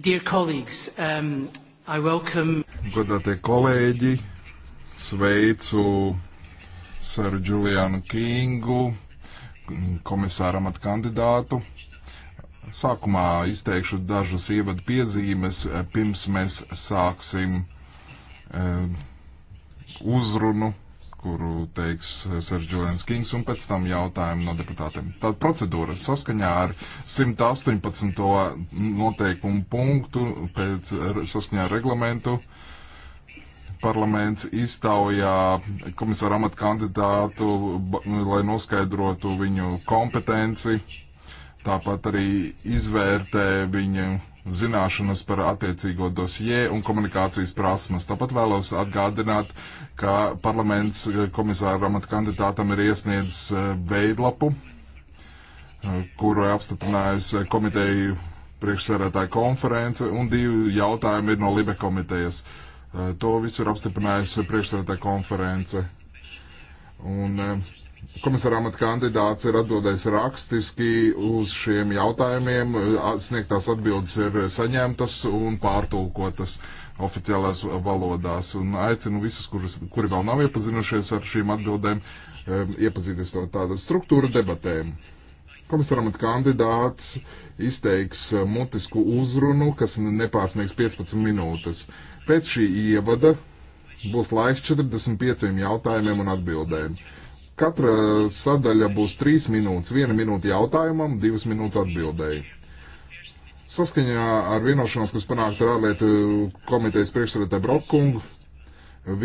Dear colleagues, um, I welcome. Godātie kolēģi, sveicu Saru Giulianu Kingu, komisāra amata kandidātu. Sākumā izteikšu dažas ievadu piezīmes, pirms mēs sāksim um, uzrunu kuru teiks Serģilēns Kings, un pēc tam jautājumu no deputātiem. Tāda procedūra saskaņā ar 118. noteikumu punktu pēc saskaņā ar reglamentu parlaments iztaujā komisāra amata kandidātu, lai noskaidrotu viņu kompetenci, tāpat arī izvērtē viņu zināšanas par attiecīgo dosjē un komunikācijas prasmes. Tāpat vēlos atgādināt, ka parlaments eh, komisāra amata kandidātam ir iesniedzis eh, veidlapu, eh, kuru apstiprinājusi komiteju priekšsēdētāja konference, un divi jautājumi ir no Libe komitejas. To visu ir apstiprinājusi priekšsēdētāja konference. Un, uh, komisāra amata kandidāts ir atbildējis rakstiski uz šiem jautājumiem, sniegtās atbildes ir saņemtas un pārtulkotas oficiālās valodās. Un aicinu visus, kuris, kuri vēl nav iepazinušies ar šīm atbildēm, iepazīties to tāda struktūra debatēm. Komisāra amata kandidāts izteiks mutisku uzrunu, kas nepārsniegs 15 minūtes. Pēc šī ievada būs laiks 45 jautājumiem un atbildēm. Katra sadaļa būs trīs minūtes. Viena minūte jautājumam, divas minūtes atbildēji. Saskaņā ar vienošanos, kas panākta ar ārlietu komitejas priekšsēdētāju Brokkungu,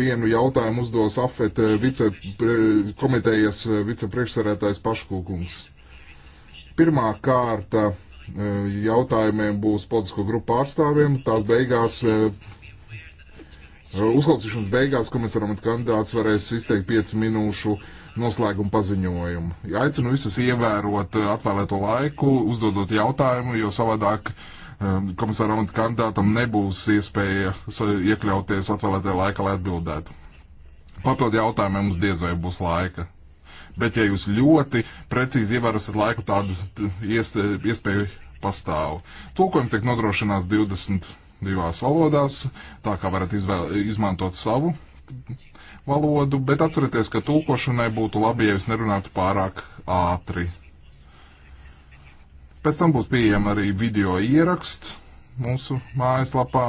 vienu jautājumu uzdos AFET eh, vice, komitejas eh, vicepriekšsēdētājs Paškūkungs. Pirmā kārta eh, jautājumiem būs politisko grupu pārstāvjiem. Tās beigās, uzklausīšanas beigās, komisaram un kandidāts varēs izteikt 5 minūšu uh, noslēguma paziņojumu. Aicinu visus ievērot eh, atvēlēto laiku, uzdodot jautājumu, jo savādāk eh, komisāram un kandidātam nebūs iespēja iekļauties atvēlētajā laikā, lai atbildētu. Papildu jautājumiem mums diez vai būs laika. Bet, ja jūs ļoti precīzi ievērosiet laiku, tādu eh, iespēju pastāv. Tūkojums tiek nodrošināts 22 valodās, tā kā varat izvēl, izmantot savu valodu, bet atcerieties, ka tulkošanai būtu labi, ja jūs nerunātu pārāk ātri. Pēc tam būs pieejama arī video ieraksts mūsu mājaslapā.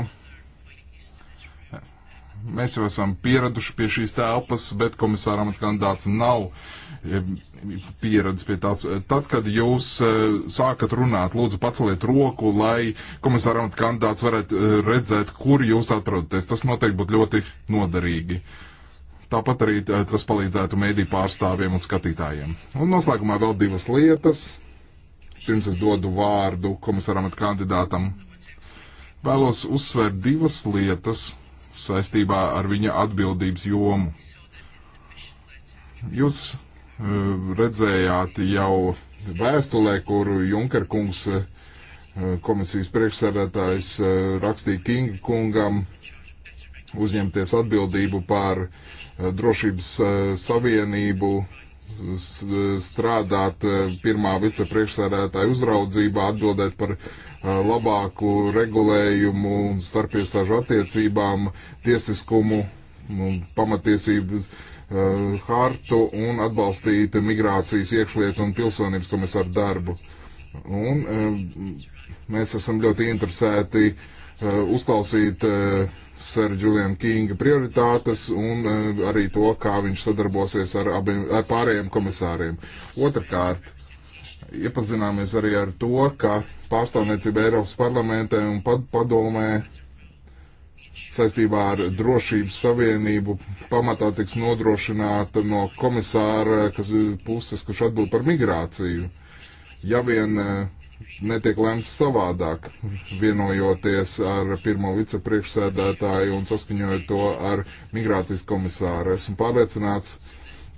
Mēs jau esam pieraduši pie šīs telpas, bet komisāram kandidāts nav eh, pieredzes pie tās. Tad, kad jūs eh, sākat runāt, lūdzu paceliet roku, lai komisāram kandidāts varētu eh, redzēt, kur jūs atrodaties. Tas noteikti būtu ļoti noderīgi. Uh, Tāpat arī tas palīdzētu mediju pārstāvjiem un skatītājiem. Un noslēgumā vēl divas lietas. Pirms es dodu vārdu komisaram at kandidātam. Vēlos uzsvērt divas lietas saistībā ar viņa atbildības jomu. Jūs redzējāt jau vēstulē, kuru Junker kungs, komisijas priekšsēdētājs, rakstīja Kinga kungam uzņemties atbildību par uh, drošības eh, savienību strādāt eh, pirmā vicepriekšsēdētāja uzraudzībā, atbildēt par eh, labāku regulējumu un starpiesāžu attiecībām, tiesiskumu, nu, pamatiesību hartu un atbalstīt migrācijas iekšlietu un pilsonības komisāru darbu. Un mēs esam ļoti interesēti uzklausīt Sir Julian Kinga prioritātes un e, arī to, kā viņš sadarbosies ar, abiem, ar pārējiem komisāriem. Otrakārt, iepazināmies arī ar to, ka pārstāvniecība Eiropas parlamentē un pad padomē saistībā ar drošības savienību pamatā tiks nodrošināta no komisāra kas, puses, kurš atbild par migrāciju. Ja vien uh, netiek lemts savādāk, vienojoties ar pirmo vicepriekšsēdētāju un saskaņojot to ar migrācijas komisāru. Esmu pārliecināts,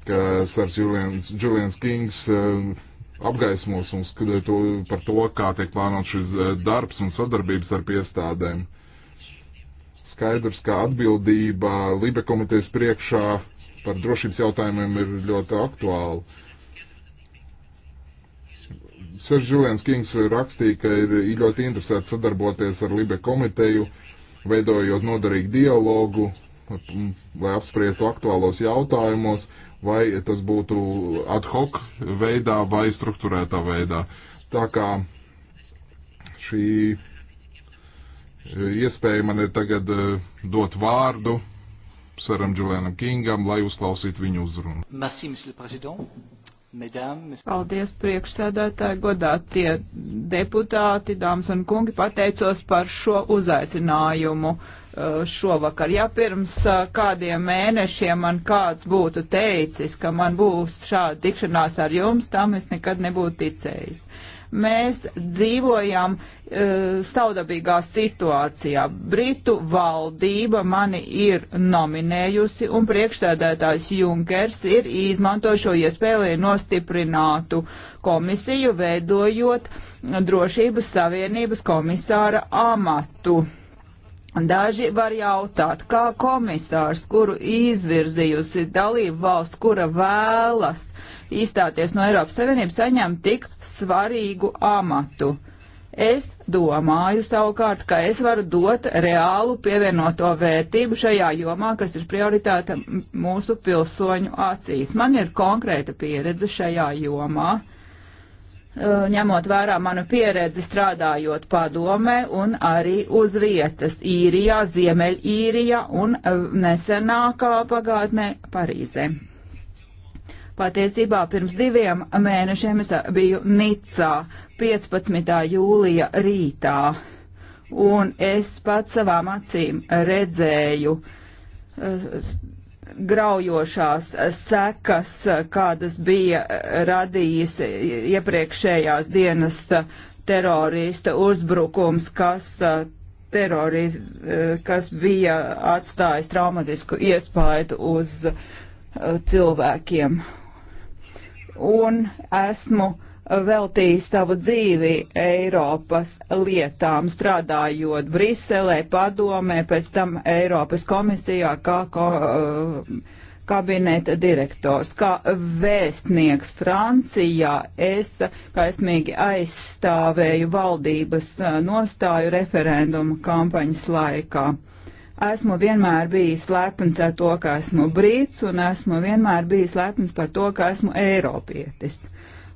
ka Sars Julians, Julians Kings eh, apgaismos mums par to, kā tiek plānot šis eh, darbs un sadarbības starp iestādēm. Skaidrs, ka atbildība Libe komitejas priekšā par drošības jautājumiem ir ļoti aktuāla Seržs Žiliens Kings rakstīja, ka ir ļoti interesēts sadarboties ar Libe komiteju, veidojot noderīgu dialogu, lai apspriestu aktuālos jautājumos, vai tas būtu ad hoc veidā vai struktūrētā veidā. Tā kā šī iespēja man ir tagad eh, dot vārdu Saram Džulēnam Kingam, lai uzklausītu viņu uzrunu. Merci, Paldies priekšsēdētāji, godātie deputāti, dāmas un kungi, pateicos par šo uzaicinājumu. Eh, šovakar. Ja pirms eh, kādiem mēnešiem man kāds būtu teicis, ka man būs šāda tikšanās ar jums, tam es nekad nebūtu ticējis. Mēs dzīvojam uh, eh, saudabīgā situācijā. Britu valdība mani ir nominējusi un priekšsēdētājs Junkers ir izmantošo iespēju, lai nostiprinātu komisiju, veidojot drošības savienības komisāra amatu. Uh, Daži var jautāt, kā komisārs, kuru izvirzījusi dalību valsts, kura vēlas izstāties no Eiropas Savienības, saņem tik svarīgu amatu. Es domāju savukārt, ka es varu dot reālu pievienoto vērtību šajā jomā, kas ir prioritāte mūsu pilsoņu acīs. Man ir konkrēta pieredze šajā jomā. Uh, Uh, ņemot vērā manu pieredzi strādājot padomē un arī uz vietas īrijā, Ziemeļīrijā un uh, nesenākā pagātnē Parīzē. Patiesībā pirms diviem mēnešiem es uh, biju Nicā 15. jūlija rītā, un es pats savām acīm redzēju uh, graujošās sekas, kādas bija radījis iepriekšējās dienas terorista uzbrukums, kas, teroriz, kas bija atstājis traumatisku iespaidu uz uh, cilvēkiem. Un esmu veltīja savu dzīvi Eiropas lietām, strādājot Briselē, padomē, pēc tam Eiropas komisijā kā ko, uh, kabineta direktors, kā vēstnieks Francijā. Es kaismīgi aizstāvēju valdības uh, nostāju referendumu kampaņas laikā. Esmu vienmēr bijis lepns ar to, ka esmu brīts, un esmu vienmēr bijis lepns par to, ka esmu eiropietis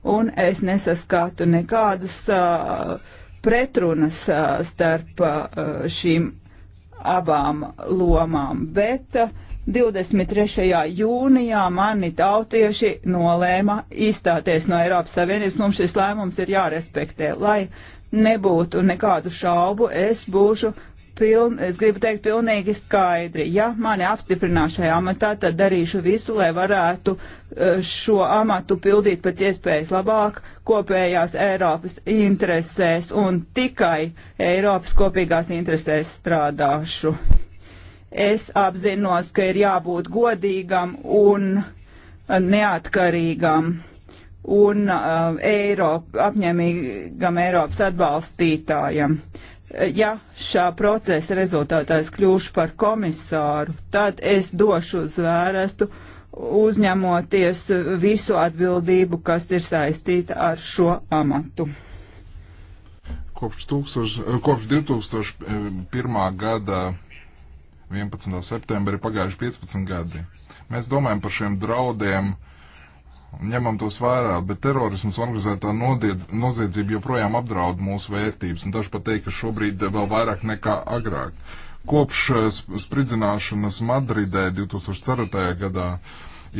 un es nesaskatu nekādas uh, pretrunas uh, starp uh, šīm abām lomām, bet 23. jūnijā mani tautieši nolēma izstāties no Eiropas Savienības. Mums šis lēmums ir jārespektē. Lai nebūtu nekādu šaubu, es būšu piln, es gribu teikt pilnīgi skaidri, ja mani apstiprinās šajā amatā, tad darīšu visu, lai varētu e, šo amatu pildīt pēc iespējas labāk kopējās Eiropas interesēs un tikai Eiropas kopīgās interesēs strādāšu. Es apzinos, ka ir jābūt godīgam un neatkarīgam un uh, Eiropa, apņēmīgam Eiropas atbalstītājam. Uh, ja šā procesa rezultātā es kļūšu par komisāru, tad es došu uz vērestu uzņemoties visu atbildību, kas ir saistīta ar šo amatu. Kopš, tūkstoš, kopš 2001. gada 11. septembra ir pagājuši 15 gadi. Mēs domājam par šiem draudiem uh, ņemam tos vērā, bet terorisms organizētā nodiedz, noziedzība joprojām apdraud mūsu vērtības, un daži pat teikt, ka šobrīd vēl vairāk nekā agrāk. Kopš eh, spridzināšanas Madridē 2004. gadā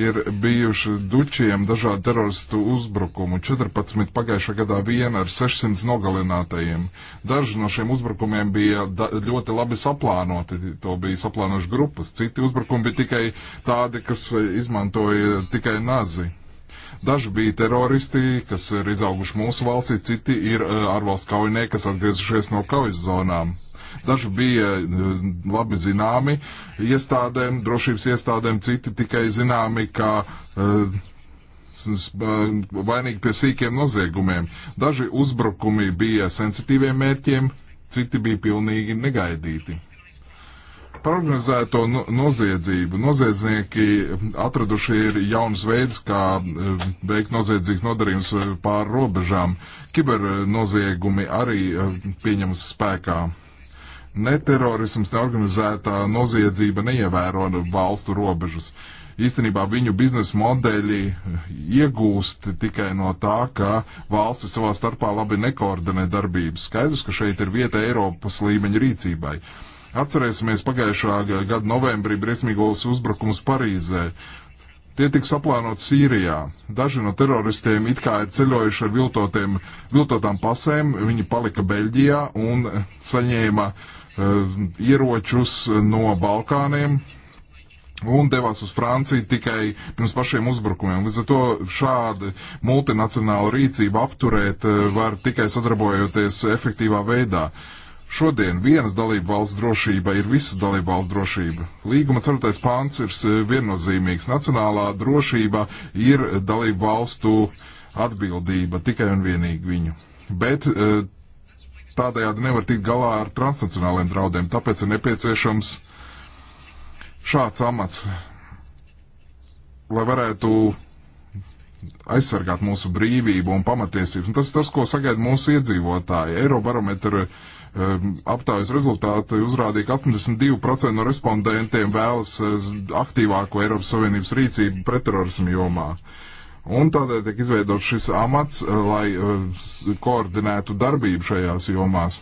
ir bijuši dučiem dažādu teroristu uzbrukumu, 14 pagājušā gadā viena ar 600 nogalinātajiem. Daži no šiem uzbrukumiem bija da, ļoti labi saplānoti, to bija saplānojuši grupas, citi uzbrukumi bija tikai tādi, kas eh, izmantoja tikai nazi. Daži bija teroristi, kas ir izauguši mūsu valstī, citi ir eh, ārvalstu kaujinieki, kas atgriezušies no kaujas zonām. Daži bija eh, labi zināmi iestādēm, drošības iestādēm, citi tikai zināmi, kā eh, vainīgi pie sīkiem noziegumiem. Daži uzbrukumi bija sensitīviem mērķiem, citi bija pilnīgi negaidīti. Par organizēto noziedzību. Noziedznieki atraduši ir jauns veids, kā e, veikt noziedzīgas nodarījums pār robežām. Kibernoziegumi arī e, pieņems spēkā. Ne terorisms, ne organizētā noziedzība neievēro valstu robežas. Īstenībā viņu biznesa modeļi e, iegūst tikai no tā, ka valstis savā starpā labi nekoordinē darbības. Skaidrs, ka šeit ir vieta Eiropas līmeņa rīcībai. Uh, Atcerēsimies pagājušā gada novembrī briesmīgos uzbrukums Parīzē. Tie tika saplānoti Sīrijā. Daži no teroristiem it kā ir ceļojuši ar viltotiem, viltotām pasēm, viņi palika Beļģijā un saņēma uh, ieročus no Balkāniem, un devās uz Franciju tikai pirms pašiem uzbrukumiem. Līdz ar to šādu multinacionālu rīcību apturēt eh, var tikai sadarbojoties efektīvā veidā. Šodien vienas dalība valsts drošība ir visu dalību valsts drošība. Līguma 4. pāns ir viennozīmīgs. Nacionālā drošība ir dalību valstu atbildība tikai un vienīgi viņu. Bet e, tādējādi nevar tikt galā ar transnacionāliem draudiem, tāpēc ir nepieciešams šāds amats, lai varētu aizsargāt mūsu brīvību un pamatiesības. Un tas ir tas, ko sagaida mūsu iedzīvotāji. Eirobarometra uh, Ehm, Aptājas rezultāti uzrādīja, ka 82% no respondentiem vēlas eh, aktīvāko Eiropas Savienības rīcību pretterorismu jomā. Un tādēļ tiek izveidots šis amats, eh, lai eh, koordinētu darbību šajās jomās.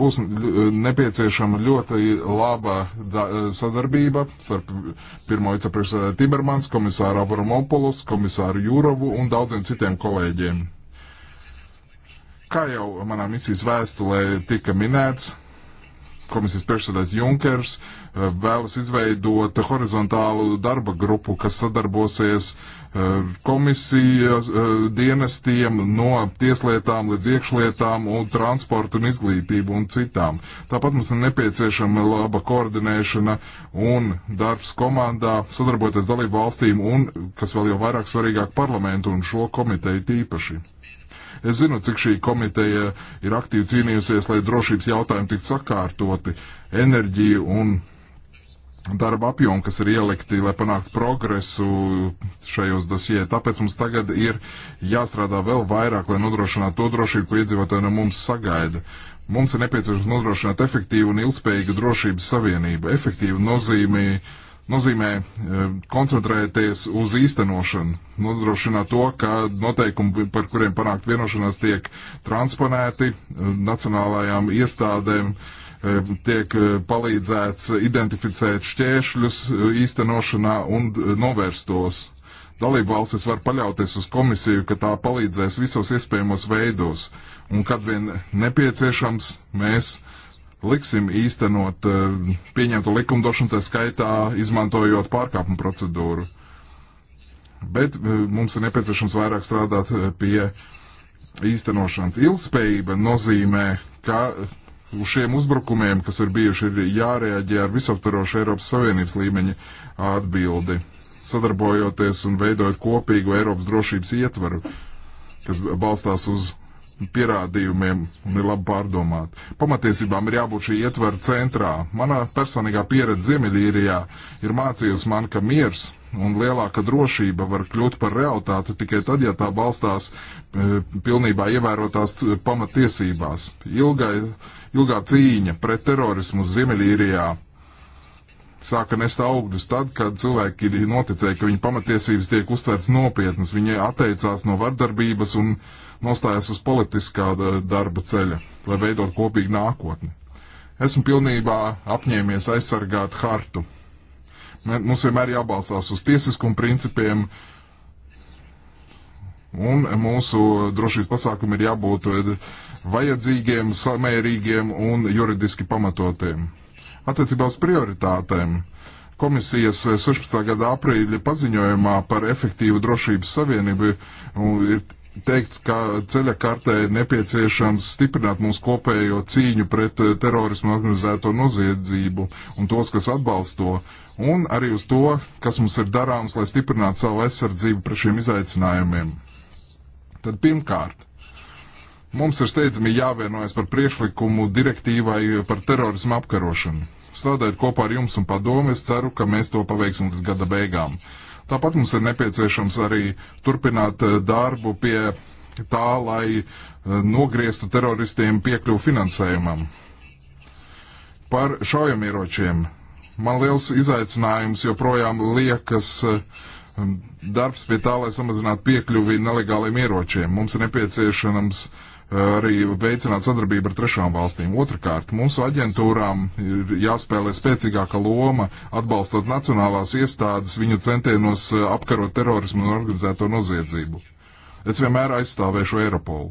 Būs nepieciešama ļoti laba sadarbība starp pirmo vicepriekšsēdētāju Timermans, komisāru Avramopoulos, komisāru Jurovu un daudziem citiem kolēģiem. Kā jau manā misijas vēstulē tika minēts, komisijas priekšsēdētājs Junkers eh, vēlas izveidot horizontālu darba grupu, kas sadarbosies eh, komisijas eh, dienestiem no tieslietām līdz iekšlietām un transportu un izglītību un citām. Tāpat mums ir nepieciešama laba koordinēšana un darbs komandā, sadarboties dalību valstīm un, kas vēl jau vairāk svarīgāk, parlamentu un šo komiteju tīpaši. Es zinu, cik šī komiteja ir aktīvi cīnījusies, lai drošības jautājumi tiktu sakārtoti, enerģija un darba apjomu, kas ir ielikti, lai panāktu progresu šajos dosijē. Tāpēc mums tagad ir jāstrādā vēl vairāk, lai nodrošinātu to drošību, ko iedzīvotāji no mums sagaida. Mums ir nepieciešams nodrošināt efektīvu un ilgspējīgu drošības savienību. Efektīvu nozīmē uh, nozīmē e, koncentrēties uz īstenošanu, nodrošināt to, ka noteikumi, par kuriem panākt vienošanās, tiek transponēti e, nacionālajām iestādēm, e, tiek palīdzēts identificēt šķēršļus īstenošanā un novērst tos. Dalību valstis var paļauties uz komisiju, ka tā palīdzēs visos iespējamos veidos, un kad vien nepieciešams, mēs liksim īstenot eh, pieņemtu likumdošanu, tā skaitā izmantojot pārkāpumu procedūru. Bet eh, mums ir nepieciešams vairāk strādāt eh, pie īstenošanas. Ilgspējība nozīmē, ka uz šiem uzbrukumiem, kas ir bijuši, ir jārēģē ar visaptvarošu Eiropas Savienības līmeņa atbildi, sadarbojoties un veidojot kopīgu Eiropas drošības ietvaru, kas balstās uz pierādījumiem un ir labi pārdomāt. Pamatiesībām ir jābūt šī ietvera centrā. Manā personīgā pieredze Ziemeļīrijā ir mācījusi man, ka miers un lielāka drošība var kļūt par realitāti tikai tad, ja tā balstās e, pilnībā ievērotās pamatiesībās. Ilgai, ilgā cīņa pret terorismu Ziemeļīrijā sāka nest augļus tad, kad cilvēki noticēja, ka viņu pamatiesības tiek uztvērts nopietnas, viņi atteicās no vardarbības un uh, nostājas uz politiskā darba ceļa, lai veidot kopīgu nākotni. Esmu pilnībā apņēmies aizsargāt hartu. Mums vienmēr jābalsās uz tiesiskumu principiem, un mūsu drošības pasākumi ir jābūt vajadzīgiem, samērīgiem un juridiski pamatotiem. Attiecībā uz prioritātēm komisijas 16. gada aprīļa paziņojumā par efektīvu drošības savienību ir teikts, ka ceļa kartē ir nepieciešams stiprināt mūsu kopējo cīņu pret eh, terorismu organizēto noziedzību un tos, kas atbalsta to, un arī uz to, kas mums ir darāms, lai stiprinātu savu aizsardzību pret šiem izaicinājumiem. Tad pirmkārt, mums ir steidzami jāvienojas par priekšlikumu direktīvai par terorismu apkarošanu. Strādājot kopā ar jums un padomu, es ceru, ka mēs to paveiksim līdz gada beigām. Uh, Tāpat mums ir nepieciešams arī turpināt eh, darbu pie tā, lai eh, nogrieztu teroristiem piekļuvu finansējumam. Par šaujamieročiem. Man liels izaicinājums joprojām liekas eh, darbs pie tā, lai samazinātu piekļuvi nelegāliem ieročiem. Mums ir nepieciešams uh, arī veicināt sadarbību ar trešām valstīm. Otrakārt, mūsu aģentūrām ir jāspēlē spēcīgāka loma, atbalstot nacionālās iestādes viņu centienos eh, apkarot terorismu un organizēto noziedzību. Es vienmēr aizstāvēšu Eiropolu.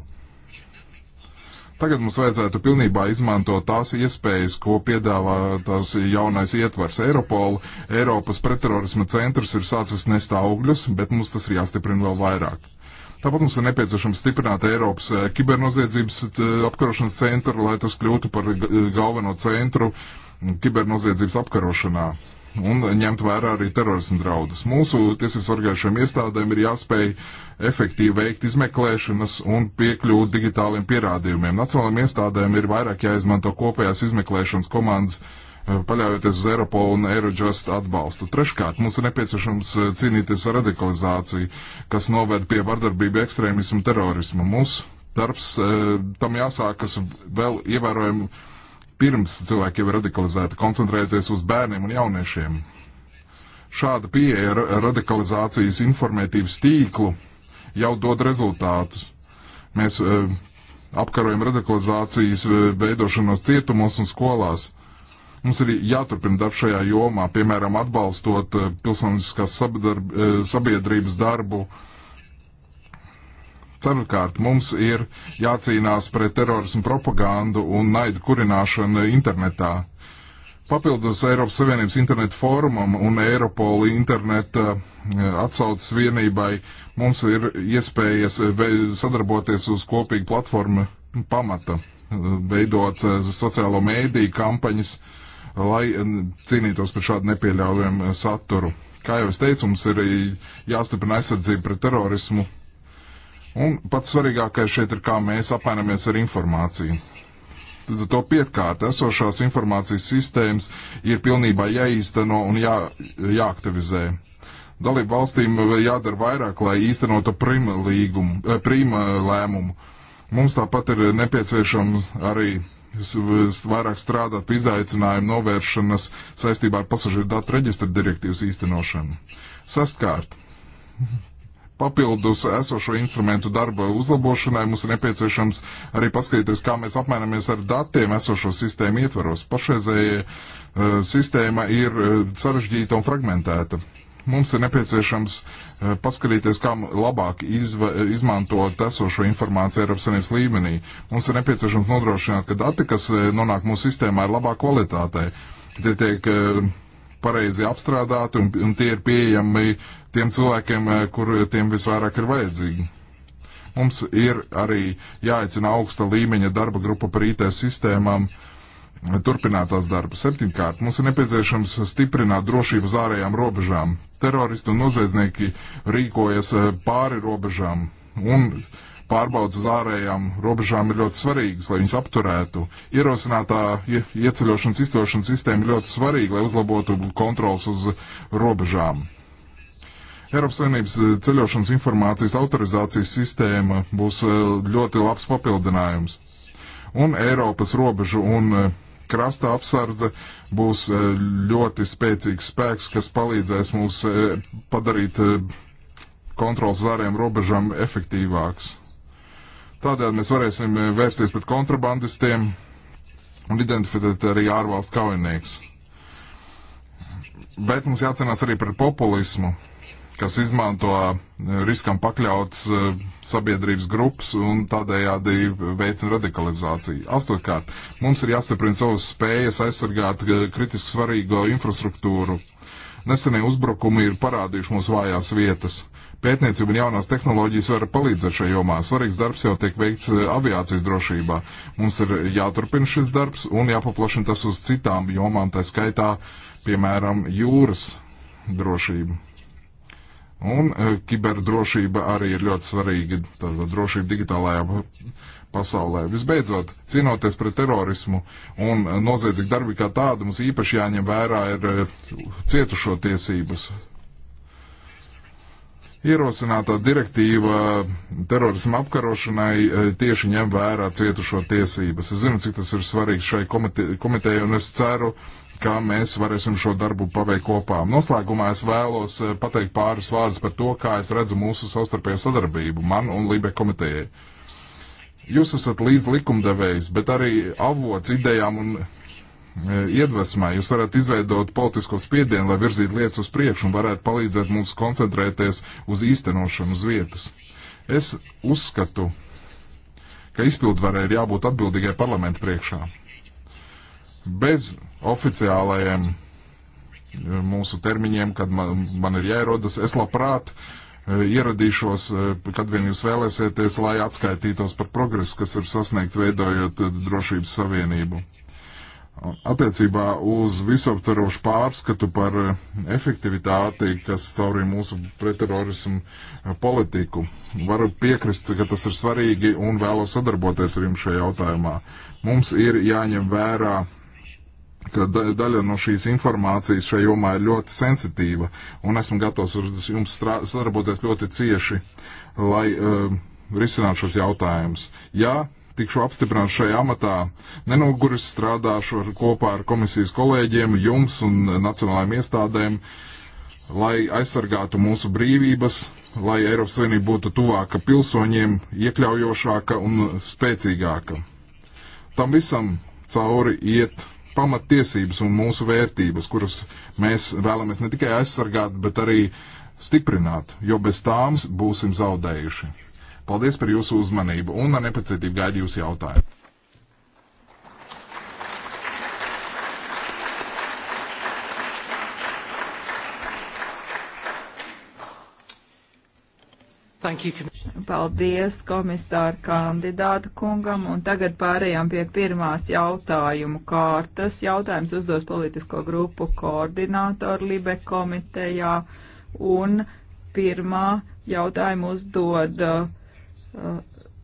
Tagad mums vajadzētu pilnībā izmantot tās iespējas, ko piedāvā tās jaunais ietvars Eiropola. Eiropas pretterorisma centrs ir sācis nest augļus, bet mums tas ir jāstiprina vēl vairāk. Tāpat mums ir nepieciešams stiprināt Eiropas eh, kibernoziedzības eh, apkarošanas centru, lai tas kļūtu par galveno centru kibernoziedzības apkarošanā un ņemt vērā arī terorismu draudus. Mūsu tiesības organizējušiem iestādēm ir jāspēj efektīvi veikt izmeklēšanas un piekļūt digitāliem pierādījumiem. Nacionālajiem iestādēm ir vairāk jāizmanto kopējās izmeklēšanas komandas uh, Eh, paļaujoties uz Eiropolu un Eirodžast atbalstu. Treškārt, mums ir nepieciešams eh, cīnīties ar radikalizāciju, kas noved pie vardarbību ekstrēmismu un terorismu. Mūsu darbs eh, tam jāsākas vēl ievērojami pirms cilvēki jau ir radikalizēti, koncentrējoties uz bērniem un jauniešiem. Šāda pieeja radikalizācijas informētības tīklu jau dod rezultātus. Mēs apkarojam radikalizācijas veidošanos cietumos un skolās Mums ir jāturpina darbs šajā jomā, piemēram, atbalstot eh, pilsoniskās eh, sabiedrības darbu. Ceturkārt, mums ir jācīnās pret terorismu propagandu un naidu kurināšanu internetā. Papildus Eiropas Savienības internetu fórumam un Eiropola interneta eh, atsaucas vienībai mums ir iespējas sadarboties uz kopīgu platformu pamata, veidot sociālo mēdīju kampaņas, uh, lai eh, cīnītos par šādu nepieļaujamu eh, saturu. Kā jau es teicu, mums ir eh, jāstiprina aizsardzība pret terorismu. Un pats svarīgākais šeit ir, kā mēs apmainamies ar informāciju. Līdz ar to pietkārt esošās informācijas sistēmas ir pilnībā jāīsteno un jā, jāaktivizē. Dalību valstīm jādara vairāk, lai īstenotu prima, līgumu, prima lēmumu. Mums tāpat ir nepieciešams arī vairāk strādāt pie izaicinājumu novēršanas saistībā ar pasažieru datu reģistra direktīvas īstenošanu. Sastkārt, papildus esošo instrumentu darba uzlabošanai mums ir nepieciešams arī paskatīties, kā mēs apmainamies ar datiem esošo sistēmu ietvaros. Pašreizējie uh, sistēma ir uh, sarežģīta un fragmentēta. Mums ir nepieciešams eh, paskatīties, kā labāk izva, izmantot esošo informāciju Eiropas Savienības līmenī. Mums ir nepieciešams nodrošināt, ka dati, kas eh, nonāk mūsu sistēmā, ir labā kvalitātē. Tie tiek eh, pareizi apstrādāti un, un tie ir pieejami tiem cilvēkiem, kuriem visvairāk ir vajadzīgi. Mums ir arī jāicina augsta līmeņa darba grupa par IT sistēmām turpinātās darba. Septiņkārt, mums ir nepieciešams stiprināt drošību uz ārējām robežām teroristi un noziedznieki rīkojas eh, pāri robežām un pārbaudas uz ārējām robežām ir ļoti svarīgas, lai viņas apturētu. Ierosinātā ieceļošanas, izceļošanas sistēma ir ļoti svarīga, lai uzlabotu kontrols uz robežām. Eiropas Savienības eh, ceļošanas informācijas autorizācijas sistēma būs eh, ļoti labs papildinājums. Un Eiropas robežu un krasta apsardze būs e, ļoti spēcīgs spēks, kas palīdzēs mums e, padarīt e, kontrols zāriem robežām efektīvāks. Tādēļ mēs varēsim vērsties pret kontrabandistiem un identificēt arī ārvalstu kaujinieks. Bet mums jācenās arī pret populismu kas izmanto eh, riskam pakļauts eh, sabiedrības grupas un tādējādi veicina radikalizāciju. Astotkārt, mums ir jāstiprina savas spējas aizsargāt eh, kritiski svarīgo infrastruktūru. Nesenie uzbrukumi ir parādījuši mūsu vājās vietas. Pētniecība un jaunās tehnoloģijas var palīdzēt šajā jomā. Svarīgs darbs jau tiek veikts aviācijas drošībā. Mums ir jāturpina šis darbs un jāpaplašina tas uz citām jomām, tā skaitā, piemēram, jūras drošību. Un e, kiberdrošība arī ir ļoti svarīga, tāda drošība digitālajā pasaulē. Visbeidzot, cīnoties pret terorismu un e, noziedzīgu darbu kā tādu, mums īpaši jāņem vērā ir e, cietušo tiesības. Ierosinātā direktīva terorismu apkarošanai e, tieši ņem vērā cietušo tiesības. Es zinu, cik tas ir svarīgs šai komite komitejai, un es ceru, kā mēs varēsim šo darbu paveikt kopā. Noslēgumā es vēlos e, pateikt pāris vārdus par to, kā es redzu mūsu savstarpējo sadarbību man un Lībe komitejai. Jūs esat līdz likumdevējs, bet arī avots idejām un E, iedvesmā. Jūs varat izveidot politisko spiedienu, lai virzītu lietas uz priekšu un varētu palīdzēt mums koncentrēties uz īstenošanu uz vietas. Es uzskatu, ka izpildvarai ir jābūt atbildīgai parlamentu priekšā. Bez oficiālajiem e, mūsu termiņiem, kad man, man ir jāierodas, es labprāt e, ieradīšos, kad vien jūs vēlēsieties, lai atskaitītos par progresu, kas ir sasniegts veidojot drošības savienību. Attiecībā uz visaptverošu pārskatu par eh, efektivitāti, kas caurīja mūsu pretterorismu eh, politiku, varu piekrist, ka tas ir svarīgi un vēlos sadarboties ar jums šajā jautājumā. Mums ir jāņem vērā, ka daļa no šīs informācijas šajā jomā ir ļoti sensitīva, un esmu gatavs ar jums sadarboties ļoti cieši, lai uh, risinātu šos jautājumus. Ja tikšu apstiprināts šajā amatā, nenoguris strādāšu ar, kopā ar komisijas kolēģiem, jums un nacionālajiem iestādēm, lai aizsargātu mūsu brīvības, lai Eiropas Savienība būtu tuvāka pilsoņiem, iekļaujošāka un spēcīgāka. Tam visam cauri iet pamattiesības un mūsu vērtības, kuras mēs vēlamies ne tikai aizsargāt, bet arī stiprināt, jo bez tām būsim zaudējuši. Paldies par jūsu uzmanību un ar nepacietību gaidu jūsu jautājumu. Paldies komisāru kandidātu kungam, un tagad pārējām pie pirmās jautājumu kārtas. Jautājums uzdos politisko grupu koordinātoru Libe komitejā, un pirmā jautājumu uzdod uh,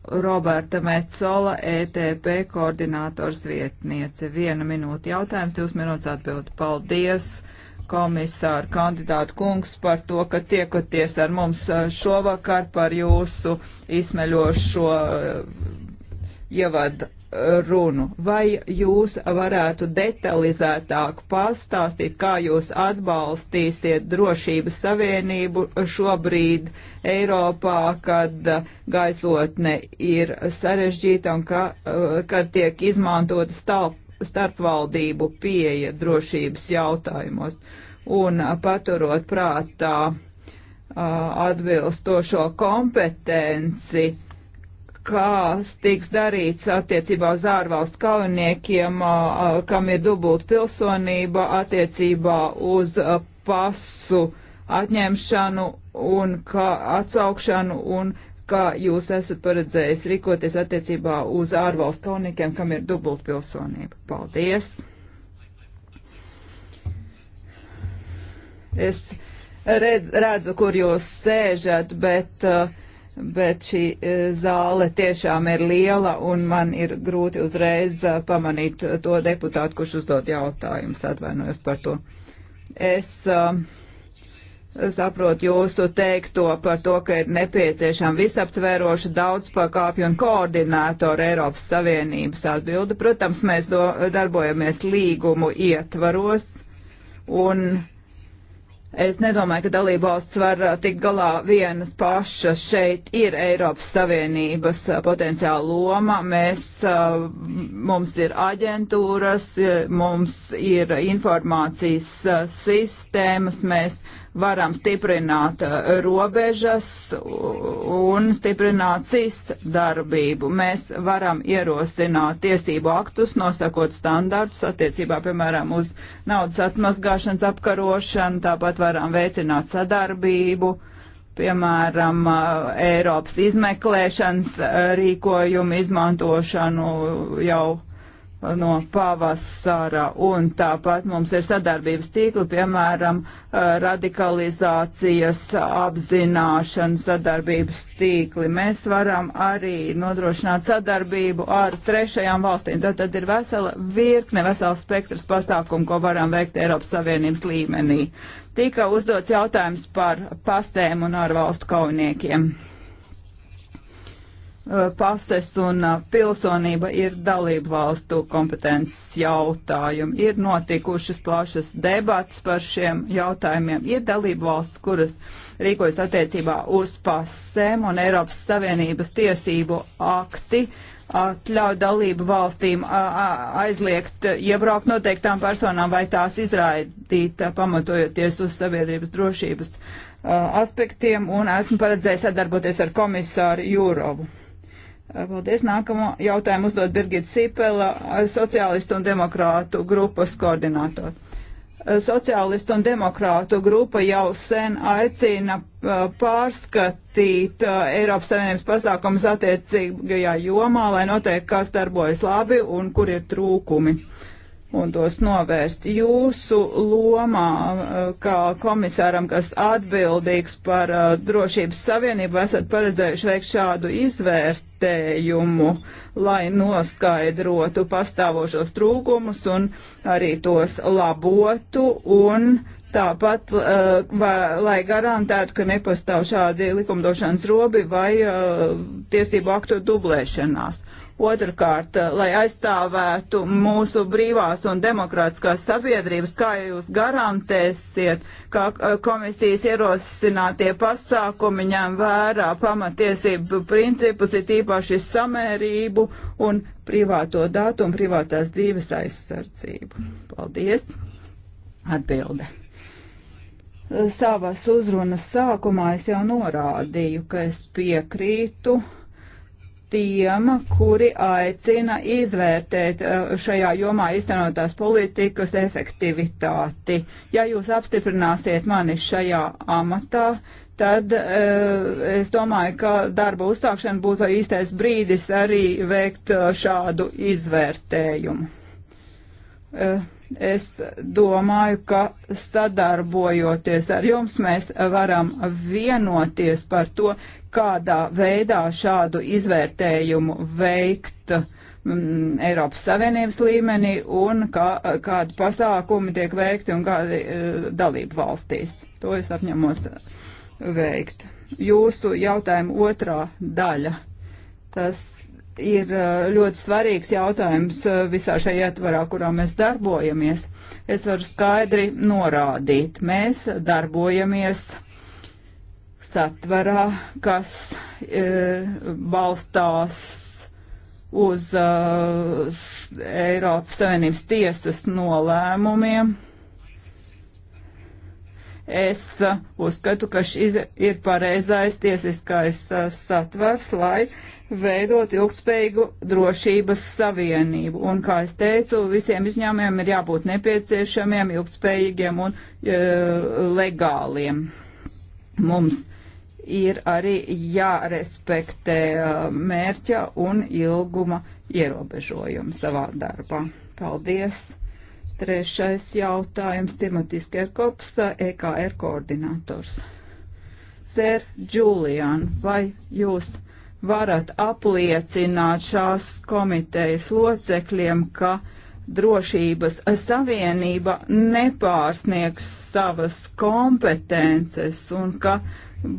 Roberta Mecola, ETP koordinātors vietniece. Viena minūte jautājums, divas minūtes atbildi. Paldies! komisāru kandidātu kungs par to, ka tiekoties ar mums uh, šovakar par jūsu izsmeļošo uh, ievadu runu. Vai jūs varētu detalizētāk pastāstīt, kā jūs atbalstīsiet drošības savienību šobrīd Eiropā, kad gaisotne ir sarežģīta un ka, kad tiek izmantota starp, starpvaldību pieeja drošības jautājumos? Un paturot prātā atbilstošo kompetenci, uh, kas tiks darīts attiecībā uz ārvalstu kaujiniekiem, kam ir dubult pilsonība attiecībā uz pasu atņemšanu un atsaukšanu un kā jūs esat paredzējis rīkoties attiecībā uz ārvalstu kaujiniekiem, kam ir dubult pilsonība. Paldies! Es redz, redzu, kur jūs sēžat, bet uh, bet šī e, zāle tiešām ir liela un man ir grūti uzreiz e, pamanīt to deputātu, kurš uzdod jautājumus, atvainojos par to. Es uh, saprotu jūsu teikto par to, ka ir nepieciešama visaptveroša daudzpakāpju un koordinātora Eiropas Savienības atbildi. Protams, mēs do, darbojamies līgumu ietvaros un Es nedomāju, ka dalībvalsts var uh, tikt galā vienas pašas. Šeit ir Eiropas Savienības uh, potenciāla loma. Mēs, uh, mums ir aģentūras, mums ir informācijas sistēmas, mēs varam stiprināt uh, robežas un stiprināt SIS darbību. Mēs varam ierosināt tiesību aktus, nosakot standartus attiecībā, piemēram, uz naudas atmazgāšanas apkarošanu, tāpat varam veicināt sadarbību piemēram, uh, Eiropas izmeklēšanas uh, rīkojumu izmantošanu jau no pavasara, un tāpat mums ir sadarbības tīkli, piemēram, eh, radikalizācijas apzināšana sadarbības tīkli. Mēs varam arī nodrošināt sadarbību ar trešajām valstīm. Tad, tad ir vesela virkne, vesels spektrs pasākumu, ko varam veikt Eiropas Savienības līmenī. Tika uzdots jautājums par pastēm un ārvalstu kaujiniekiem. Eh, pases un eh, pilsonība ir dalību valstu kompetences jautājumi. Ir notikušas plašas debats par šiem jautājumiem. Ir dalību valsts, kuras rīkojas attiecībā uz pasēm un Eiropas Savienības tiesību akti atļauj dalību valstīm aizliegt eh, iebraukt noteiktām personām vai tās izraidīt, pamatojoties uz sabiedrības drošības aspektiem, un esmu paredzējis sadarboties ar komisāru Jūrovu. Paldies. Nākamo jautājumu uzdod Birgit Sīpela, sociālistu un demokrātu grupas koordinātori. Sociālistu un demokrātu grupa jau sen aicina pārskatīt Eiropas Savienības pasākumus attiecīgajā jomā, lai noteikti, kas darbojas labi un kur ir trūkumi. Uh, un tos novērst. Jūsu lomā, eh, kā komisāram, kas atbildīgs par eh, drošības savienību, esat paredzējuši veikt šādu izvērtējumu, lai noskaidrotu pastāvošos trūkumus un arī tos labotu un Tāpat, uh, vai, lai garantētu, ka nepastāv šādi likumdošanas robi vai uh, tiesību aktu dublēšanās. Otrkārt, eh, lai aizstāvētu mūsu brīvās un demokrātiskās sabiedrības, kā jūs garantēsiet, ka eh, komisijas ierosinātie pasākumi ņem vērā pamatiesību principus, ir tīpaši samērību un privāto datu un privātās dzīves aizsardzību. Paldies! Atbilde. Savas uzrunas sākumā es jau norādīju, ka es piekrītu tiem, kuri aicina izvērtēt eh, šajā jomā iztenotās politikas efektivitāti. Ja jūs apstiprināsiet mani šajā amatā, tad eh, es domāju, ka darba uzstākšana būtu īstais brīdis arī veikt eh, šādu izvērtējumu. Uh, Es domāju, ka sadarbojoties ar jums, mēs varam vienoties par to, kādā veidā šādu izvērtējumu veikt mm, Eiropas Savienības līmenī un kā, kādi pasākumi tiek veikti un kādi e, dalību valstīs. To es apņemos veikt. Jūsu jautājuma otrā daļa. Tas ir uh, ļoti svarīgs jautājums uh, visā šajā ietvarā, kurā mēs darbojamies. Es varu skaidri norādīt, mēs darbojamies satvarā, kas e, balstās uz uh, Eiropas Savienības tiesas nolēmumiem. Es uh, uzskatu, ka šis ir pareizais tiesiskais uh, satvers, lai uh, veidot ilgspējīgu drošības savienību. Un, kā es teicu, visiem izņēmumiem ir jābūt nepieciešamiem, ilgspējīgiem un e, legāliem. Mums ir arī jārespektē e, mērķa un ilguma ierobežojumi savā darbā. Paldies! Trešais jautājums - Timotis Kerkops, EKR koordinators. Sēr Džulian, vai jūs varat apliecināt šās komitejas locekļiem, ka drošības savienība nepārsniegs savas kompetences un ka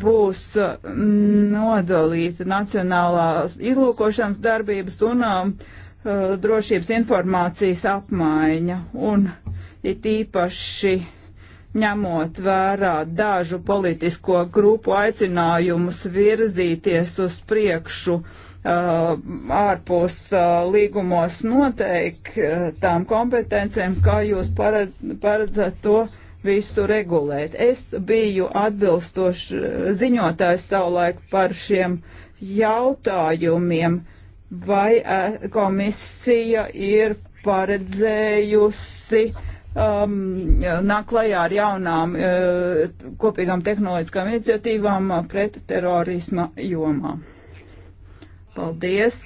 būs mm, nodalīta nacionālās izlūkošanas darbības un um, uh, drošības informācijas apmaiņa. Un it īpaši uh, ņemot vērā dažu politisko grupu aicinājumus virzīties uz priekšu uh, ārpus uh, līgumos noteiktām uh, kompetencijām, kā jūs paredz, paredzat to visu regulēt. Es biju atbilstoši uh, ziņotājs savulaik par šiem jautājumiem, vai uh, komisija ir paredzējusi uh, um, nāk klajā ar jaunām uh, kopīgām tehnoloģiskām iniciatīvām uh, pret terorisma jomā. Paldies!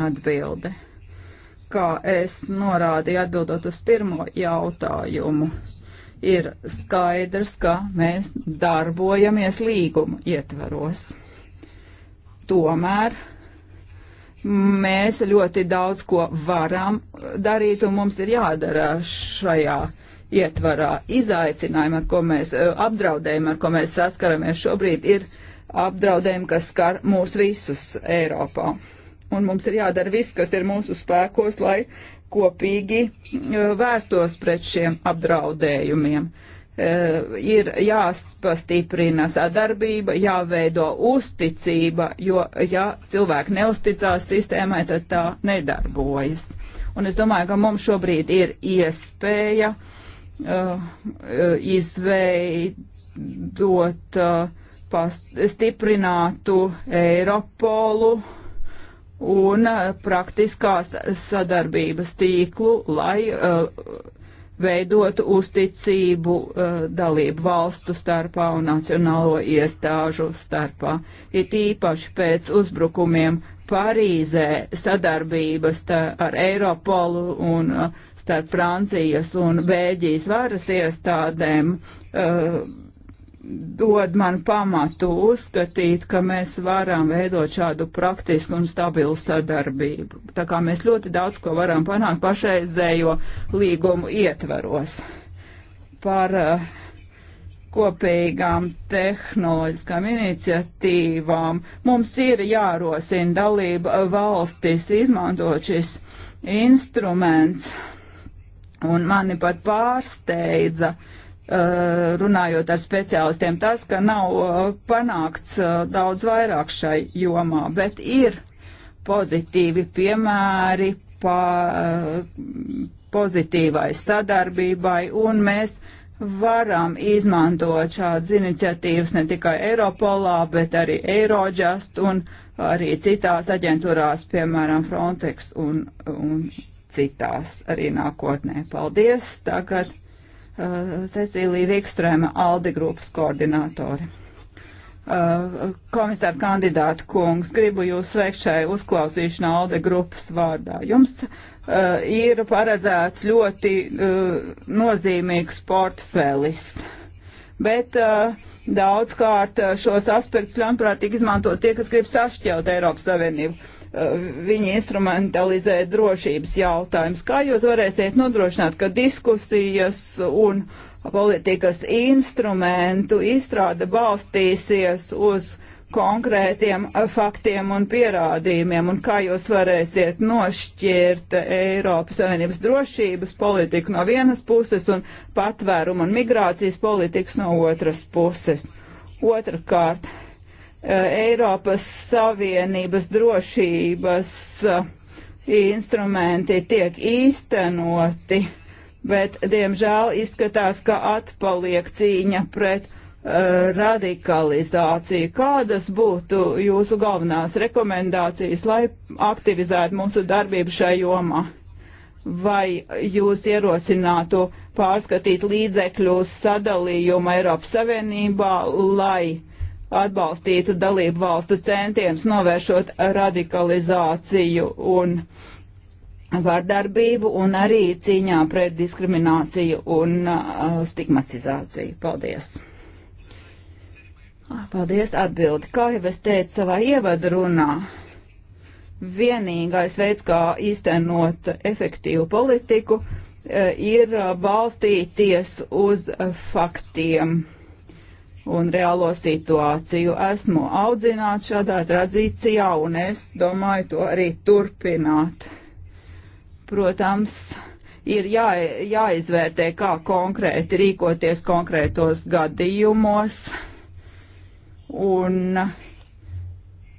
Atbilde. Kā es norādīju atbildot uz pirmo jautājumu, ir skaidrs, ka mēs darbojamies līguma ietveros. Tomēr Mēs ļoti daudz ko varam darīt un mums ir jādara šajā ietvarā. Izaicinājumi, ar ko mēs, eh, apdraudējumi, ar ko mēs saskaramies šobrīd, ir apdraudējumi, kas skar mūs visus Eiropā. Un mums ir jādara viss, kas ir mūsu spēkos, lai kopīgi eh, vērstos pret šiem apdraudējumiem. Uh, Eh, ir jāpastiprina sadarbība, jāveido uzticība, jo ja cilvēki neusticās sistēmai, tad tā nedarbojas. Un es domāju, ka mums šobrīd ir iespēja uh, izveidot uh, past, stiprinātu Eiropolu un uh, praktiskās sadarbības tīklu, lai uh, veidot uzticību uh, dalību valstu starpā un nacionālo iestāžu starpā. It īpaši pēc uzbrukumiem Parīzē sadarbības ar Eiropolu un uh, starp Francijas un Bēļģijas varas iestādēm uh, dod man pamatu uzskatīt, ka mēs varam veidot šādu praktisku un stabilu sadarbību. Tā kā mēs ļoti daudz ko varam panākt pašreizējo līgumu ietvaros par uh, kopīgām tehnoloģiskām iniciatīvām. Mums ir jārosina dalība valstis izmantot šis instruments, un mani pat pārsteidza, uh, Eh, runājot ar speciālistiem, tas, ka nav eh, panākts eh, daudz vairāk šai jomā, bet ir pozitīvi piemēri pa pozitīvai sadarbībai, un mēs varam izmantot šādas iniciatīvas ne tikai Eiropolā, bet arī Eirojust un arī citās aģentūrās, piemēram, Frontex un, un citās arī nākotnē. Paldies! Tagad Cecīlija Vikstrēma, Aldi grupas koordinātori. Uh, komisāra kandidāta kungs, gribu jūs sveikt šai uzklausīšanā Aldi grupas vārdā. Jums uh, ir paredzēts ļoti uh, nozīmīgs portfelis, bet daudzkārt šos aspektus ļaunprātīgi izmanto tie, kas grib sašķelt Eiropas Savienību viņi instrumentalizē drošības jautājumus. Kā jūs varēsiet nodrošināt, ka diskusijas un politikas instrumentu izstrāde balstīsies uz konkrētiem faktiem un pierādījumiem, un kā jūs varēsiet nošķirt Eiropas Savienības drošības politiku no vienas puses un patvērumu un migrācijas politikas no otras puses. Otrakārt, Eh, Eiropas Savienības drošības eh, instrumenti tiek īstenoti, bet, diemžēl, izskatās, ka atpaliek cīņa pret uh, radikalizāciju. Kādas būtu jūsu galvenās rekomendācijas, lai aktivizētu mūsu darbību šajā jomā? Vai jūs ierosinātu pārskatīt līdzekļu sadalījumu Eiropas Savienībā, lai atbalstītu dalību valstu centienus novēršot radikalizāciju un vardarbību un arī cīņā pret diskrimināciju un uh, stigmatizāciju. Paldies! Ah, paldies atbildi. Kā jau es teicu savā ievadu runā, vienīgais veids, kā īstenot efektīvu politiku, eh, ir uh, balstīties uz faktiem un reālo situāciju. Esmu audzināts šādā tradīcijā un es domāju to arī turpināt. Protams, ir jā, jāizvērtē, kā konkrēti rīkoties konkrētos gadījumos. Un,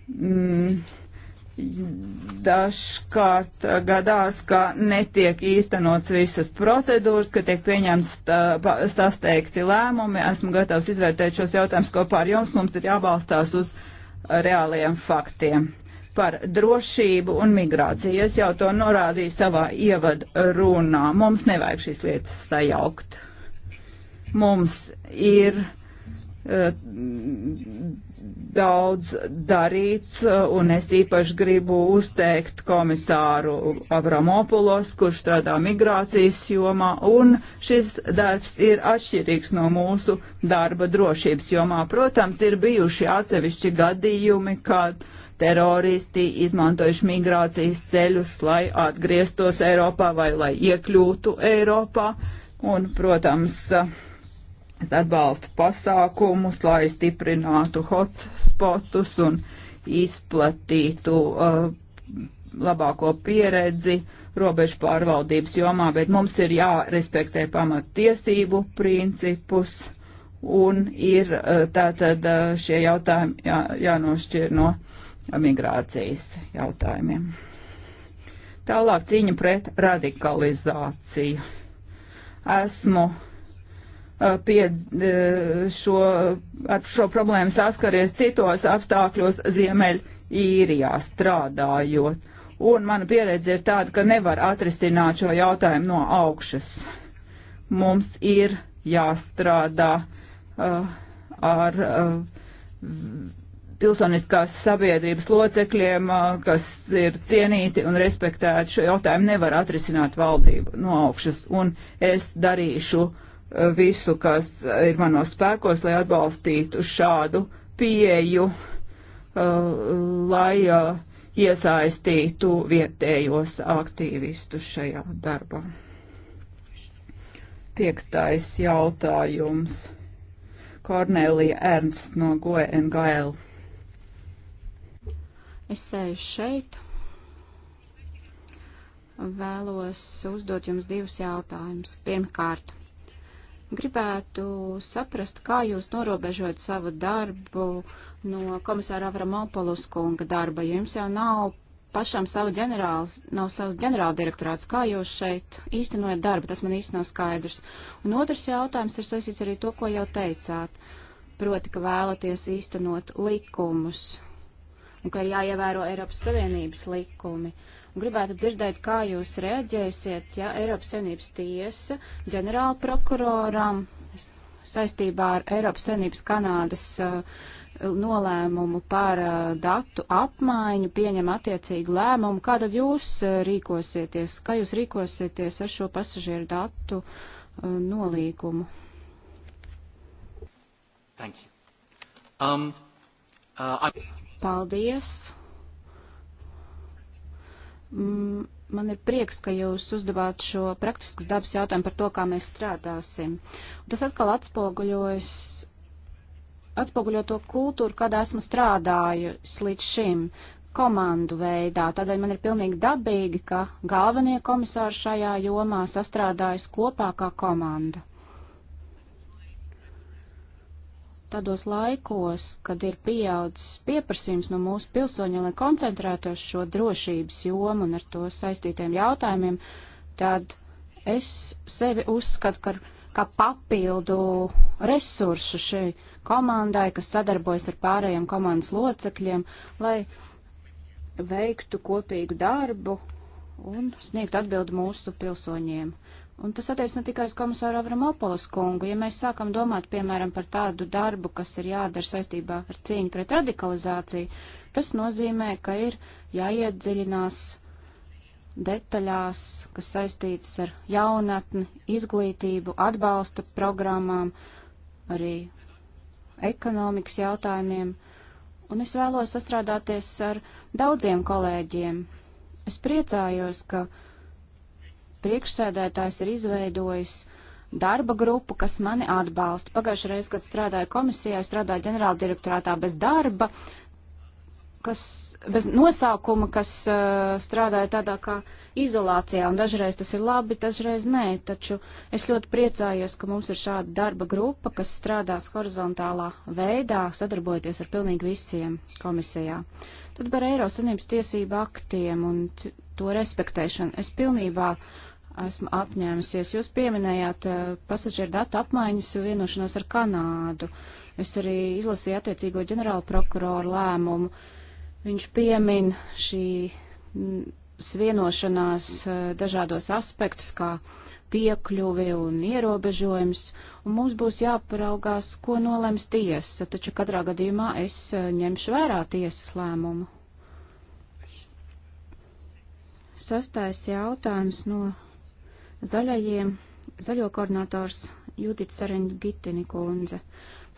mm, dažkārt eh, gadās, ka netiek īstenots visas procedūras, ka tiek pieņemts eh, sasteigti lēmumi. Esmu gatavs izvērtēt šos jautājumus kopā ar jums. Mums ir jābalstās uz reāliem faktiem par drošību un migrāciju. Es jau to norādīju savā ievadu runā. Mums nevajag šīs lietas sajaukt. Mums ir Eh, daudz darīts, eh, un es īpaši gribu uzteikt komisāru Avramopulos, kurš strādā migrācijas jomā, un šis darbs ir atšķirīgs no mūsu darba drošības jomā. Protams, ir bijuši atsevišķi gadījumi, kad teroristi izmantojuši migrācijas ceļus, lai atgrieztos Eiropā vai lai iekļūtu Eiropā, un, protams, eh, Es atbalstu pasākumus, lai stiprinātu hotspotus un izplatītu uh, labāko pieredzi robežu pārvaldības jomā, bet mums ir jārespektē pamatiesību principus un ir uh, tātad uh, šie jautājumi jā, jānošķir no migrācijas jautājumiem. Tālāk cīņa pret radikalizāciju. Esmu pie šo, ar šo problēmu saskaries citos apstākļos Ziemeļ īrijā strādājot. Un mana pieredze ir tāda, ka nevar atrisināt šo jautājumu no augšas. Mums ir jāstrādā uh, ar uh, pilsoniskās sabiedrības locekļiem, kas ir cienīti un respektēti. Šo jautājumu nevar atrisināt valdību no augšas, un es darīšu visu, kas ir manos spēkos, lai atbalstītu šādu pieju, uh, lai uh, iesaistītu vietējos aktīvistus šajā darbā. Piektais jautājums. Kornelija Ernsts no GNGL. Es sēžu šeit. Vēlos uzdot jums divus jautājumus. Pirmkārt, Gribētu saprast, kā jūs norobežot savu darbu no komisāra Avramopolus kunga darba, jo jums jau nav pašam savu ģenerāls, nav savs ģenerāla direktorāts. Kā jūs šeit īstenojat darbu? Tas man īsti nav skaidrs. Un otrs jautājums ir saistīts arī to, ko jau teicāt. Proti, ka vēlaties īstenot likumus un ka ir jāievēro Eiropas Savienības likumi. Uh, un gribētu dzirdēt, kā jūs reaģēsiet, ja Eiropas Savienības tiesa ģenerāla prokuroram saistībā ar Eiropas Savienības Kanādas uh, nolēmumu par uh, datu apmaiņu pieņem attiecīgu lēmumu. Kā tad jūs uh, rīkosieties? Kā jūs rīkosieties ar šo pasažieru datu uh, nolīgumu? Thank you. Um, uh, I... Paldies. Mm, man ir prieks, ka jūs uzdevāt šo praktiskas dabas jautājumu par to, kā mēs strādāsim. Un tas atkal atspoguļojas, atspoguļo to kultūru, kādā esmu strādājusi līdz šim komandu veidā. Tādēļ man ir pilnīgi dabīgi, ka galvenie komisāri šajā jomā sastrādājas kopā kā komanda. tādos laikos, kad ir pieaudzis pieprasījums no mūsu pilsoņiem, lai koncentrētos šo drošības jomu un ar to saistītiem jautājumiem, tad es sevi uzskatu, ka kā papildu resursu šai komandai, kas sadarbojas ar pārējiem komandas locekļiem, lai veiktu kopīgu darbu un sniegtu atbildi mūsu pilsoņiem. Un tas attiec ne tikai uz komisāru Avramopolis kungu. Ja mēs sākam domāt, piemēram, par tādu darbu, kas ir jādara saistībā ar cīņu pret radikalizāciju, tas nozīmē, ka ir jāiedziļinās detaļās, kas saistītas ar jaunatni, izglītību, atbalsta programmām, arī ekonomikas jautājumiem. Un es vēlos sastrādāties ar daudziem kolēģiem. Es priecājos, ka priekšsēdētājs ir izveidojis darba grupu, kas mani atbalsta. Pagājušajā reizē, kad strādāju komisijā, strādāju ģenerāldirektorātā bez darba, kas, bez nosaukuma, kas uh, strādāja tādā kā izolācijā, un dažreiz tas ir labi, dažreiz nē, taču es ļoti priecājos, ka mums ir šāda darba grupa, kas strādās horizontālā veidā, sadarbojoties ar pilnīgi visiem komisijā. Tad par Eiropas Sanības tiesību aktiem un to respektēšanu es pilnībā esmu apņēmusies. Jūs pieminējāt eh, pasažieru datu apmaiņas vienošanos ar Kanādu. Es arī izlasīju attiecīgo ģenerāla prokuroru lēmumu. Viņš piemin šī mm, vienošanās eh, dažādos aspektus, kā piekļuvi un ierobežojums, un mums būs jāparaugās, ko nolems tiesa, taču katrā gadījumā es eh, ņemšu vērā tiesas lēmumu. Sastais jautājums no Zaļajiem zaļo koordinators Judita Sarinda Gitini kundze.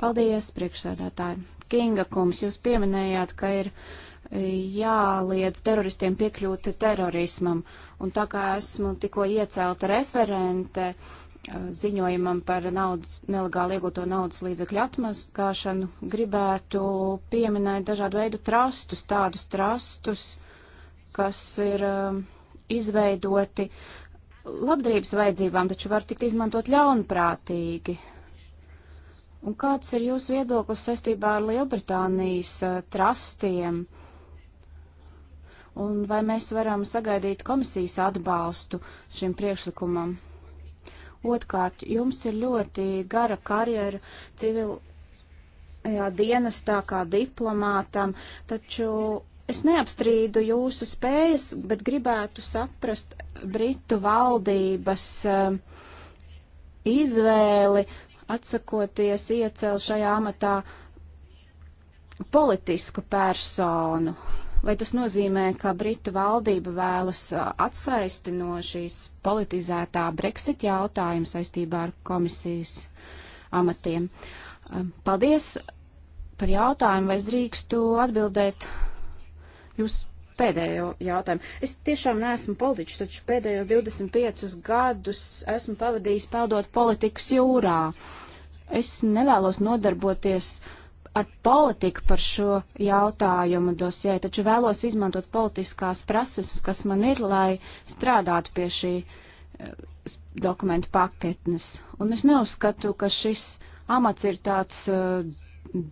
Paldies, priekšsēdētāji. Kinga kungs, jūs pieminējāt, ka ir e, jāliedz teroristiem piekļūt terorismam. Un tā kā esmu tikko iecelta referente e, ziņojumam par naudas, nelegāli iegūto naudas līdzekļu atmaskāšanu, gribētu pieminēt dažādu veidu trastus, tādus trastus, kas ir e, izveidoti uh, labdarības vajadzībām, taču var tikt izmantot ļaunprātīgi. Un kāds ir jūsu viedoklis saistībā ar Lielbritānijas uh, trastiem? Un vai mēs varam sagaidīt komisijas atbalstu šim priekšlikumam? Otkārt, jums ir ļoti gara karjera civil jā, dienestā kā diplomātam, taču Es neapstrīdu jūsu spējas, bet gribētu saprast Britu valdības um, izvēli atsakoties iecelt šajā amatā politisku personu. Vai tas nozīmē, ka Britu valdība vēlas uh, atsaisti no šīs politizētā Brexit jautājuma saistībā ar komisijas amatiem? Um, paldies par jautājumu, vai es drīkstu atbildēt jūs pēdējo jautājumu. Es tiešām neesmu politiķis, taču pēdējo 25 gadus esmu pavadījis peldot politikas jūrā. Es nevēlos nodarboties ar politiku par šo jautājumu dosijai, taču vēlos izmantot politiskās prasības, kas man ir, lai strādātu pie šī eh, dokumentu paketnes. Un es neuzskatu, ka šis amats ir tāds eh,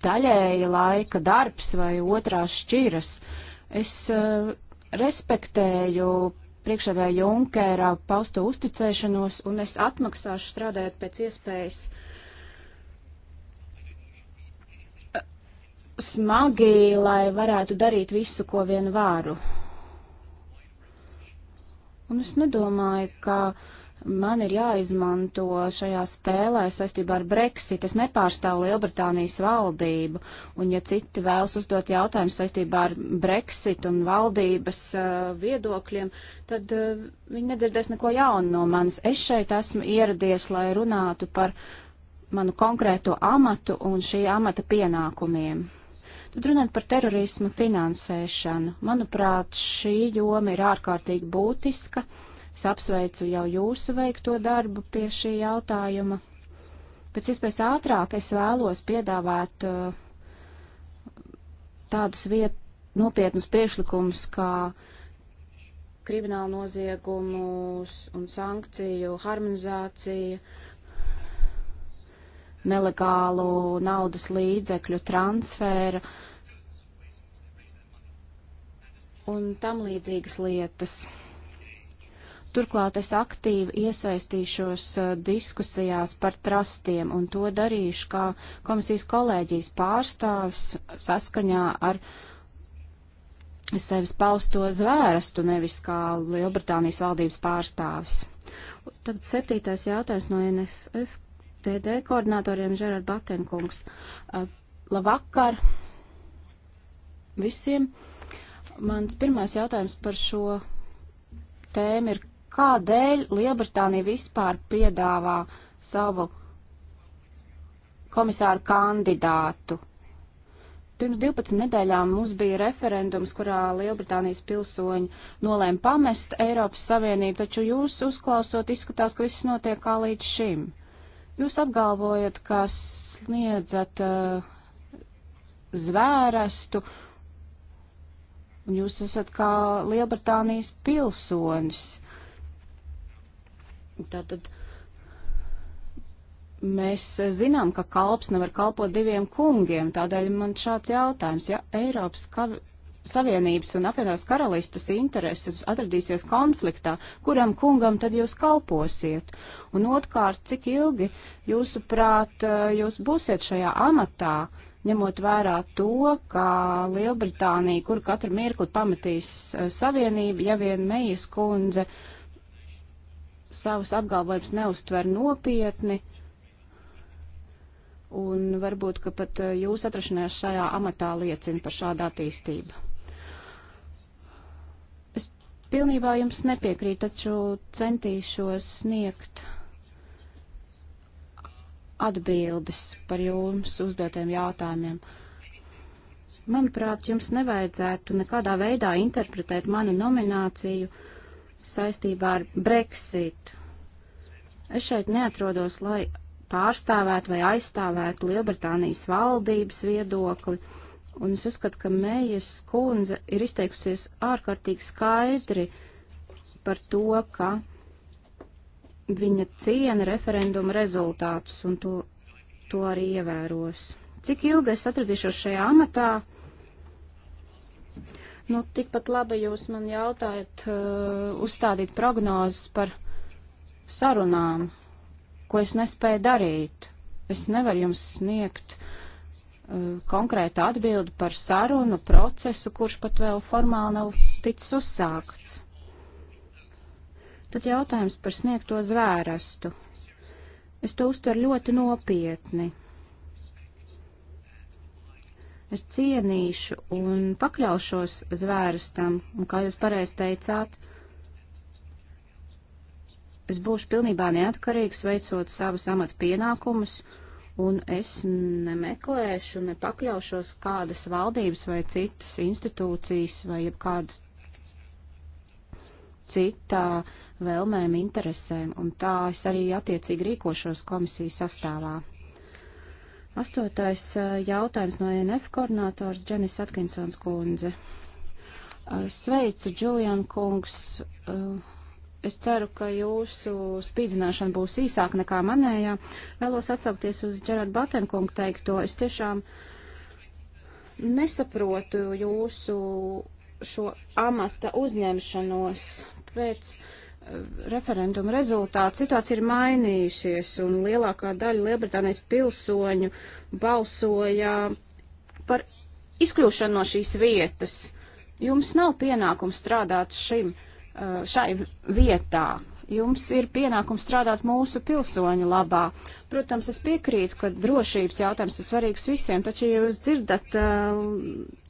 daļēja laika darbs vai otrās šķiras. Uh, Es uh, respektēju priekšādā Junkērā pausto uzticēšanos, un es atmaksāšu strādājot pēc iespējas eh, smagi, lai varētu darīt visu, ko vien varu. Un es nedomāju, ka uh, man ir jāizmanto šajā spēlē saistībā ar Brexit. Es nepārstāvu Lielbritānijas valdību, un ja citi vēlas uzdot jautājumu saistībā ar Brexit un valdības uh, viedokļiem, tad uh, viņi nedzirdēs neko jaunu no manis. Es šeit esmu ieradies, lai runātu par manu konkrēto amatu un šī amata pienākumiem. Tad runāt par terorismu finansēšanu. Manuprāt, šī joma ir ārkārtīgi būtiska. Uh, Es apsveicu jau jūsu veikto darbu pie šī jautājuma. Pēc iespējas ātrāk es vēlos piedāvāt uh, tādus viet, nopietnus priešlikumus, kā krimināla noziegumus un sankciju harmonizācija, nelegālu naudas līdzekļu transferu un tam līdzīgas lietas. Turklāt es aktīvi iesaistīšos uh, diskusijās par trastiem un to darīšu kā komisijas kolēģijas pārstāvis saskaņā ar sevis pausto zvērestu, nevis kā Lielbritānijas valdības pārstāvis. Tad septītais jautājums no NFTD koordinatoriem Žerard Batenkungs. Uh, labvakar visiem! Mans pirmais jautājums par šo tēma ir, Kādēļ Lielbritānija vispār piedāvā savu komisāru kandidātu? Pirms 12 nedēļām mums bija referendums, kurā Lielbritānijas pilsoņi nolēma pamest Eiropas Savienību, taču jūs uzklausot izskatās, ka viss notiek kā līdz šim. Jūs apgalvojat, ka sniedzat uh, zvērestu, un jūs esat kā Lielbritānijas pilsonis. Tātad mēs zinām, ka kalps nevar kalpot diviem kungiem, tādēļ man šāds jautājums, ja Eiropas Savienības un apvienotās karalistas intereses atradīsies konfliktā, kuram kungam tad jūs kalposiet? Un otrkārt, cik ilgi jūsuprāt jūs būsiet šajā amatā, ņemot vērā to, ka Lielbritānija, kur katru mirkli pametīs eh, Savienību, ja vien Mejas kundze uh, savus apgalvojumus neuztver nopietni, un varbūt, ka pat eh, jūs atrašanās šajā amatā liecina par šādu attīstību. Es pilnībā jums nepiekrītu, taču centīšos sniegt atbildes par jums uzdotiem jautājumiem. Manuprāt, jums nevajadzētu nekādā veidā interpretēt manu nomināciju uh, saistībā ar Brexitu. Es šeit neatrodos, lai pārstāvētu vai aizstāvētu Lielbritānijas valdības viedokli, un es uzskatu, ka Mējas kundze ir izteikusies ārkārtīgi skaidri par to, ka viņa ciena referenduma rezultātus un to, to arī ievēros. Cik ilgi es atradīšos šajā amatā? Nu, tikpat labi jūs man jautājat, uh, uzstādīt prognozes par sarunām, ko es nespēju darīt. Es nevaru jums sniegt uh, konkrētu atbildi par sarunu procesu, kurš pat vēl formāli nav ticis uzsākts. Tad jautājums par sniegto zvērstu. Es to uztveru ļoti nopietni. Es cienīšu un pakļaušos zvērstam, un kā jūs pareizi teicāt, es būšu pilnībā neatkarīgs, veicot savus amata pienākumus, un es nemeklēšu, nepakļaušos kādas valdības vai citas institūcijas vai jebkādas citā vēlmēm, interesēm, un tā es arī attiecīgi rīkošos komisijas sastāvā. Astotais jautājums no ENF koordinātors Dženis Atkinsons kundze. Sveicu, Džulian kungs. Es ceru, ka jūsu spīdzināšana būs īsāka nekā manējā. Vēlos atsaukties uz Džerardu Batenkungu teikto. Es tiešām nesaprotu jūsu šo amata uzņemšanos pēc referenduma rezultāti, situācija ir mainījušies, un lielākā daļa Lielbritānijas pilsoņu balsoja par izkļūšanu no šīs vietas. Jums nav pienākums strādāt šim, uh, šai vietā. Jums ir pienākums strādāt mūsu pilsoņu labā. Protams, es piekrītu, ka drošības jautājums ir svarīgs visiem, taču, ja jūs dzirdat, uh,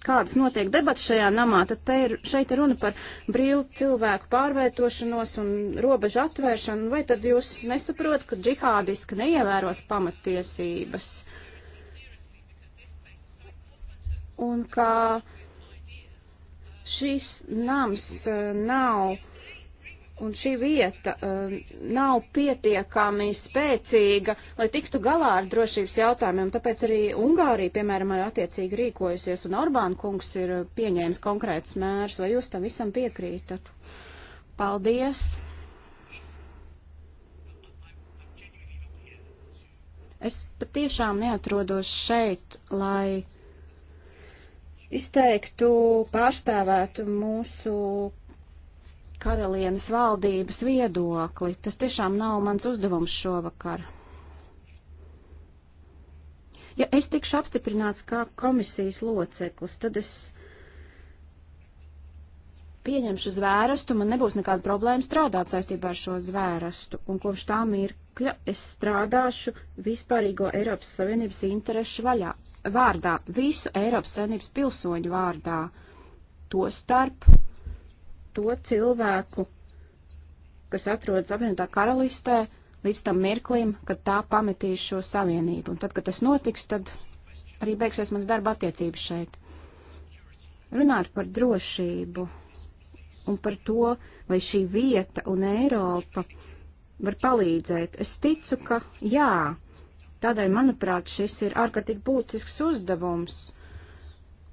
kādas notiek debats šajā namā, tad te ir, šeit ir runa par brīvu cilvēku pārvietošanos un robežu atvēršanu, vai tad jūs nesaprotat, ka džihādiski neievēros pamatiesības? Un ka šis nams uh, nav un šī vieta um, nav pietiekami spēcīga, lai tiktu galā ar drošības jautājumiem. Tāpēc arī Ungārija, piemēram, ir attiecīgi rīkojusies, un Orbán kungs ir uh, pieņēmis konkrēts mērs. Vai jūs tam visam piekrītat? Paldies! Es patiešām neatrodos šeit, lai izteiktu, pārstāvētu mūsu karalienes valdības viedokli. Tas tiešām nav mans uzdevums šovakar. Ja es tikšu apstiprināts kā komisijas loceklis, tad es pieņemšu zvērestu, man nebūs nekāda problēma strādāt saistībā ar šo zvērestu. Un kopš tā mirkļa es strādāšu vispārīgo Eiropas Savienības interešu vaļā, vārdā, visu Eiropas Savienības pilsoņu vārdā, to starp to cilvēku, kas atrodas apvienotā karalistē, līdz tam mirklim, kad tā pametīs šo savienību. Un tad, kad tas notiks, tad arī beigsies mans darba attiecības šeit. Runāt par drošību un par to, vai šī vieta un Eiropa var palīdzēt. Es ticu, ka jā. Tādēļ, manuprāt, šis ir ārkārtīgi būtisks uzdevums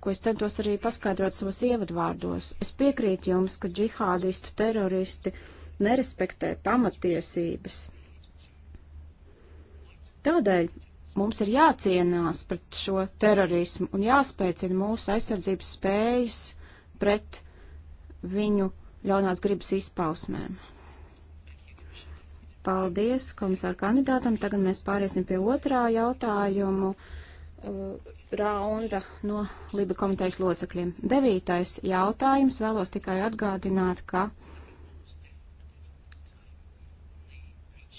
ko es centos arī paskaidrot savos ievadvārdos. Es piekrītu jums, ka džihādistu teroristi nerespektē pamatiesības. Tādēļ mums ir jācienās pret šo terorismu un jāspēcina mūsu aizsardzības spējas pret viņu ļaunās gribas izpausmēm. Paldies komisāru kandidātam. Tagad mēs pāriesim pie otrā jautājumu. Uh, raunda no Liba komitejas locekļiem. Devītais jautājums vēlos tikai atgādināt, ka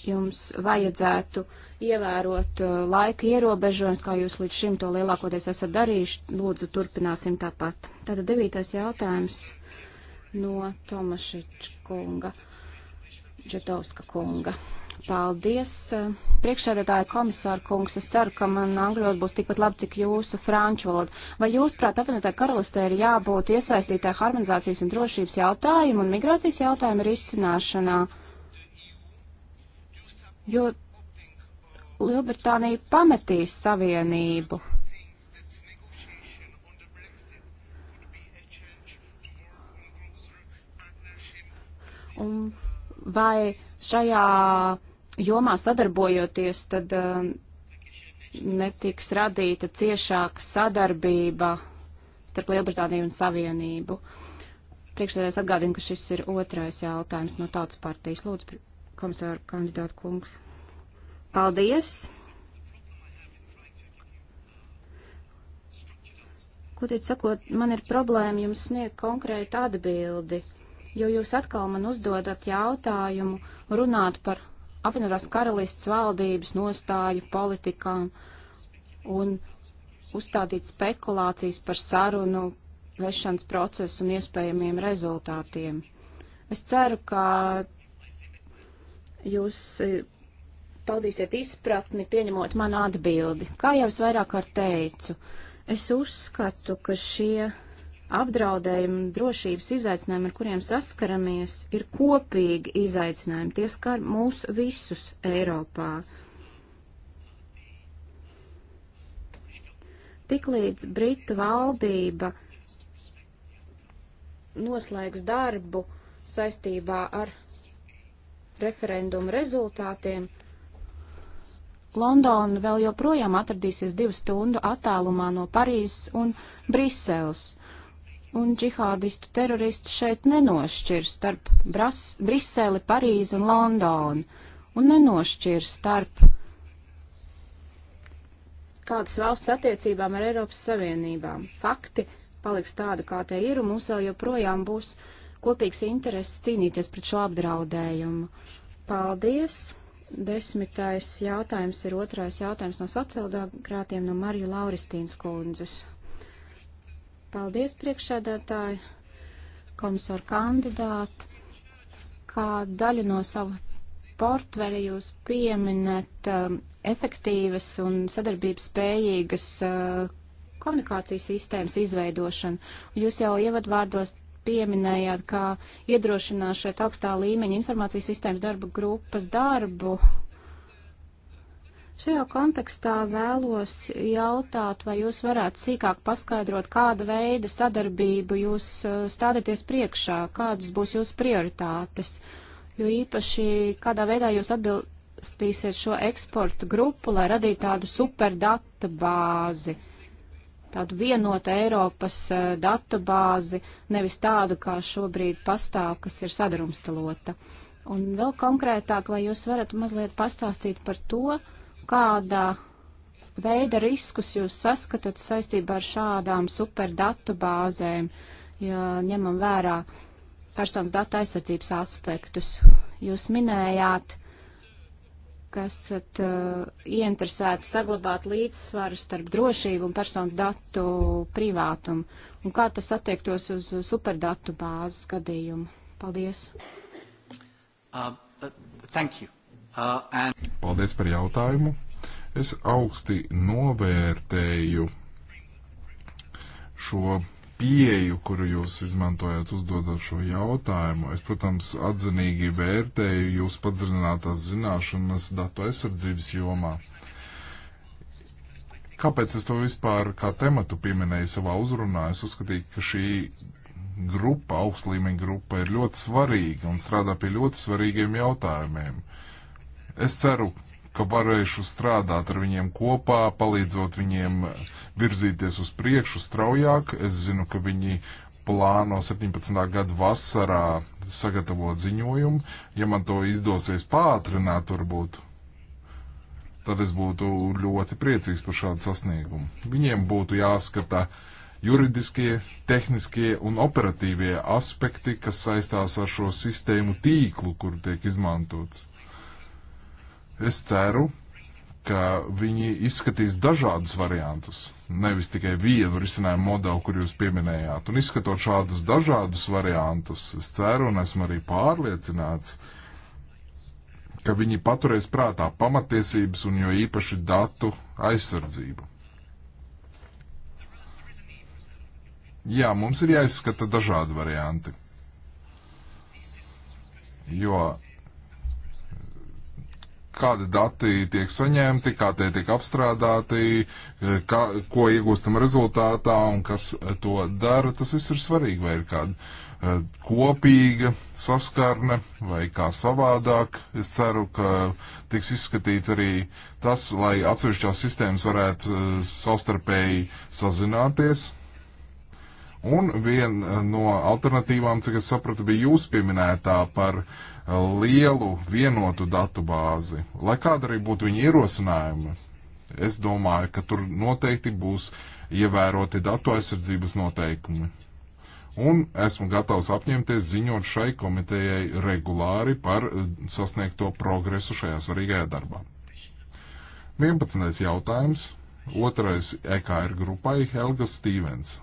jums vajadzētu ievērot uh, laika ierobežojums, kā jūs līdz šim to lielākoties esat darījuši. Lūdzu, turpināsim tāpat. Tātad devītais jautājums no Tomašiča kunga, Žetovska kunga. Paldies, eh, priekšsēdētāja komisāra kungs. Es ceru, ka man angļu valoda būs tikpat labi, cik jūsu franču valoda. Vai jūs, prāt, apvienotā karalistē ir jābūt iesaistītā harmonizācijas un drošības jautājumu un migrācijas jautājumu risināšanā? Jo Lielbritānija pametīs savienību. Un vai šajā jomā sadarbojoties, tad eh, netiks radīta ciešāka sadarbība starp Lielbritāniju un Savienību. Priekšsēdēs atgādinu, ka šis ir otrais jautājums no tautas partijas. Lūdzu, komisāra kandidāta kungs. Paldies! Kutīt sakot, man ir problēma jums sniegt konkrētu atbildi, jo jūs atkal man uzdodat jautājumu runāt par apvienotās karalists valdības nostāju politikām un uzstādīt spekulācijas par sarunu vešanas procesu un iespējamiem rezultātiem. Es ceru, ka jūs e, paudīsiet izpratni, pieņemot manu atbildi. Kā jau es vairāk kārt teicu, es uzskatu, ka šie apdraudējumi un drošības izaicinājumi, ar kuriem saskaramies, ir kopīgi izaicinājumi. Tie skar mūs visus Eiropā. Tiklīdz Britu valdība noslēgs darbu saistībā ar referendumu rezultātiem, Londona vēl joprojām atradīsies divu stundu attālumā no Parīzes un Briseles un džihādistu teroristi šeit nenošķir starp Bras Briseli, Parīzi un Londonu, un nenošķir starp kādas valsts attiecībām ar Eiropas Savienībām. Fakti paliks tādi, kā tie ir, un mums vēl joprojām būs kopīgs intereses cīnīties pret šo apdraudējumu. Paldies! Desmitais jautājums ir otrais jautājums no sociāldemokrātiem no Mariju Lauristīnas kundzes. Paldies, priekšsēdētāji, komisāra kandidāti. Kā daļu no savu portfeli jūs pieminat um, efektīvas un sadarbības spējīgas uh, komunikācijas sistēmas izveidošanu. Jūs jau ievadvārdos pieminējāt, kā iedrošināt šeit augstā līmeņa informācijas sistēmas darba grupas darbu Šajā kontekstā vēlos jautāt, vai jūs varētu sīkāk paskaidrot, kāda veida sadarbību jūs uh, stādieties priekšā, kādas būs jūsu prioritātes, jo īpaši kādā veidā jūs atbilstīsiet šo eksporta grupu, lai radītu tādu superdata bāzi tādu vienotu Eiropas uh, datubāzi, nevis tādu, kā šobrīd pastāv, kas ir sadrumstalota. Un vēl konkrētāk, vai jūs varat mazliet pastāstīt par to, kādā veida riskus jūs saskatat saistībā ar šādām superdatu bāzēm, ja ņemam vērā personas datu aizsardzības aspektus? Jūs minējāt, ka esat uh, ieinteresēti saglabāt līdzsvaru starp drošību un personas datu privātumu. Un kā tas attiektos uz superdatu bāzes gadījumu? Paldies! Uh, uh, thank you. Uh, and... Paldies par jautājumu. Es augsti novērtēju šo pieeju, kuru jūs izmantojat uzdodot šo jautājumu. Es, protams, atzinīgi vērtēju jūsu padziļinātās zināšanas datu aizsardzības jomā. Kāpēc es to vispār kā tematu pieminēju savā uzrunā? Es uzskatīju, ka šī grupa, augstlīmeņa grupa, ir ļoti svarīga un strādā pie ļoti svarīgiem jautājumiem. Es ceru, ka varēšu strādāt ar viņiem kopā, palīdzot viņiem virzīties uz priekšu straujāk. Es zinu, ka viņi plāno 17. gada vasarā sagatavot ziņojumu. Ja man to izdosies pātrināt, varbūt, tad es būtu ļoti priecīgs par šādu sasniegumu. Viņiem būtu jāskata juridiskie, tehniskie un operatīvie aspekti, kas saistās ar šo sistēmu tīklu, kur tiek izmantots. Es ceru, ka viņi izskatīs dažādus variantus, nevis tikai vienu risinājumu modeli, kur jūs pieminējāt. Un izskatot šādus dažādus variantus, es ceru un esmu arī pārliecināts, ka viņi paturēs prātā pamatiesības un jo īpaši datu aizsardzību. Jā, mums ir jāizskata dažādi varianti. Jo kādi dati tiek saņemti, kā tie tiek apstrādāti, eh, kā, ko iegūstam rezultātā un kas eh, to dara. Tas viss ir svarīgi, vai ir kāda eh, kopīga saskarne vai kā savādāk. Es ceru, ka tiks izskatīts arī tas, lai atsevišķās sistēmas varētu savstarpēji sazināties. Un viena no alternatīvām, cik es sapratu, bija jūs pieminētā par uh, lielu vienotu datu bāzi. Lai kāda arī būtu viņa ierosinājumi, es domāju, ka tur noteikti būs ievēroti datu aizsardzības noteikumi. Un esmu gatavs apņemties ziņot šai komitejai regulāri par eh, sasniegto progresu šajā svarīgajā darbā. 11. jautājums. Otrais EKR grupai Helga Stevens.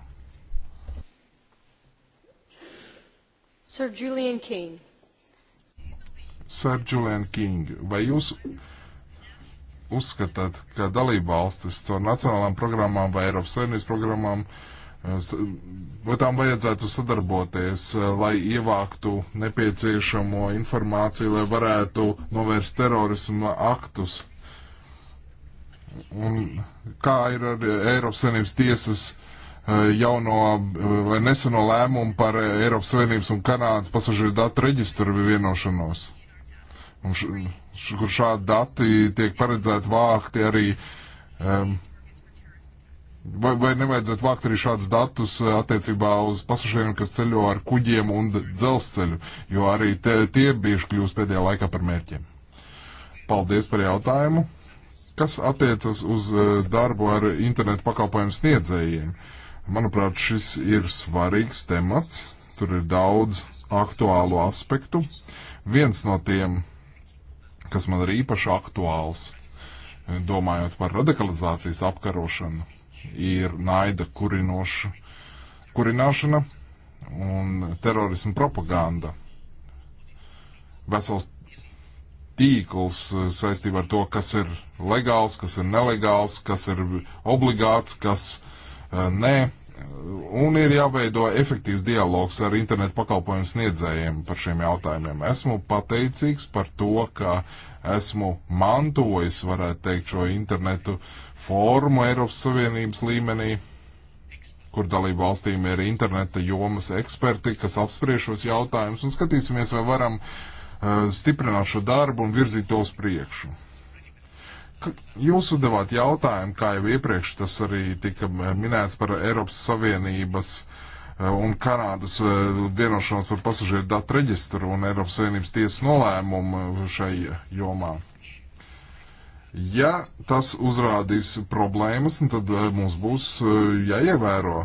Sir Julian King. Sir Julian King, vai jūs uzskatāt, ka dalībvalstis caur nacionālām programmām vai Eiropas Savienības programmām, eh, vai tām vajadzētu sadarboties, eh, lai ievāktu nepieciešamo informāciju, lai varētu novērst terorismu aktus? Un kā ir ar Eiropas Savienības tiesas eh, jauno vai neseno lēmumu par Eiropas Savienības un Kanādas pasažieru datu reģistru vienošanos? kur šādi dati tiek paredzēti vākti arī. Um, vai, vai nevajadzētu vākt arī šādus datus eh, attiecībā uz pasažieriem, kas ceļo ar kuģiem un dzelzceļu, jo arī te, tie bieži kļūst pēdējā laikā par mērķiem. Paldies par jautājumu. Kas attiecas uz eh, darbu ar internetu pakalpojumu sniedzējiem? Manuprāt, šis ir svarīgs temats. Tur ir daudz aktuālu aspektu. Viens no tiem kas man ir īpaši aktuāls, domājot par radikalizācijas apkarošanu, ir naida kurinoša, kurināšana un terorisma propaganda. Vesels tīkls saistībā ar to, kas ir legāls, kas ir nelegāls, kas ir obligāts, kas uh, nē. Ne Un ir jāveido efektīvs dialogs ar internetu pakalpojumu sniedzējiem par šiem jautājumiem. Esmu pateicīgs par to, ka esmu mantojis, varētu teikt, šo internetu formu Eiropas Savienības līmenī, kur dalību valstīm ir interneta jomas eksperti, kas apspriešos jautājumus un skatīsimies, vai varam uh, stiprināt šo darbu un virzīt to uz priekšu. Jūs uzdevāt jautājumu, kā jau iepriekš tas arī tika minēts par Eiropas Savienības eh, un Kanādas eh, vienošanos par pasažieru datu reģistru un Eiropas Savienības tiesas nolēmumu šai jomā. Ja tas uzrādīs problēmas, tad eh, mums būs jāievēro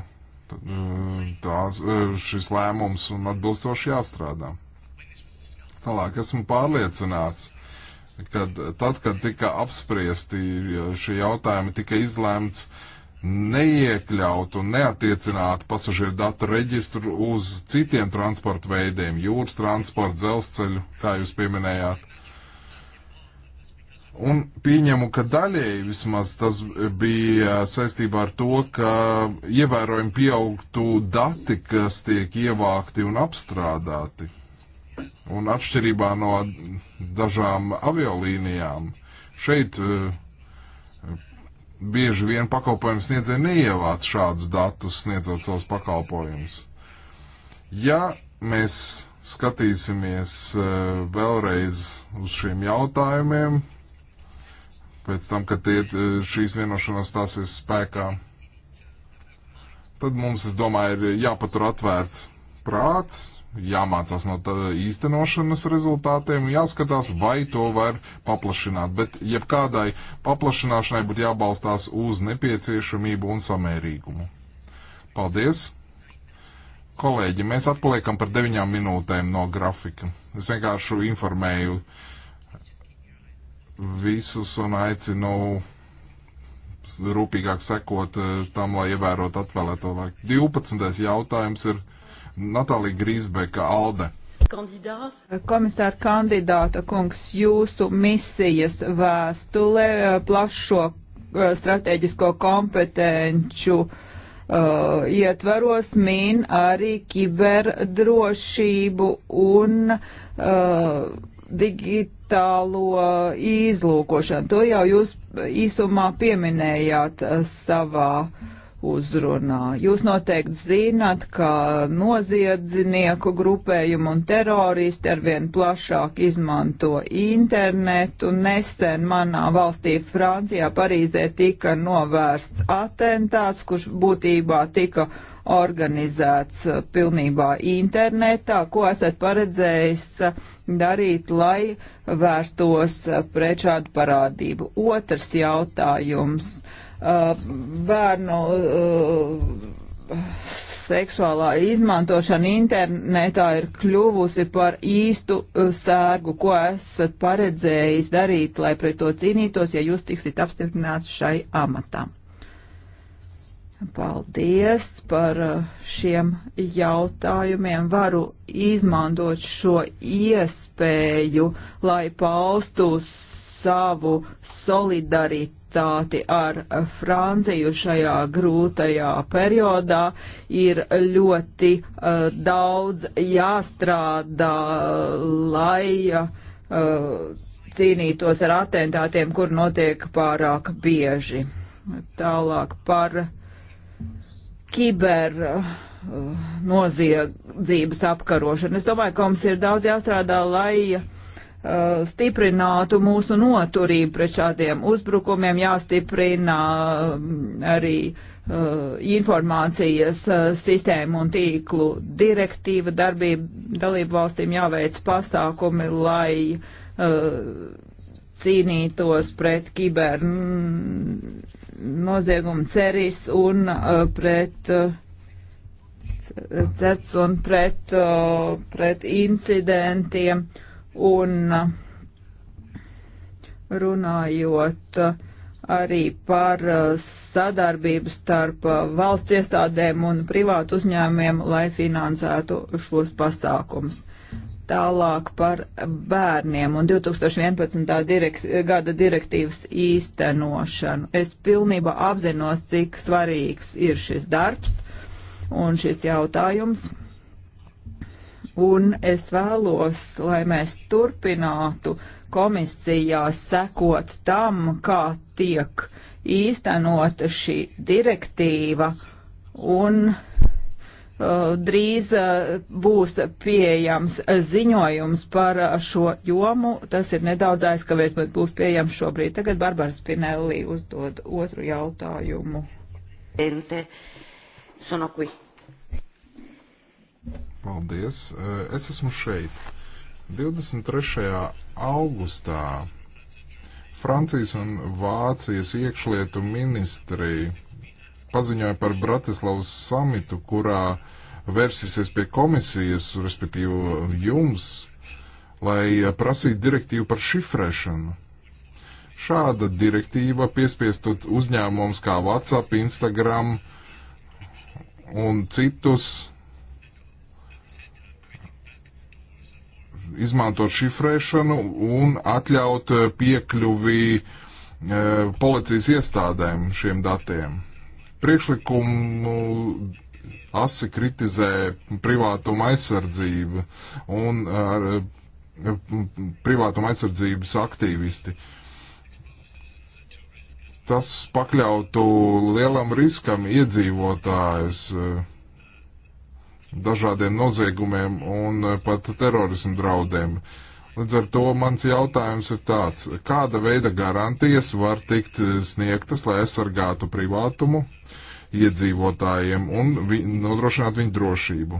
tās, šis lēmums un atbilstoši jāstrādā. Tālāk esmu pārliecināts, ka kad, tad, kad tika apspriesti šie jautājumi, tika izlēmts neiekļaut un neatiecināt pasažieru datu reģistru uz citiem transporta veidiem - jūras transportu, dzelzceļu, kā jūs pieminējāt. Un pieņemu, ka daļēji vismaz tas bija saistībā ar to, ka ievērojami pieaugtu dati, kas tiek ievākti un apstrādāti. Un atšķirībā no dažām aviolīnijām, šeit eh, bieži vien pakalpojumu sniedzēji neievāc šādus datus, sniedzot savus pakalpojumus. Ja mēs skatīsimies eh, vēlreiz uz šiem jautājumiem, pēc tam, kad tie, eh, šīs vienošanās stāsies spēkā, tad mums, es domāju, ir jāpatur atvērts prāts, jāmācās no īstenošanas rezultātiem un jāskatās, vai to var paplašināt. Bet jebkādai paplašināšanai būtu jābalstās uz nepieciešamību un samērīgumu. Paldies! Kolēģi, mēs atpaliekam par deviņām minūtēm no grafika. Es vienkārši informēju visus un aicinu rūpīgāk sekot eh, tam, lai ievērot atvēlēto laiku. 12. jautājums ir Natālija Grīsbeka, Alde. Komisāra kandidāta kungs, jūsu misijas vēstulē eh, plašo eh, strateģisko kompetenču uh, ietvaros min arī kiberdrošību un uh, digitālo izlūkošanu. To jau jūs īsumā pieminējāt savā uh, uzrunā. Jūs noteikti zināt, ka noziedznieku grupējumu un teroristi arvien plašāk izmanto internetu. Nesen manā valstī Francijā Parīzē tika novērsts atentāts, kurš būtībā tika organizēts uh, pilnībā internetā. Ko esat paredzējis uh, darīt, lai vērstos uh, pret šādu parādību? Otrs jautājums. Uh, bērnu uh, seksuālā izmantošana internetā ir kļuvusi par īstu uh, sērgu, ko esat paredzējis darīt, lai pret to cīnītos, ja jūs tiksit apstiprināts šai amatā. Paldies par uh, šiem jautājumiem. Varu izmantot šo iespēju, lai paustu savu solidaritāti solidaritāti ar Franciju šajā grūtajā periodā ir ļoti uh, daudz jāstrādā, lai uh, cīnītos ar atentātiem, kur notiek pārāk bieži. Tālāk par kiber eh, noziedzības apkarošanu. Es domāju, ka mums ir daudz jāstrādā, lai uh, Uh, stiprinātu mūsu noturību pret šādiem uzbrukumiem, jāstiprina um, arī uh, informācijas uh, sistēmu un tīklu direktīva darbība dalību valstīm jāveic pasākumi, lai uh, cīnītos pret kiber noziegumu ceris un uh, pret uh, cets un pret, pret incidentiem. Uh, Un runājot arī par uh, sadarbību starp uh, valsts iestādēm un privātu uzņēmumiem, lai finansētu šos pasākumus. Tālāk par bērniem un 2011. Direkt, gada direktīvas īstenošanu. Es pilnībā apzinos, cik svarīgs ir šis darbs un šis jautājums un es vēlos, lai mēs turpinātu komisijā sekot tam, kā tiek īstenota šī direktīva un uh, drīz uh, būs pieejams ziņojums par uh, šo jomu. Tas ir nedaudz aizkavēts, bet būs pieejams šobrīd. Tagad Barbara Spinelli uzdod otru jautājumu. Sono qui. Paldies. Es esmu šeit. 23. augustā Francijas un Vācijas iekšlietu ministri paziņoja par Bratislavas samitu, kurā versīsies pie komisijas, respektīvi jums, lai prasītu direktīvu par šifrēšanu. Šāda direktīva piespiestot uzņēmums kā WhatsApp, Instagram un citus izmantot šifrēšanu un atļaut eh, piekļuvi e, policijas iestādēm šiem datiem. Priekšlikumu asi kritizē privātuma aizsardzību un ar, privātuma aizsardzības aktīvisti. Tas pakļautu lielam riskam iedzīvotājs. Uh, dažādiem noziegumiem un eh, pat terorismu draudiem. Līdz ar to mans jautājums ir tāds, kāda veida garantijas var tikt eh, sniegtas, lai aizsargātu privātumu iedzīvotājiem un vi nodrošinātu viņu drošību?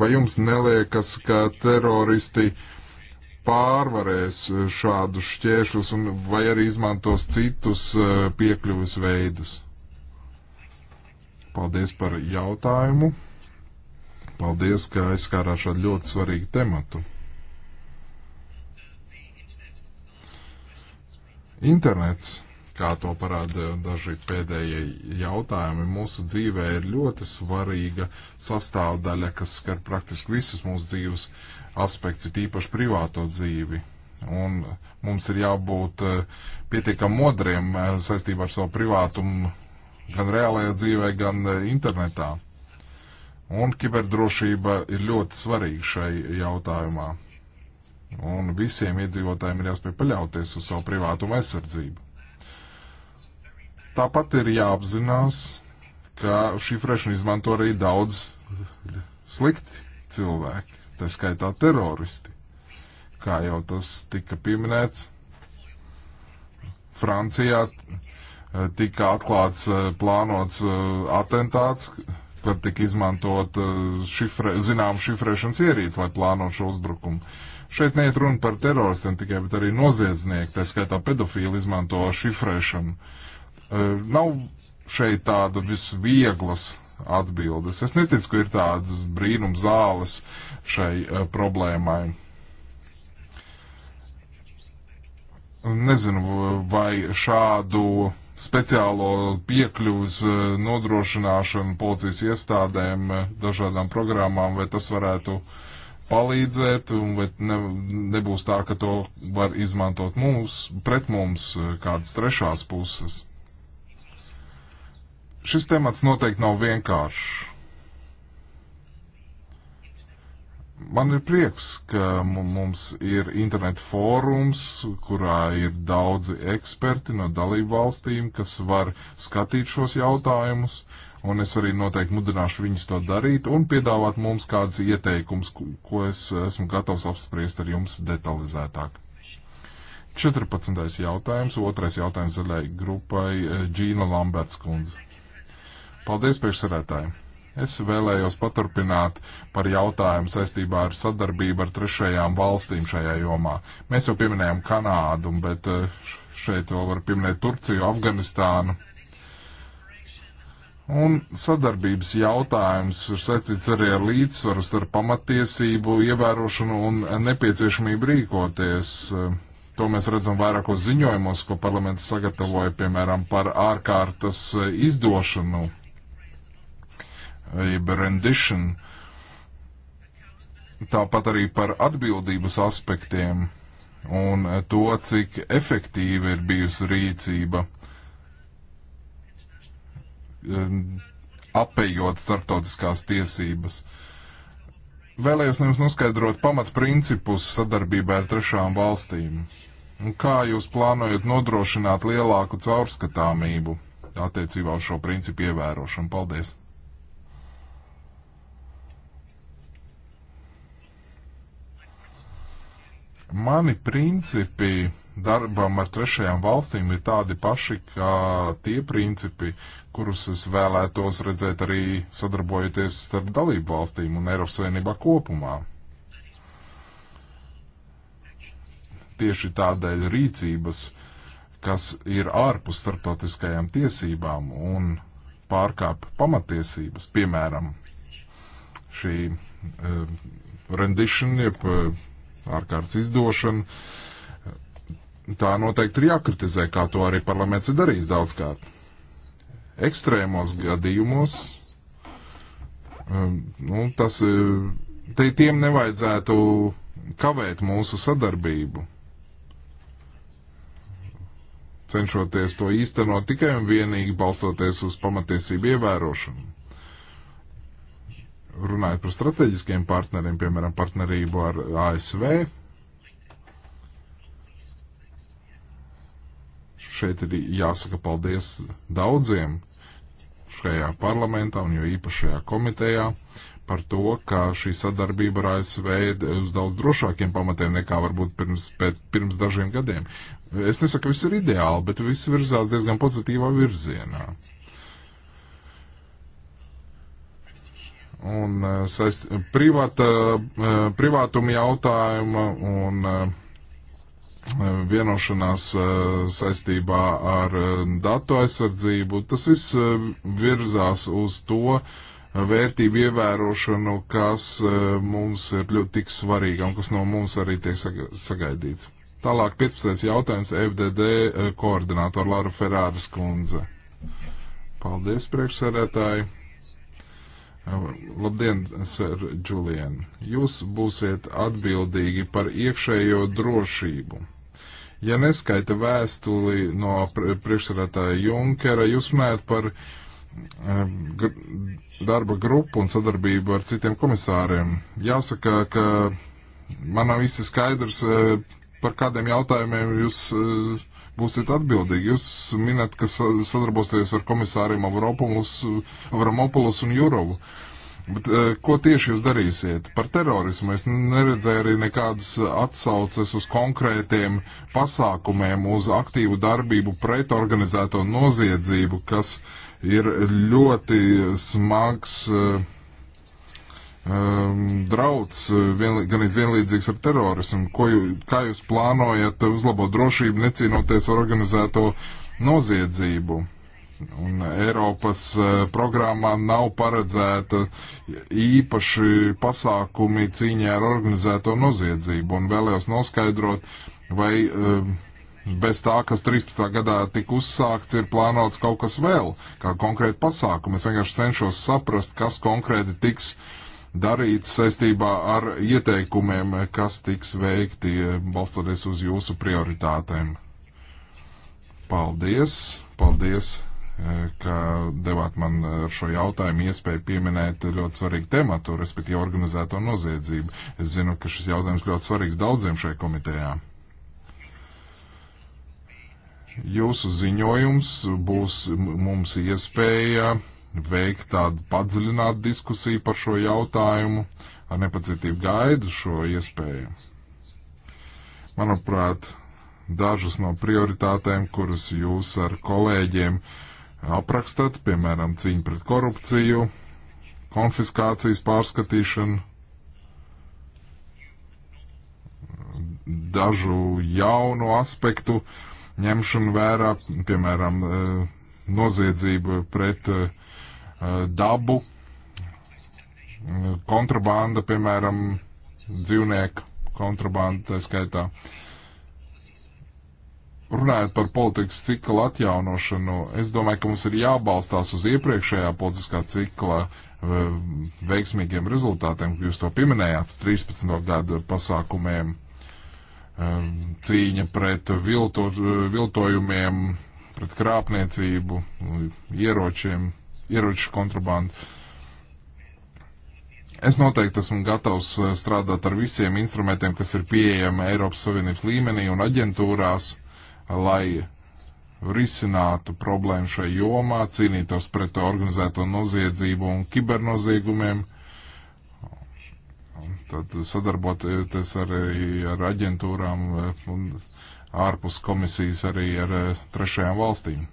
Vai jums neliekas, ka teroristi pārvarēs eh, šādus šķēršļus vai arī izmantos citus piekļuvis veidus? Paldies par jautājumu. Paldies, ka aizskārā šādu ļoti svarīgu tematu. Internets, kā to parāda daži pēdējie jautājumi, mūsu dzīvē ir ļoti svarīga sastāvdaļa, kas skar praktiski visus mūsu dzīves aspekts, ir īpaši privāto dzīvi. Un mums ir jābūt eh, pietiekam modriem eh, saistībā ar savu privātumu gan reālajā dzīvē, gan e, internetā. Un kiberdrošība ir ļoti svarīga šai jautājumā. Un visiem iedzīvotājiem ir jāspēj paļauties uz savu privātumu aizsardzību. Tāpat ir jāapzinās, ka šifrēšanu izmanto arī daudz slikti cilvēki, tā skaitā teroristi. Kā jau tas tika pieminēts, Francijā tika atklāts eh, plānots eh, atentāts, kad tika izmantot eh, šifre, zinām šifrēšanas ierīci, lai plānotu šo uzbrukumu. Šeit neiet runa par teroristiem tikai, bet arī noziedznieki, tā skaitā pedofīli izmanto šifrēšanu. Nav šeit tāda visvieglas atbildes. Es neticu, ka ir tādas brīnum zāles šai problēmai. Nezinu, vai šādu speciālo piekļuvis eh, nodrošināšanu policijas iestādēm, eh, dažādām programmām, vai tas varētu palīdzēt, un vai ne, nebūs tā, ka to var izmantot mums, pret mums eh, kādas trešās puses. Šis temats noteikti nav vienkāršs Man ir prieks, ka mums ir internetu fórums, kurā ir daudzi eksperti no dalību valstīm, kas var skatīt šos jautājumus, un es arī noteikti mudināšu viņus to darīt un piedāvāt mums kādas ieteikums, ko es esmu gatavs apspriest ar jums detalizētāk. 14. jautājums, otrais jautājums zaļai grupai eh, Džīna Lamberts kundze. Paldies priekšsarētāji! Es vēlējos paturpināt par jautājumu saistībā ar sadarbību ar trešajām valstīm šajā jomā. Mēs jau pieminējām Kanādu, bet eh, šeit vēl var pieminēt Turciju, Afganistānu. Un sadarbības jautājums ir saistīts arī ar līdzsvaru starp pamatiesību ievērošanu un nepieciešamību rīkoties. To mēs redzam vairākos ziņojumos, ko parlaments sagatavoja, piemēram, par ārkārtas izdošanu jeb rendition. Tāpat arī par atbildības aspektiem un to, cik efektīva ir bijusi rīcība um, apējot starptautiskās tiesības. Vēlējos jums noskaidrot pamatprincipus sadarbībā ar trešām valstīm. Un kā jūs plānojat nodrošināt lielāku caurskatāmību attiecībā uz šo principu ievērošanu? Paldies! Mani principi darbam ar trešajām valstīm ir tādi paši, kā tie principi, kurus es vēlētos redzēt arī sadarbojoties starp dalību valstīm un Eiropas Savienībā kopumā. Tieši tādēļ rīcības, kas ir ārpus starptautiskajām tiesībām un pārkāp pamatiesības, piemēram, šī uh, rendition, jeb uh, ārkārtas izdošanu. Tā noteikti ir jākritizē, kā to arī parlaments ir darījis daudzkārt. Ekstrēmos gadījumos um, nu, tas, eh, te, tiem nevajadzētu kavēt mūsu sadarbību cenšoties to īstenot tikai un vienīgi balstoties uz pamatiesību ievērošanu runājot par strateģiskiem partneriem, piemēram, partnerību ar ASV, šeit ir jāsaka paldies daudziem šajā parlamentā un jo īpašajā komitejā par to, ka šī sadarbība ar ASV ir uz daudz drošākiem pamatiem nekā varbūt pirms, pēc, pirms dažiem gadiem. Es nesaku, ka viss ir ideāli, bet viss virzās diezgan pozitīvā virzienā. un eh, saist, privata, eh, privātuma jautājuma un eh, vienošanās saistībā ar datu aizsardzību. Tas viss virzās uz to vērtību ievērošanu, kas mums ir ļoti tik svarīga un kas no mums arī tiek sagaidīts. Tālāk 15. jautājums FDD koordinātora Lara Ferāras kundze. Paldies, priekšsēdētāji! Labdien, Sir Julian. Jūs būsiet atbildīgi par iekšējo drošību. Ja neskaita vēstuli no priekšsarētāja Junkera, jūs mērt par eh, darba grupu un sadarbību ar citiem komisāriem. Jāsaka, ka man nav īsti skaidrs, eh, par kādiem jautājumiem jūs uh, būsiet atbildīgi. Jūs minat, ka sadarbosieties ar komisāriem Avramopoulos un Jurovu. Bet, e, ko tieši jūs darīsiet par terorismu? Es neredzēju arī nekādas atsauces uz konkrētiem pasākumiem, uz aktīvu darbību pret organizēto noziedzību, kas ir ļoti smags uh, um, drauds eh, vienlī, gan vienlīdzīgs ar terorismu. Ko, kā jūs plānojat uzlabot drošību, necīnoties ar organizēto noziedzību? Un Eiropas eh, programmā nav paredzēta īpaši pasākumi cīņā ar organizēto noziedzību. Un vēlējos noskaidrot, vai um, bez tā, kas 13. gadā tika uzsākts, ir plānots kaut kas vēl, kā konkrēti pasākumi. Es vienkārši cenšos saprast, kas konkrēti tiks uh, darīts saistībā ar ieteikumiem, kas tiks veikti balstoties uz jūsu prioritātēm. Paldies! Paldies! Eh, ka devāt man ar eh, šo jautājumu iespēju pieminēt ļoti svarīgu tematu, respektīvi organizēto noziedzību. Es zinu, ka šis jautājums ļoti svarīgs daudziem šajā komitejā. Jūsu ziņojums būs mums iespēja veikt tādu padziļinātu diskusiju par šo jautājumu. Ar nepacietību gaidu šo iespēju. Manuprāt, dažas no prioritātēm, kuras jūs ar kolēģiem aprakstat, piemēram, cīņa pret korupciju, konfiskācijas pārskatīšanu, dažu jaunu aspektu ņemšanu vērā, piemēram, eh, noziedzību pret uh, Eh, dabu, kontrabanda, piemēram, dzīvnieku kontrabanda, tā skaitā. Runājot par politikas cikla atjaunošanu, es domāju, ka mums ir jābalstās uz iepriekšējā politiskā cikla eh, veiksmīgiem rezultātiem, jūs to pieminējāt, 13. gada pasākumiem, eh, cīņa pret vilto, viltojumiem, pret krāpniecību, ieročiem, ieroču kontrabandu. Es noteikti esmu gatavs eh, strādāt ar visiem instrumentiem, kas ir pieejami Eiropas Savienības līmenī un aģentūrās, lai risinātu problēmu šai jomā, cīnītos pret organizēto noziedzību un kibernoziegumiem. Tad sadarboties arī ar aģentūrām eh, un ārpus komisijas arī ar eh, trešajām valstīm.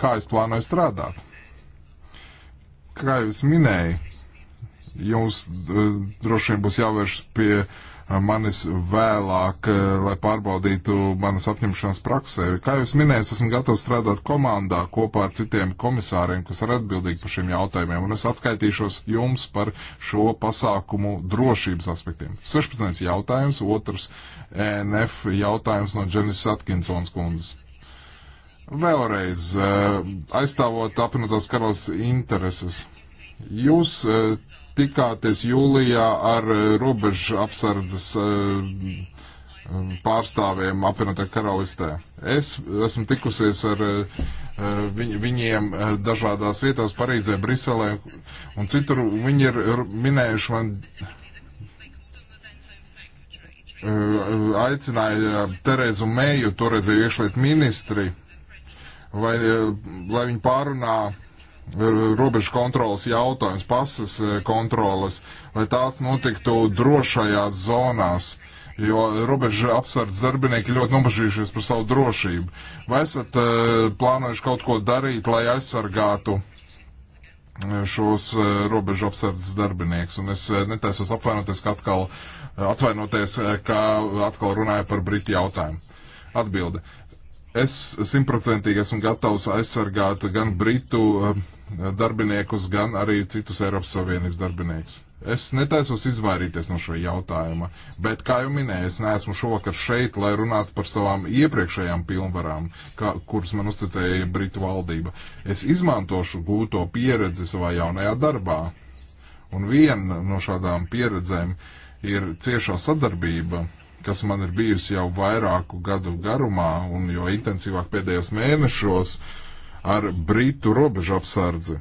Kā es plānoju strādāt? kā jau es minēju, jums eh, droši vien būs jāvēršas pie eh, manis vēlāk, eh, lai pārbaudītu manas apņemšanas praksē. Kā jūs minējāt, esmu gatavs strādāt komandā kopā ar citiem komisāriem, kas ir atbildīgi par šiem jautājumiem, un es atskaitīšos jums par šo pasākumu drošības aspektiem. 16. jautājums, otrs ENF jautājums no Dženis Atkinsons kundzes. Vēlreiz eh, aizstāvot apvienotās karalas intereses. Jūs eh, tikāties jūlijā ar eh, robežu apsardzes pārstāvjiem apvienotā karalistē. Es esmu tikusies ar viņ, viņiem dažādās vietās Parīzē, Briselē un citur. Viņi ir minējuši man aicināja Terezu Mēju, toreizēju iekšlietu ministri, vai, e, lai viņi pārunā e, robežu kontrolas jautājums, pasas e, kontrolas, lai tās notiktu drošajās zonās, jo robežu apsardzes darbinieki ļoti nobažījušies par savu drošību. Vai esat uh, plānojuši kaut ko darīt, lai aizsargātu šos uh, robežu apsardzes darbinieks? Un es netaisos apvainoties, ka atkal, atvainoties, ka atkal runāju par Britu jautājumu. Atbilde. Es simtprocentīgi esmu gatavs aizsargāt gan britu um, darbiniekus, gan arī citus Eiropas Savienības darbiniekus. Es netaisos izvairīties no šī jautājuma, bet, kā jau minēju, es neesmu šovakar šeit, lai runātu par savām iepriekšējām pilnvarām, kā, kuras man uzticēja Britu valdība. Es izmantošu gūto pieredzi savā jaunajā darbā. Un viena no šādām pieredzēm ir ciešā sadarbība kas man ir bijusi jau vairāku gadu garumā un jo intensīvāk pēdējos mēnešos ar Britu robežu apsardzi,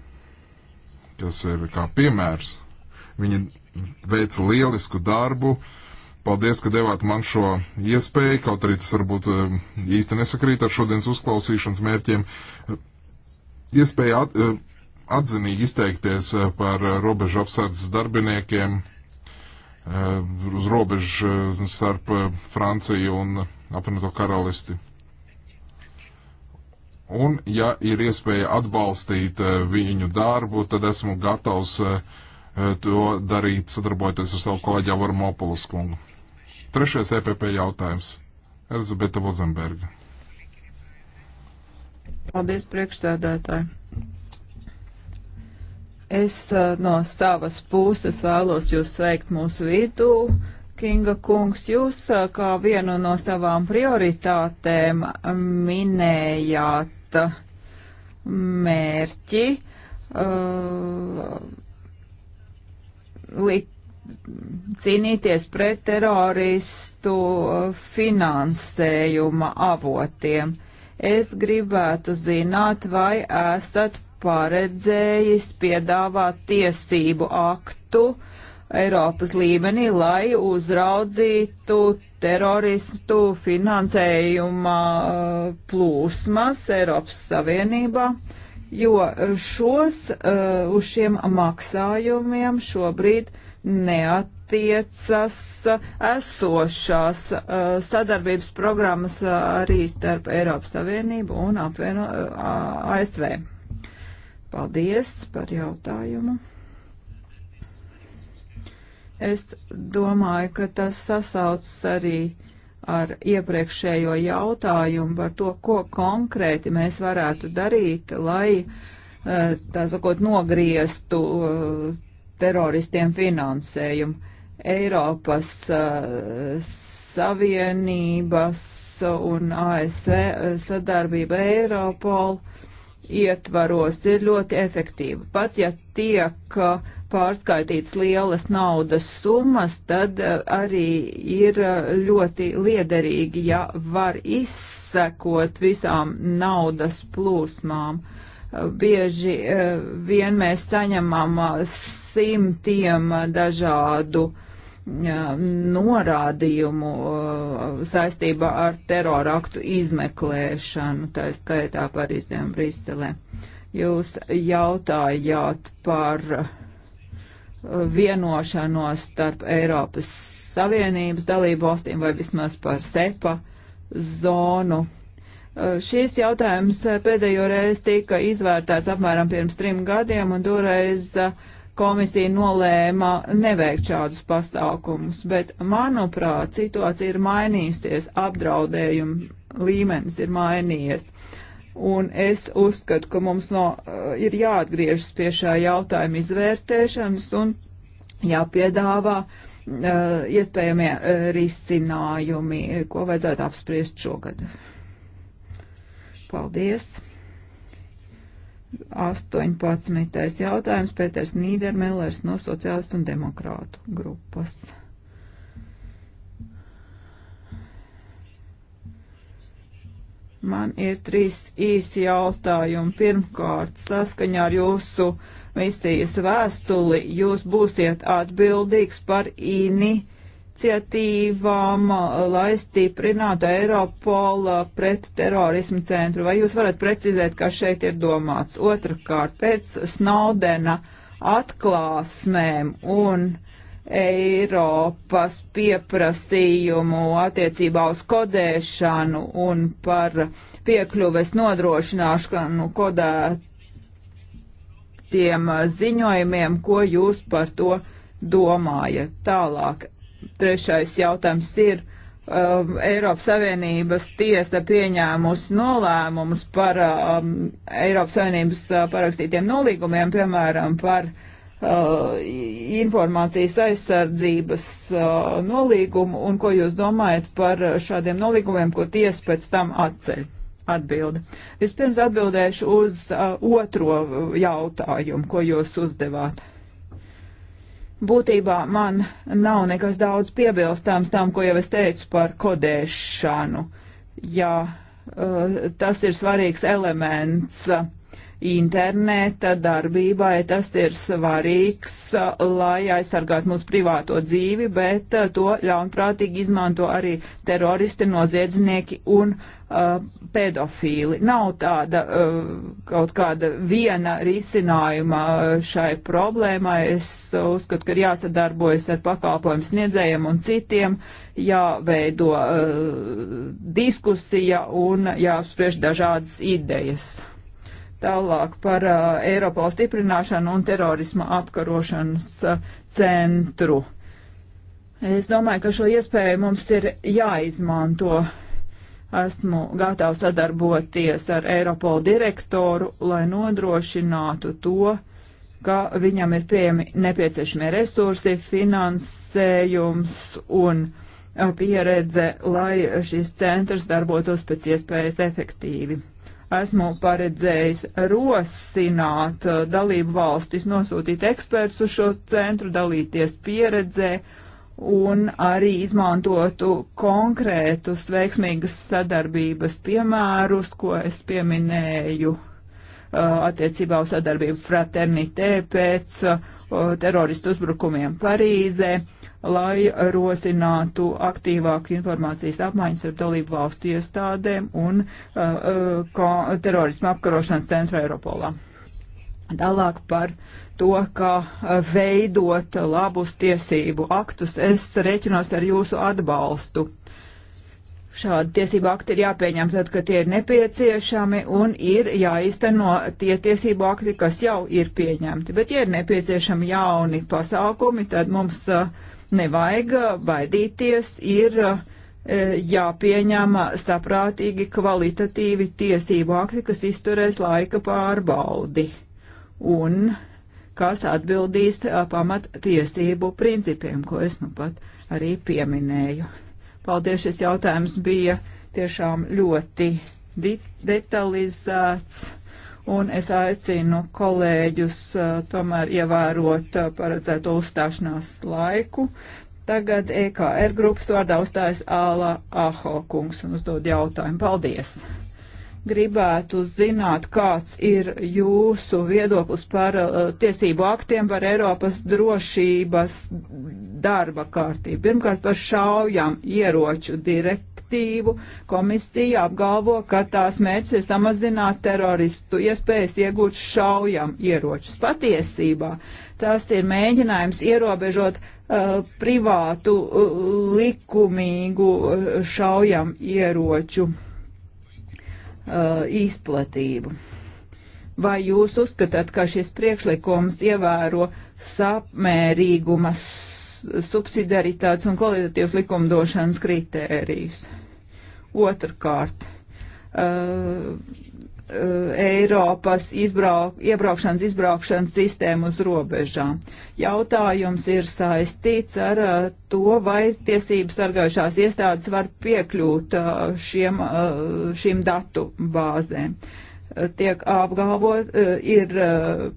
kas ir kā piemērs. Viņi veica lielisku darbu. Paldies, ka devāt man šo iespēju, kaut arī tas varbūt eh, īsti nesakrīt ar šodienas uzklausīšanas mērķiem. Iespēja at, eh, atzinīgi izteikties eh, par robežu apsardzes darbiniekiem Eh, uz robežu eh, starp eh, Franciju un apvienoto karalisti. Un, ja ir iespēja atbalstīt viņu darbu, tad esmu gatavs to darīt, sadarbojoties ar savu kolēģi Avaru Mopulus kungu. Trešais EPP jautājums. Elizabeta Vozemberga. Paldies, priekšstādētāji. Es no savas puses vēlos jūs sveikt mūsu vidū. Kinga kungs, jūs kā vienu no savām prioritātēm minējāt mērķi uh, lik, cīnīties pret teroristu finansējuma avotiem. Es gribētu zināt, vai esat paredzējis piedāvāt tiesību aktu Eiropas līmenī, lai uzraudzītu teroristu finansējuma uh, plūsmas Eiropas Savienībā, jo šos, uh, uz šiem maksājumiem šobrīd neatiecas esošās uh, sadarbības programmas arī starp Eiropas Savienību un apvieno ASV. Paldies par jautājumu. Es domāju, ka tas sasaucas arī ar iepriekšējo jautājumu par to, ko konkrēti mēs varētu darīt, lai, eh, tā sakot, nogrieztu eh, teroristiem finansējumu. Eiropas eh, Savienības un ASV sadarbība Eiropol ietvaros ir ļoti efektīva. Pat ja tiek uh, pārskaitīts lielas naudas summas, tad uh, arī ir uh, ļoti liederīgi, ja var izsekot visām naudas plūsmām. Bieži vien mēs saņemam simtiem dažādu uh, norādījumu uh, saistībā ar teroraktu izmeklēšanu, tā skaitā Parīzē un Briselē. Jūs jautājāt par uh, vienošanos starp Eiropas Savienības dalību valstīm vai vismaz par SEPA zonu. Uh, Šīs jautājums pēdējo reizi tika izvērtēts apmēram pirms trim gadiem un toreiz uh, komisija nolēma neveikt šādus pasākumus, bet, manuprāt, situācija ir mainījusies, apdraudējuma līmenis ir mainījies. Un es uzskatu, ka mums no, eh, ir jāatgriežas pie šā jautājuma izvērtēšanas un jāpiedāvā uh, iespējamie uh, risinājumi, ko vajadzētu apspriest šogad. Paldies! 18. jautājums Pēters Nīdermēlērs no Sociālistu un Demokrātu grupas. Man ir trīs īsi jautājumi. Pirmkārt, saskaņā ar jūsu misijas vēstuli jūs būsiet atbildīgs par īni iniciatīvām, eh, lai stiprinātu Eiropola pret terorismu centru. Vai jūs varat precizēt, kas šeit ir domāts? Otrakārt, pēc Snowdena atklāsmēm un Eiropas pieprasījumu attiecībā uz kodēšanu un par piekļuves nodrošināšanu kodētiem ziņojumiem, ko jūs par to domājat tālāk. Trešais jautājums ir. Um, Eiropas Savienības tiesa pieņēmusi nolēmumus par um, Eiropas Savienības uh, parakstītiem nolīgumiem, piemēram, par uh, informācijas aizsardzības uh, nolīgumu, un ko jūs domājat par šādiem nolīgumiem, ko tiesa pēc tam atceļ? Atbildi. Vispirms atbildēšu uz uh, otro uh, jautājumu, ko jūs uzdevāt. Uh, Būtībā man nav nekas daudz piebilstāms tam, ko jau es teicu par kodēšanu. Ja eh, tas ir svarīgs elements eh, interneta darbībai, tas ir svarīgs, eh, lai aizsargātu mūsu privāto dzīvi, bet to ļaunprātīgi izmanto arī teroristi, noziedznieki un uh, Uh, pedofīli. Nav tāda uh, kaut kāda viena risinājuma uh, šai problēmai. Es uzskatu, ka ir jāsadarbojas ar pakalpojumu sniedzējiem un citiem, jāveido diskusija un jāspriež dažādas idejas. Tālāk par uh, Eiropas stiprināšanu un terorisma apkarošanas uh, centru. Es domāju, ka šo iespēju mums ir jāizmanto Esmu gatavs sadarboties ar Eiropolu direktoru, lai nodrošinātu to, ka viņam ir pieejami nepieciešamie resursi, finansējums un pieredze, lai šis centrs darbotos pēc iespējas efektīvi esmu paredzējis rosināt dalību valstis, nosūtīt ekspertus uz šo centru, dalīties pieredzē un arī izmantotu konkrētus veiksmīgas sadarbības piemērus, ko es pieminēju uh, attiecībā uz sadarbību fraternitē pēc uh, teroristu uzbrukumiem Parīzē, lai rosinātu aktīvāku informācijas apmaiņas ar dalību valstu iestādēm un uh, uh terorismu apkarošanas centru Eiropolā. Tālāk par uh, to, kā veidot labus tiesību aktus. Es reķinos ar jūsu atbalstu. Šādi tiesību akti ir jāpieņem tad, kad tie ir nepieciešami un ir jāizteno tie tiesību akti, kas jau ir pieņemti. Bet, ja ir nepieciešami jauni pasākumi, tad mums nevajag baidīties, ir e, jāpieņem saprātīgi kvalitatīvi tiesību akti, kas izturēs laika pārbaudi. Un kas atbildīs pamat tiesību principiem, ko es nu pat arī pieminēju. Paldies, šis jautājums bija tiešām ļoti detalizēts, un es aicinu kolēģus tomēr ievērot paredzēto uzstāšanās laiku. Tagad EKR grupas vārdā uzstājas Āla Aho kungs un uzdod jautājumu. Paldies! gribētu zināt, kāds ir jūsu viedoklis par uh, tiesību aktiem par Eiropas drošības darba kārtību. Pirmkārt, par šaujam ieroču direktīvu komisija apgalvo, ka tās mērķis ir samazināt teroristu iespējas iegūt šaujam ieročus. Patiesībā tas ir mēģinājums ierobežot uh, privātu uh, likumīgu uh, šaujam ieroču Uh, izplatību. Vai jūs uzskatāt, ka šis priekšlikums ievēro sapmērīguma, subsidiaritātes un kvalitatīvas likumdošanas kritērijus? Otrkārt, uh, Eh, Eiropas izbrauk, iebraukšanas izbraukšanas sistēmu uz robežām. Jautājums ir saistīts ar eh, to, vai tiesības sargājušās iestādes var piekļūt eh, šiem, šīm datu bāzēm. Uh, tiek apgalvot, eh, ir eh,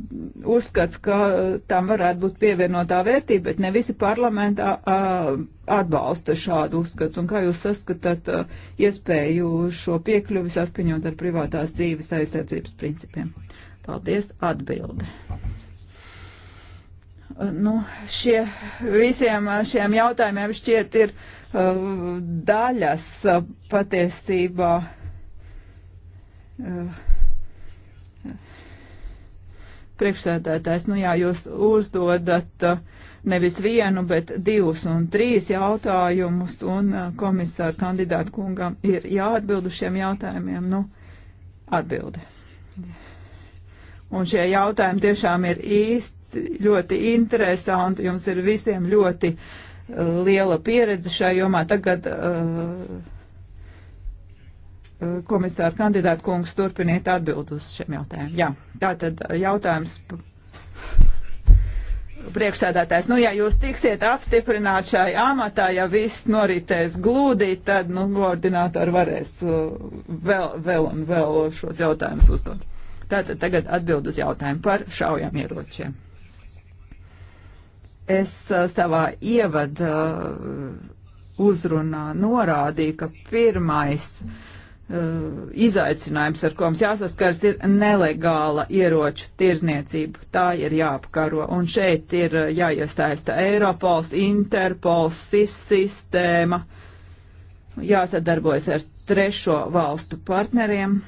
uzskats, ka eh, tam varētu būt pievienotā vērtība, bet ne visi parlamentā atbalsta šādu uzskatu. Un kā jūs saskatāt iespēju šo piekļuvi saskaņot ar privātās dzīves aizsardzības principiem? Paldies, atbildi. Nu, šie, visiem šiem jautājumiem šķiet ir daļas patiesībā. Uh, Priekšsēdētājs, nu jā, jūs uzdodat uh, nevis vienu, bet divus un trīs jautājumus, un uh, komisāra kandidāta kungam ir jāatbild uz šiem jautājumiem. Nu, atbildi. Un šie jautājumi tiešām ir īsti ļoti interesanti, jums ir visiem ļoti uh, liela pieredze šajā jomā. Tagad uh, Eh, komisāra kandidāta kungs, turpiniet atbild uz šiem jautājumiem. Jā, tātad eh, jautājums priekšsēdētājs. Nu, ja jūs tiksiet apstiprināt šai amatā, ja viss noritēs glūdī, tad, nu, koordinātori varēs eh, vēl, vēl un vēl šos jautājumus uzdot. Tātad tagad atbild uz jautājumu par šaujam ieročiem. Es savā ievada uzrunā norādīju, ka pirmais. Mm Eh, izaicinājums, ar ko mums jāsaskars, ir nelegāla ieroču tirzniecība. Tā ir jāapkaro. Un šeit ir eh, jāiesaista Eiropols, Interpols, SIS sistēma, jāsadarbojas ar trešo valstu partneriem.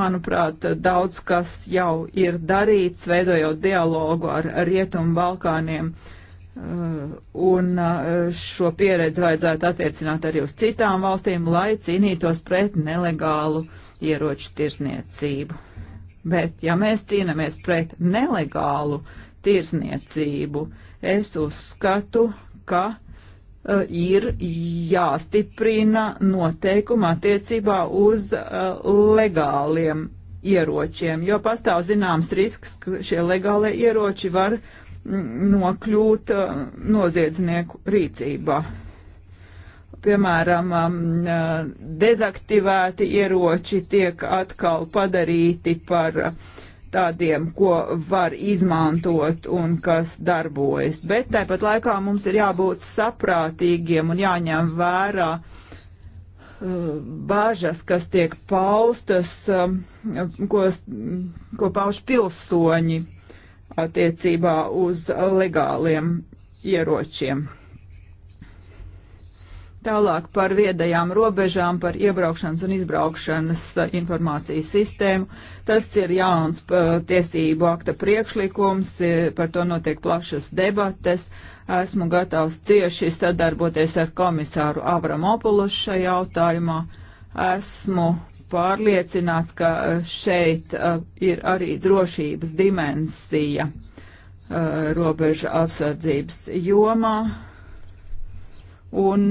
Manuprāt, daudz kas jau ir darīts, veidojot dialogu ar Rietumu Balkāniem. Uh, Uh, un uh, šo pieredzi vajadzētu attiecināt arī uz citām valstīm, lai cīnītos pret nelegālu ieroču tirzniecību. Bet, ja mēs cīnāmies pret nelegālu tirzniecību, es uzskatu, ka uh, ir jāstiprina noteikuma attiecībā uz uh, legāliem ieročiem, jo pastāv zināms risks, ka šie legālie ieroči var uh, nokļūt uh, noziedznieku rīcībā. Piemēram, um, uh, dezaktivēti ieroči tiek atkal padarīti par uh, tādiem, ko var izmantot un kas darbojas. Bet tāpat laikā mums ir jābūt saprātīgiem un jāņem vērā bažas, kas tiek paustas, um, ko, ko pauž pilsoņi attiecībā uz legāliem ieročiem. Tālāk par viedajām robežām, par iebraukšanas un izbraukšanas uh, informācijas sistēmu. Tas ir jauns uh, tiesību akta priekšlikums, uh, par to notiek plašas debates. Esmu gatavs cieši sadarboties ar komisāru Avramopulus šajā jautājumā. Esmu pārliecināts, ka eh, šeit eh, ir arī drošības dimensija eh, robeža apsardzības jomā un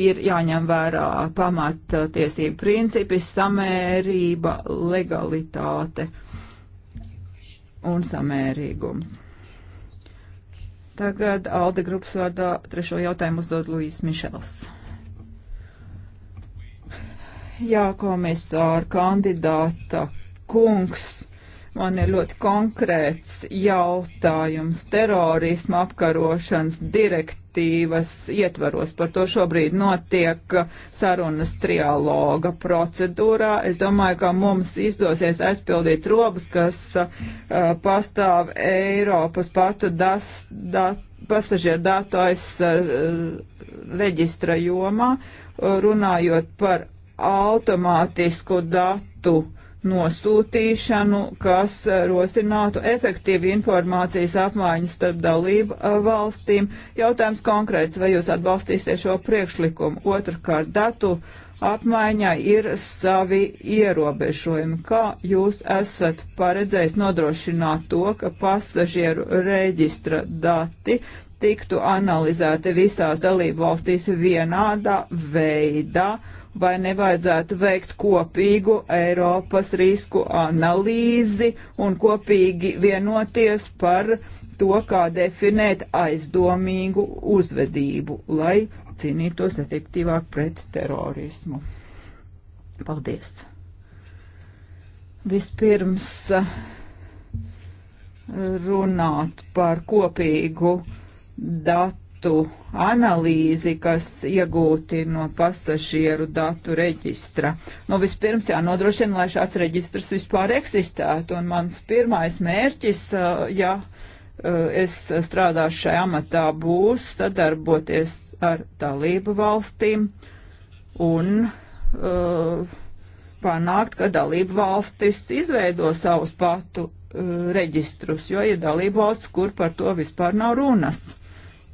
ir jāņem vērā pamattiesību principi, samērība, legalitāte un samērīgums. Tagad Alde grupas vārdā trešo jautājumu uzdod Luīs Mišels. Jā, komisāra kandidāta kungs. Man ir ļoti konkrēts jautājums terorisma apkarošanas direktīvas ietvaros. Par to šobrīd notiek sarunas trialoga procedūrā. Es domāju, ka mums izdosies aizpildīt robus, kas uh, pastāv Eiropas patu das, dat, pasažieru datu aizsardz uh, reģistra jomā, runājot par automātisku datu nosūtīšanu, kas rosinātu efektīvu informācijas apmaiņu starp dalību uh, valstīm. Jautājums konkrēts, vai jūs atbalstīsiet šo priekšlikumu? Otrakārt, datu apmaiņā ir savi ierobežojumi. Kā jūs esat paredzējis nodrošināt to, ka pasažieru reģistra dati tiktu analizēti visās dalību valstīs vienādā veidā? vai nevajadzētu veikt kopīgu Eiropas risku analīzi un kopīgi vienoties par to, kā definēt aizdomīgu uzvedību, lai cīnītos efektīvāk pret terorismu. Paldies! Vispirms eh, runāt par kopīgu datu datu analīzi, kas iegūti no pasažieru datu reģistra. Nu, vispirms jānodrošina, lai šāds reģistrs vispār eksistētu, un mans pirmais mērķis, ja es strādāšu šajā amatā, būs sadarboties ar dalību valstīm un uh, panākt, ka dalību valstis izveido savus patu reģistrus, jo ir dalībvalsts, kur par to vispār nav runas.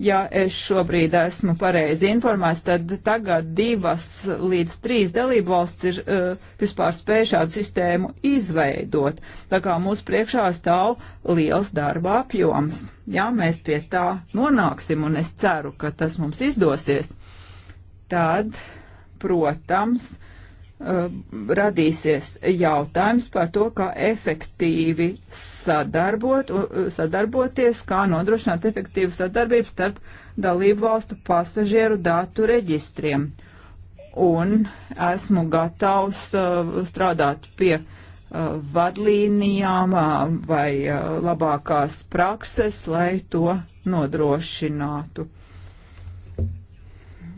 Ja es šobrīd esmu pareizi informēts, tad tagad divas līdz trīs dalību valsts ir uh, vispār spēj šādu sistēmu izveidot. Tā kā mūsu priekšā stāv liels darba apjoms. Ja mēs pie tā nonāksim, un es ceru, ka tas mums izdosies, tad, protams, Uh, radīsies jautājums par to, kā efektīvi sadarbot, uh, sadarboties, kā nodrošināt efektīvu sadarbību starp dalību valstu pasažieru datu reģistriem. Un esmu gatavs uh, strādāt pie vadlīnijām vai labākās prakses, lai to nodrošinātu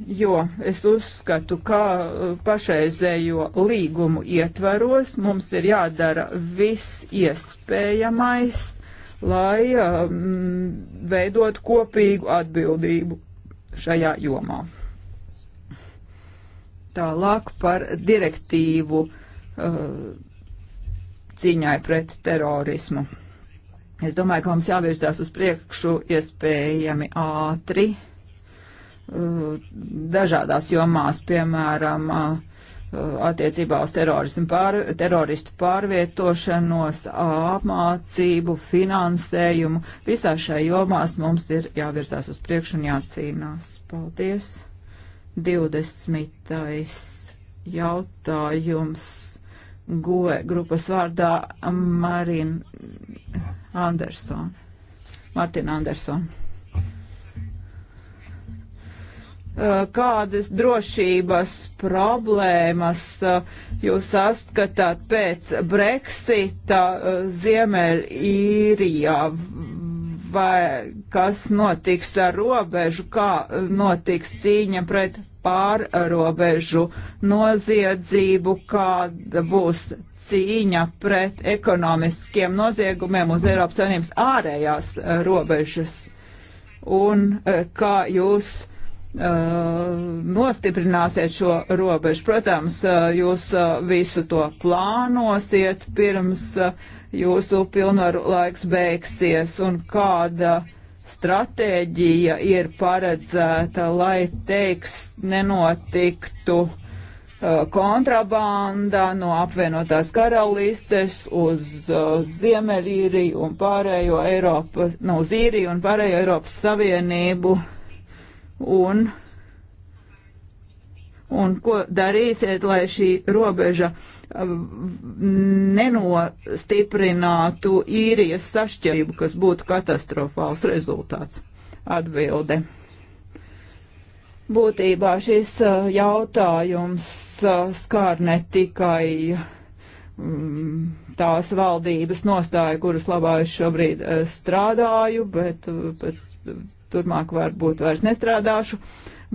jo es uzskatu, ka uh, pašreizējo līgumu ietvaros mums ir jādara viss iespējamais, lai um, veidot kopīgu atbildību šajā jomā. Tālāk par direktīvu uh, cīņai pret terorismu. Es domāju, ka mums jāvirzās uz priekšu iespējami ātri. Uh, Uh, dažādās jomās, piemēram, uh, uh, attiecībā uz pār, teroristu pārvietošanos, apmācību, finansējumu. Visā šajā jomās mums ir jāvirzās uz priekšu un jācīnās. Paldies! 20. jautājums GOE grupas vārdā Marina Andersona. Martina Andersona. Eh, kādas drošības problēmas eh, jūs saskatāt pēc Brexita eh, Ziemeļīrijā? Vai kas notiks ar robežu, kā notiks cīņa pret pārrobežu noziedzību, kāda būs cīņa pret ekonomiskiem noziegumiem uz Eiropas Savienības ārējās robežas un kā jūs uh, Uh, nostiprināsiet šo robežu. Protams, uh, jūs uh, visu to plānosiet pirms jūsu pilnvaru laiks beigsies un kāda stratēģija ir paredzēta, lai teiks nenotiktu kontrabanda no apvienotās karalistes uz Ziemeļīriju un pārējo Eiropu, no uz Īriju un pārējo Eiropas Savienību un, un ko darīsiet, lai šī robeža uh, nenostiprinātu īrijas sašķelību, kas būtu katastrofāls rezultāts. Atbilde. Būtībā šis uh, jautājums uh, skār ne tikai mm, tās valdības nostāju, kuras labā es šobrīd strādāju, bet pēc turpmāk varbūt vairs nestrādāšu,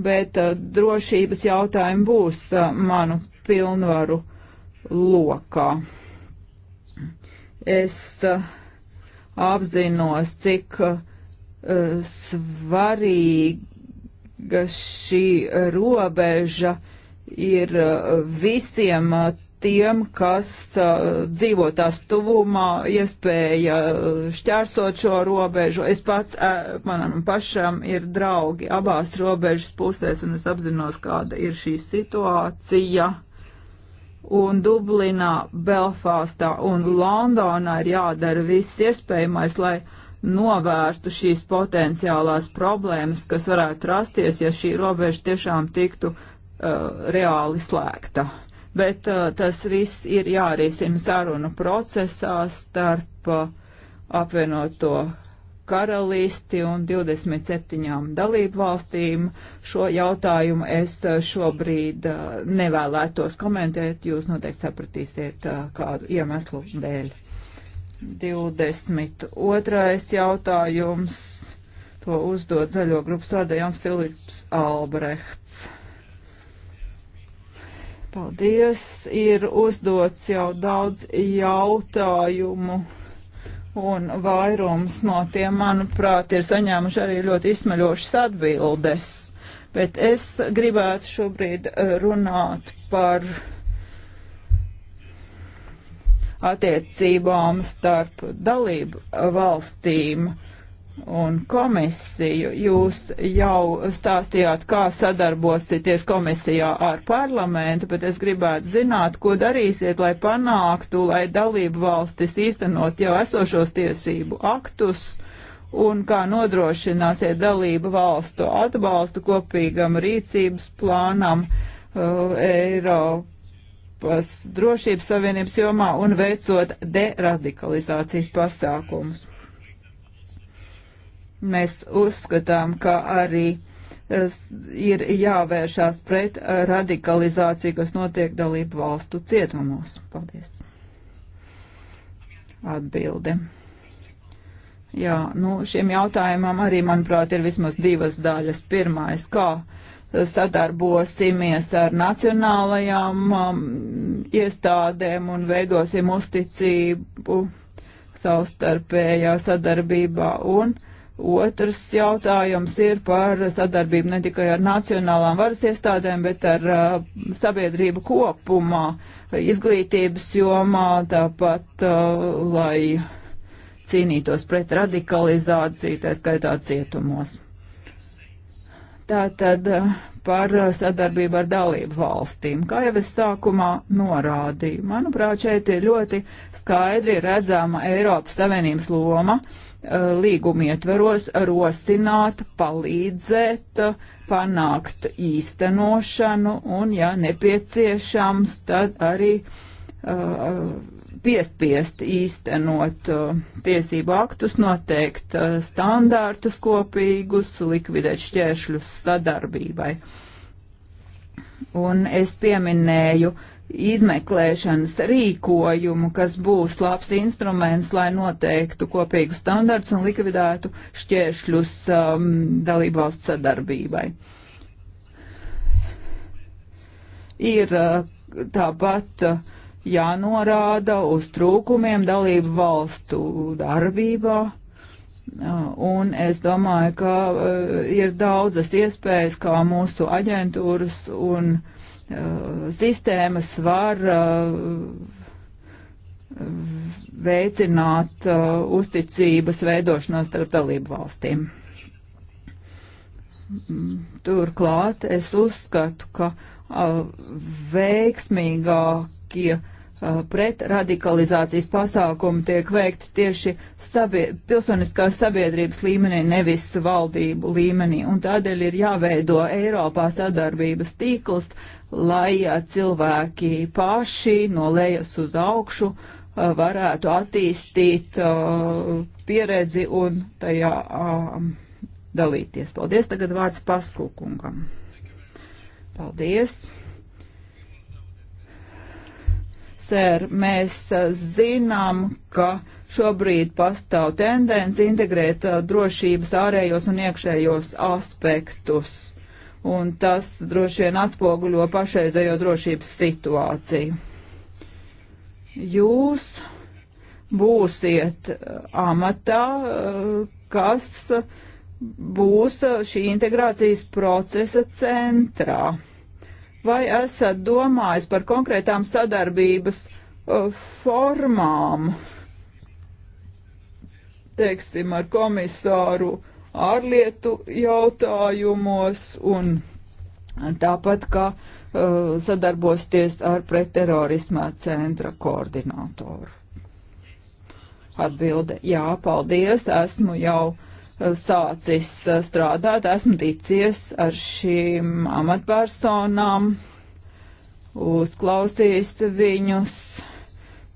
bet uh, drošības jautājumi būs uh, manu pilnvaru lokā. Es uh, apzinos, cik uh, svarīga šī robeža ir uh, visiem uh, tiem, kas uh, dzīvo tās tuvumā, iespēja šķērsot šo robežu. Es pats, uh, manam pašam ir draugi abās robežas pusēs, un es apzinos, kāda ir šī situācija. Un Dublinā, Belfāstā un Londonā ir jādara viss iespējamais, lai novērstu šīs potenciālās problēmas, kas varētu rasties, ja šī robeža tiešām tiktu uh, reāli slēgta bet uh, tas viss ir jārisina sarunu procesā starp uh, apvienoto karalisti un 27 dalību valstīm. Šo jautājumu es uh, šobrīd uh, nevēlētos komentēt, jūs noteikti sapratīsiet uh, kādu iemeslu dēļ. 22. jautājums. To uzdod zaļo grupas vārdā Jans Filips Albrechts. Paldies, ir uzdots jau daudz jautājumu, un vairums no tiem, manuprāt, ir saņēmuši arī ļoti izsmeļošas atbildes. Bet es gribētu šobrīd eh, runāt par attiecībām starp dalību valstīm un komisiju. Jūs jau stāstījāt, kā sadarbosieties komisijā ar parlamentu, bet es gribētu zināt, ko darīsiet, lai panāktu, lai dalību valstis īstenot jau esošos tiesību aktus un kā nodrošināsiet dalību valstu atbalstu kopīgam rīcības plānam uh, Eiropas drošības savienības jomā un veicot deradikalizācijas pasākumus. Mēs uzskatām, ka arī ir jāvēršās pret radikalizāciju, kas notiek dalību valstu cietumos. Paldies. Atbilde. Jā, nu šiem jautājumam arī, manuprāt, ir vismaz divas daļas. Pirmais, kā sadarbosimies ar nacionālajām um, iestādēm un veidosim uzticību savstarpējā sadarbībā un uh, Otrs jautājums ir par sadarbību ne tikai ar nacionālām varas iestādēm, bet ar uh, sabiedrību kopumā, izglītības jomā, tāpat, uh, lai cīnītos pret radikalizāciju, tā skaitā cietumos. Tātad uh, par sadarbību ar dalību valstīm. Kā jau es sākumā norādīju, manuprāt, šeit ir ļoti skaidri redzama Eiropas Savienības loma. Uh, Uh, līguma ietveros rosināt, palīdzēt, panākt īstenošanu un, ja nepieciešams, tad arī uh, piespiest īstenot uh, tiesību aktus, noteikt uh, standārtus kopīgus, likvidēt šķēršļus sadarbībai. Un es pieminēju uh, izmeklēšanas rīkojumu, kas būs labs instruments, lai noteiktu kopīgu standarts un likvidētu šķēršļus um, dalībvalsts sadarbībai. Ir uh, tāpat uh, jānorāda uz trūkumiem dalību valstu darbībā. Uh, un es domāju, ka uh, ir daudzas iespējas, kā mūsu aģentūras un uh, Eh, sistēmas var eh, veicināt eh, uzticības veidošanos starp dalību valstīm. Turklāt es uzskatu, ka veiksmīgākie pret radikalizācijas pasākumi tiek veikti tieši sabie pilsoniskās sabiedrības līmenī, nevis valdību līmenī. Un tādēļ ir jāveido Eiropā sadarbības tīkls, uh, lai cilvēki paši no lejas uz augšu varētu attīstīt pieredzi un tajā dalīties. Paldies, tagad vārds paskūkungam. Paldies. Sēr, mēs zinām, ka šobrīd pastāv tendence integrēt drošības ārējos un iekšējos aspektus un tas droši vien atspoguļo pašreizējo drošības situāciju. Jūs būsiet uh, amatā, uh, kas būs uh, šī integrācijas procesa centrā. Vai esat domājis par konkrētām sadarbības formām, teiksim, ar komisāru ārlietu jautājumos un tāpat kā uh, sadarbosties ar pretterorismā centra koordinātoru. Atbilde, jā, paldies, esmu jau uh, sācis uh, strādāt, esmu ticies ar šīm amatpersonām, uzklausījis viņus.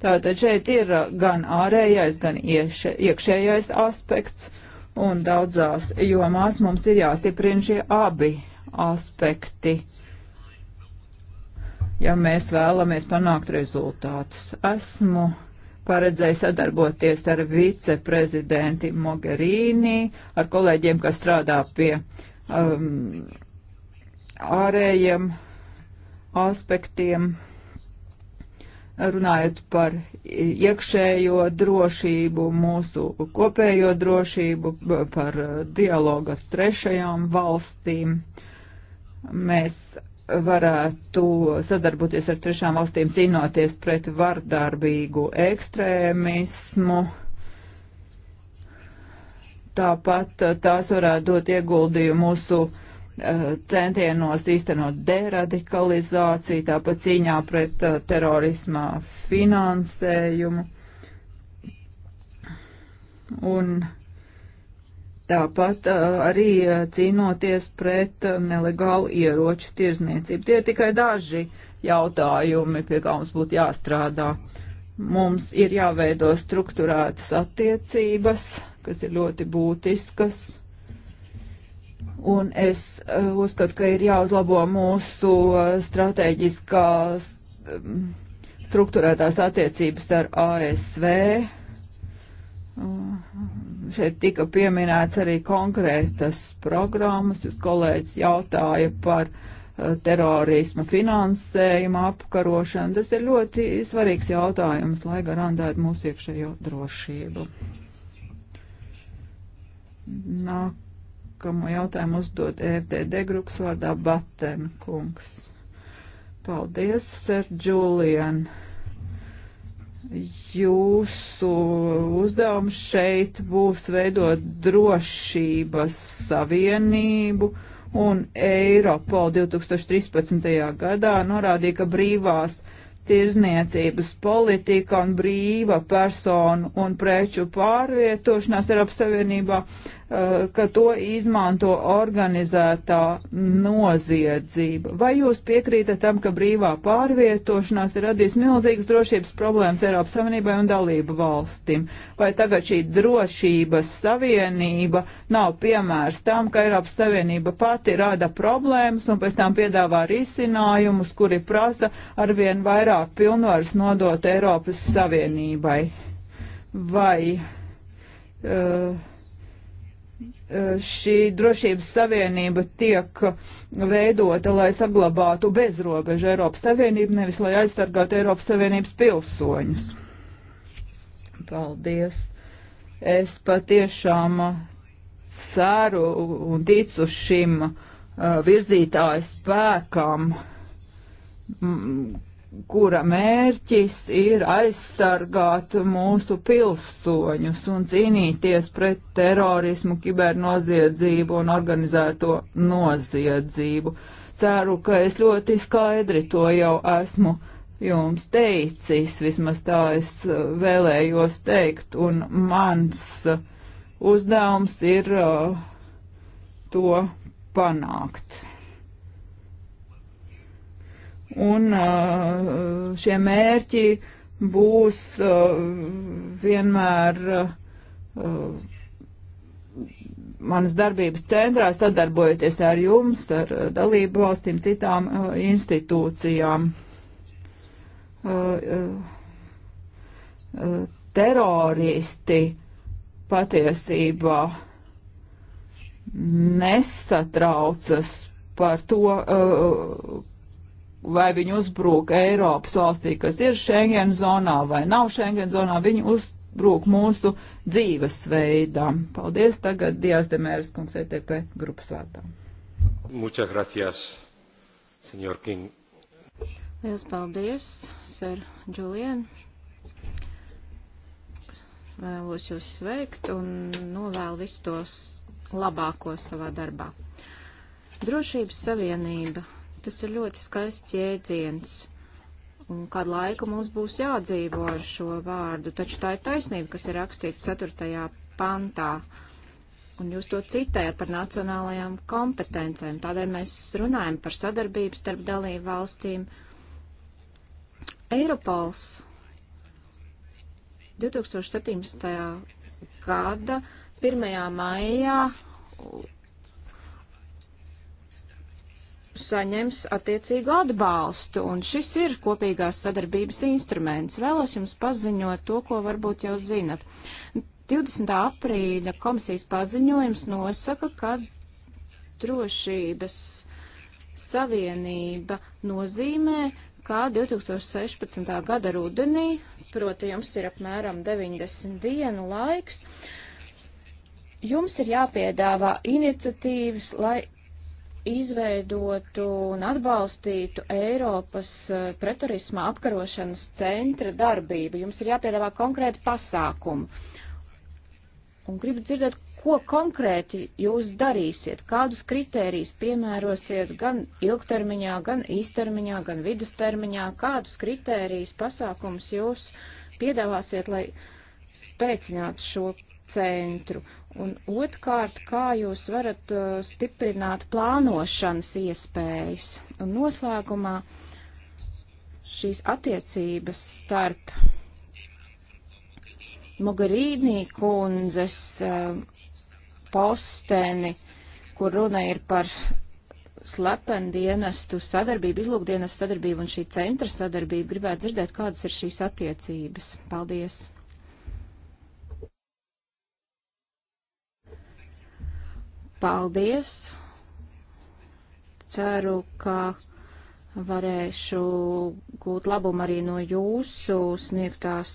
Tātad šeit ir gan ārējais, gan iekšējais aspekts. Uh, un daudzās jomās mums ir jāstiprina šie abi aspekti, ja mēs vēlamies panākt rezultātus. Esmu paredzēju sadarboties ar viceprezidenti Mogherīni, ar kolēģiem, kas strādā pie um, ārējiem aspektiem runājot par iekšējo drošību, mūsu kopējo drošību, par dialogu ar trešajām valstīm. Mēs varētu sadarboties ar trešām valstīm cīnoties pret vardarbīgu ekstrēmismu. Tāpat tās varētu dot ieguldījumu mūsu uh, Eh, centienos īstenot deradikalizāciju, tāpat cīņā pret eh, terorismā finansējumu. Un tāpat eh, arī cīnoties pret nelegālu ieroču tirzniecību. Tie ir tikai daži jautājumi, pie kā mums būtu jāstrādā. Mums ir jāveido struktūrētas attiecības, kas ir ļoti būtiskas Un es eh, uzskatu, ka ir jāuzlabo mūsu eh, strateģiskā mm, struktūrētās attiecības ar ASV. Eh, šeit tika pieminēts arī konkrētas programmas. Jūs kolēģis jautāja par terorisma finansējumu apkarošanu. Tas ir ļoti svarīgs jautājums, lai garantētu mūsu iekšējo drošību. Nāk Nākamo jautājumu uzdod FDD grupas vārdā Batenkungs. Paldies, Ser Julian. Jūsu uzdevums šeit būs veidot drošības savienību un Eiropol 2013. gadā norādīja, ka brīvās tirzniecības politika un brīva personu un preču pārvietošanās Eiropas Savienībā uh, Eh, ka to izmanto organizētā noziedzība. Vai jūs piekrītat tam, ka brīvā pārvietošanās ir radījis milzīgas drošības problēmas Eiropas Savienībai un dalību valstim? Vai tagad šī drošības savienība nav piemērs tam, ka Eiropas Savienība pati rada problēmas un pēc tam piedāvā risinājumus, kuri prasa arvien vairāk pilnvaras nodot Eiropas Savienībai? Vai uh, šī drošības savienība tiek veidota, lai saglabātu bezrobežu Eiropas Savienību, nevis lai aizsargātu Eiropas Savienības pilsoņus. Paldies! Es patiešām ceru un ticu šim virzītāju spēkam, kura mērķis ir aizsargāt mūsu pilsoņus un cīnīties pret terorismu, kibernoziedzību un organizēto noziedzību. Ceru, ka es ļoti skaidri to jau esmu jums teicis, vismaz tā es uh, vēlējos teikt, un mans uh, uzdevums ir uh, to panākt un uh, šie mērķi būs uh, vienmēr uh, manas darbības centrā, sadarbojoties ar jums, ar dalību valstīm, citām institūcijām. Teroristi patiesībā nesatraucas par to, vai viņi uzbrūk Eiropas valstī, kas ir Schengen zonā vai nav Schengen zonā, viņi uzbrūk mūsu dzīvesveidam. Paldies tagad Dijas Demēras kungs ETP grupas vārdā. Muchas gracias, senor King. Liels paldies, ser Julien. Vēlos jūs sveikt un novēlu visus tos labāko savā darbā. Drošības savienība tas ir ļoti skaists jēdziens. Un kādu laiku mums būs jādzīvo ar šo vārdu, taču tā ir taisnība, kas ir rakstīts 4. pantā. Un jūs to citējat par nacionālajām kompetencēm. Tādēļ mēs runājam par sadarbību starp dalību valstīm. Eiropols 2017. gada 1. maijā saņems attiecīgu atbalstu, un šis ir kopīgās sadarbības instruments. Vēlos jums paziņot to, ko varbūt jau zinat. 20. aprīļa komisijas paziņojums nosaka, ka drošības savienība nozīmē, kā 2016. gada rudenī, proti jums ir apmēram 90 dienu laiks, jums ir jāpiedāvā iniciatīvas, lai izveidotu un atbalstītu Eiropas eh, pretorismā apkarošanas centra darbību. Jums ir jāpiedāvā konkrēti pasākumi. Un gribu dzirdēt, ko konkrēti jūs darīsiet, kādus kritērijus piemērosiet gan ilgtermiņā, gan īstermiņā, gan vidustermiņā, kādus kritērijus pasākums jūs piedāvāsiet, lai spēcinātu šo centru. Un otrkārt, kā jūs varat uh, stiprināt plānošanas iespējas? Un noslēgumā šīs attiecības starp Mogarīnī kundzes uh, posteni, kur runa ir par slependienestu sadarbību, izlūkdienestu sadarbību un šī centra sadarbību, gribētu dzirdēt, kādas ir šīs attiecības. Paldies! Paldies! Ceru, ka varēšu gūt labumu arī no jūsu sniegtās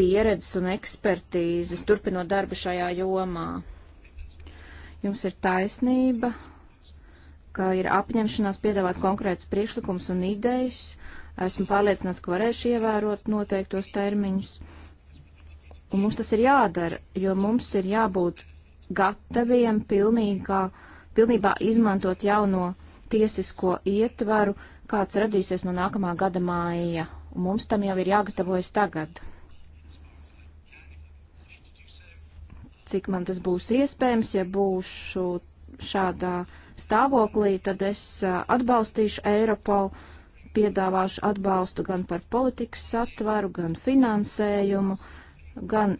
pieredzes un ekspertīzes, turpinot darbu šajā jomā. Jums ir taisnība, ka ir apņemšanās piedāvāt konkrētus priekšlikumus un idejas. Esmu pārliecināts, ka varēšu ievērot noteiktos termiņus. Un mums tas ir jādara, jo mums ir jābūt gataviem pilnīgā, pilnībā izmantot jauno tiesisko ietvaru, kāds radīsies no nākamā gada māja. Un mums tam jau ir jāgatavojas tagad. Cik man tas būs iespējams, ja būšu šādā stāvoklī, tad es atbalstīšu Eiropolu, piedāvāšu atbalstu gan par politikas satvaru, gan finansējumu. Uh, gan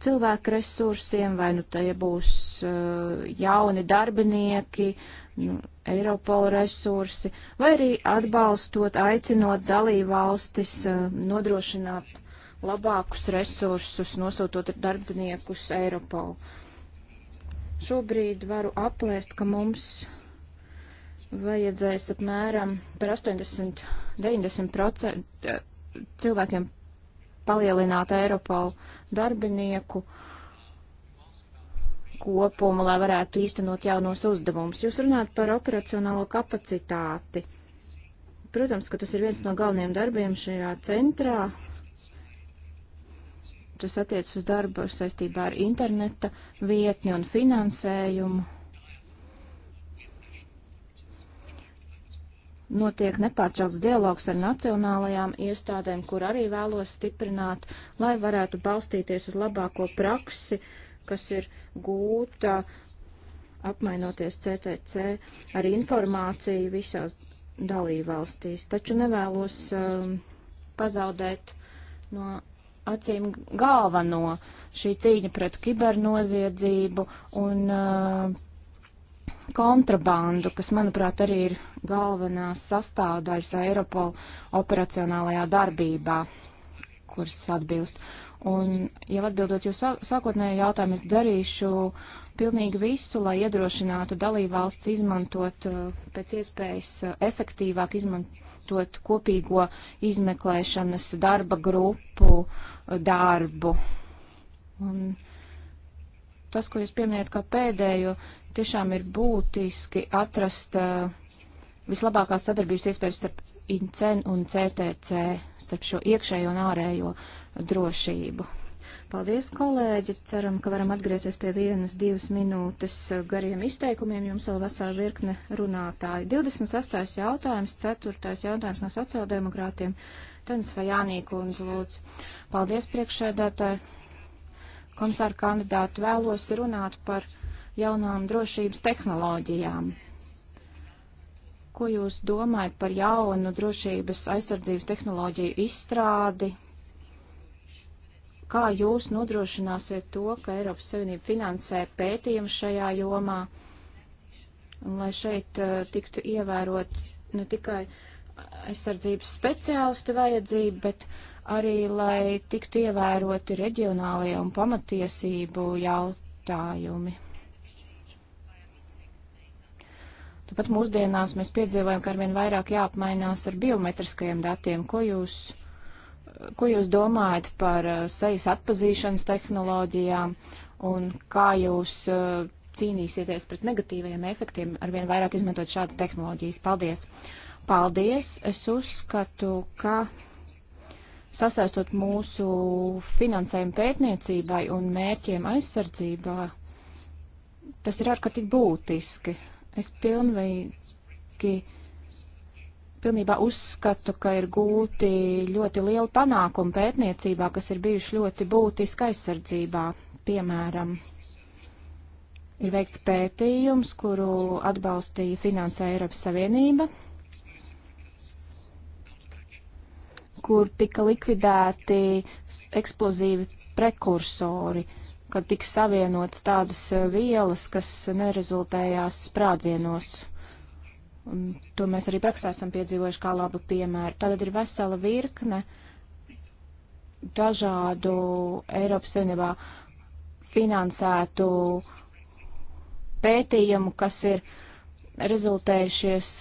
cilvēku resursiem, vai nu tie būs uh, jauni darbinieki, nu, Eiropola resursi, vai arī atbalstot, aicinot dalībvalstis uh, nodrošināt labākus resursus, nosūtot darbiniekus Eiropolu. Šobrīd varu aplēst, ka mums vajadzēs apmēram par 80-90% eh, cilvēkiem palielināt Eiropalu darbinieku kopumu, lai varētu īstenot jaunos uzdevumus. Jūs runājat par operacionālo kapacitāti. Protams, ka tas ir viens no galvenajiem darbiem šajā centrā. Tas attiec uz darbu saistībā ar interneta vietni un finansējumu. notiek nepārtraukts dialogs ar nacionālajām iestādēm, kur arī vēlos stiprināt, lai varētu balstīties uz labāko praksi, kas ir gūta apmainoties CTC ar informāciju visās dalībvalstīs. Taču nevēlos um, pazaudēt no acīm galveno šī cīņa pret kibernoziedzību un uh, kontrabandu, kas, manuprāt, arī ir galvenās sastāvdaļas Eiropola operacionālajā darbībā, kuras atbilst. Un, ja atbildot jūs sākotnējo jautājumu, es darīšu pilnīgi visu, lai iedrošinātu dalībvalsts izmantot uh, pēc iespējas uh, efektīvāk izmantot kopīgo izmeklēšanas darba grupu uh, darbu. Un tas, ko jūs pieminējat kā pēdējo, tiešām ir būtiski atrast uh, vislabākās sadarbības iespējas starp INCEN un CTC, starp šo iekšējo un ārējo drošību. Paldies, kolēģi! Ceram, ka varam atgriezties pie vienas, divas minūtes gariem izteikumiem. Jums vēl vesela virkne runātāji. 28. jautājums, 4. jautājums no sociāldemokrātiem. Tens Fajānīkūns lūdzu. Paldies, priekšēdētāji! Komisāra kandidāti vēlos runāt par jaunām drošības tehnoloģijām. Ko jūs domājat par jaunu drošības aizsardzības tehnoloģiju izstrādi? Kā jūs nodrošināsiet to, ka Eiropas Savienība finansē pētījumus šajā jomā, un lai šeit uh, tiktu ievērots ne tikai aizsardzības speciālistu vajadzību, bet arī, lai tiktu ievēroti reģionālie un pamatiesību jautājumi? Tāpat mūsdienās mēs piedzīvojam, ka arvien vairāk jāapmainās ar biometriskajiem datiem. Ko jūs, ko jūs domājat par eh, sejas atpazīšanas tehnoloģijām un kā jūs eh, cīnīsieties pret negatīvajiem efektiem, arvien vairāk izmantot šādas tehnoloģijas? Paldies! Paldies! Es uzskatu, ka sasaistot mūsu finansējumu pētniecībai un mērķiem aizsardzībā, tas ir ārkārtīgi būtiski. Es pilnveigi, pilnībā uzskatu, ka ir gūti ļoti lieli panākumi pētniecībā, kas ir bijuši ļoti būtiski aizsardzībā. Piemēram, ir veikts pētījums, kuru atbalstīja finansē Eiropas Savienība, kur tika likvidēti eksplozīvi prekursori. Uh, kad tiks savienots tādas eh, vielas, kas nerezultējās sprādzienos. Un to mēs arī praksē esam piedzīvojuši kā labu piemēru. Tātad ir vesela virkne dažādu Eiropas Savienībā finansētu pētījumu, kas ir rezultējušies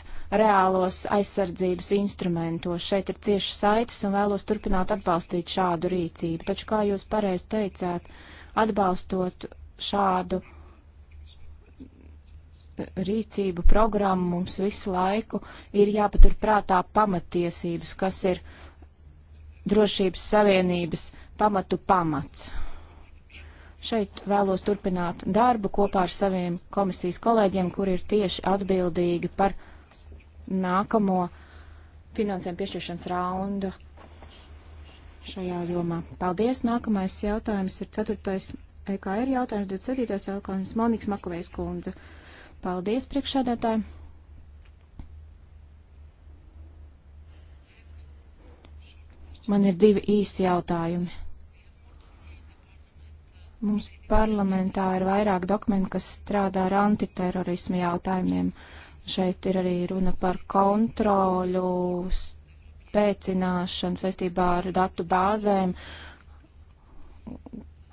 reālos aizsardzības instrumentos. Šeit ir cieši saites un vēlos turpināt atbalstīt šādu rīcību. Taču, kā jūs pareizi teicāt, uh, atbalstot šādu rīcību programmu, mums visu laiku ir jāpatur prātā pamatiesības, kas ir drošības savienības pamatu pamats. Šeit vēlos turpināt darbu kopā ar saviem komisijas kolēģiem, kur ir tieši atbildīgi par nākamo finansēm piešķiršanas raundu šajā jomā. Paldies! Nākamais jautājums ir 4. EKR jautājums, 27. jautājums Monikas Makovejs kundze. Paldies, priekšsēdētāji! Man ir divi īsi jautājumi. Mums parlamentā ir vairāk dokumentu, kas strādā ar antiterorismu jautājumiem. Šeit ir arī runa par kontroļu, pēcināšanu saistībā ar datu bāzēm,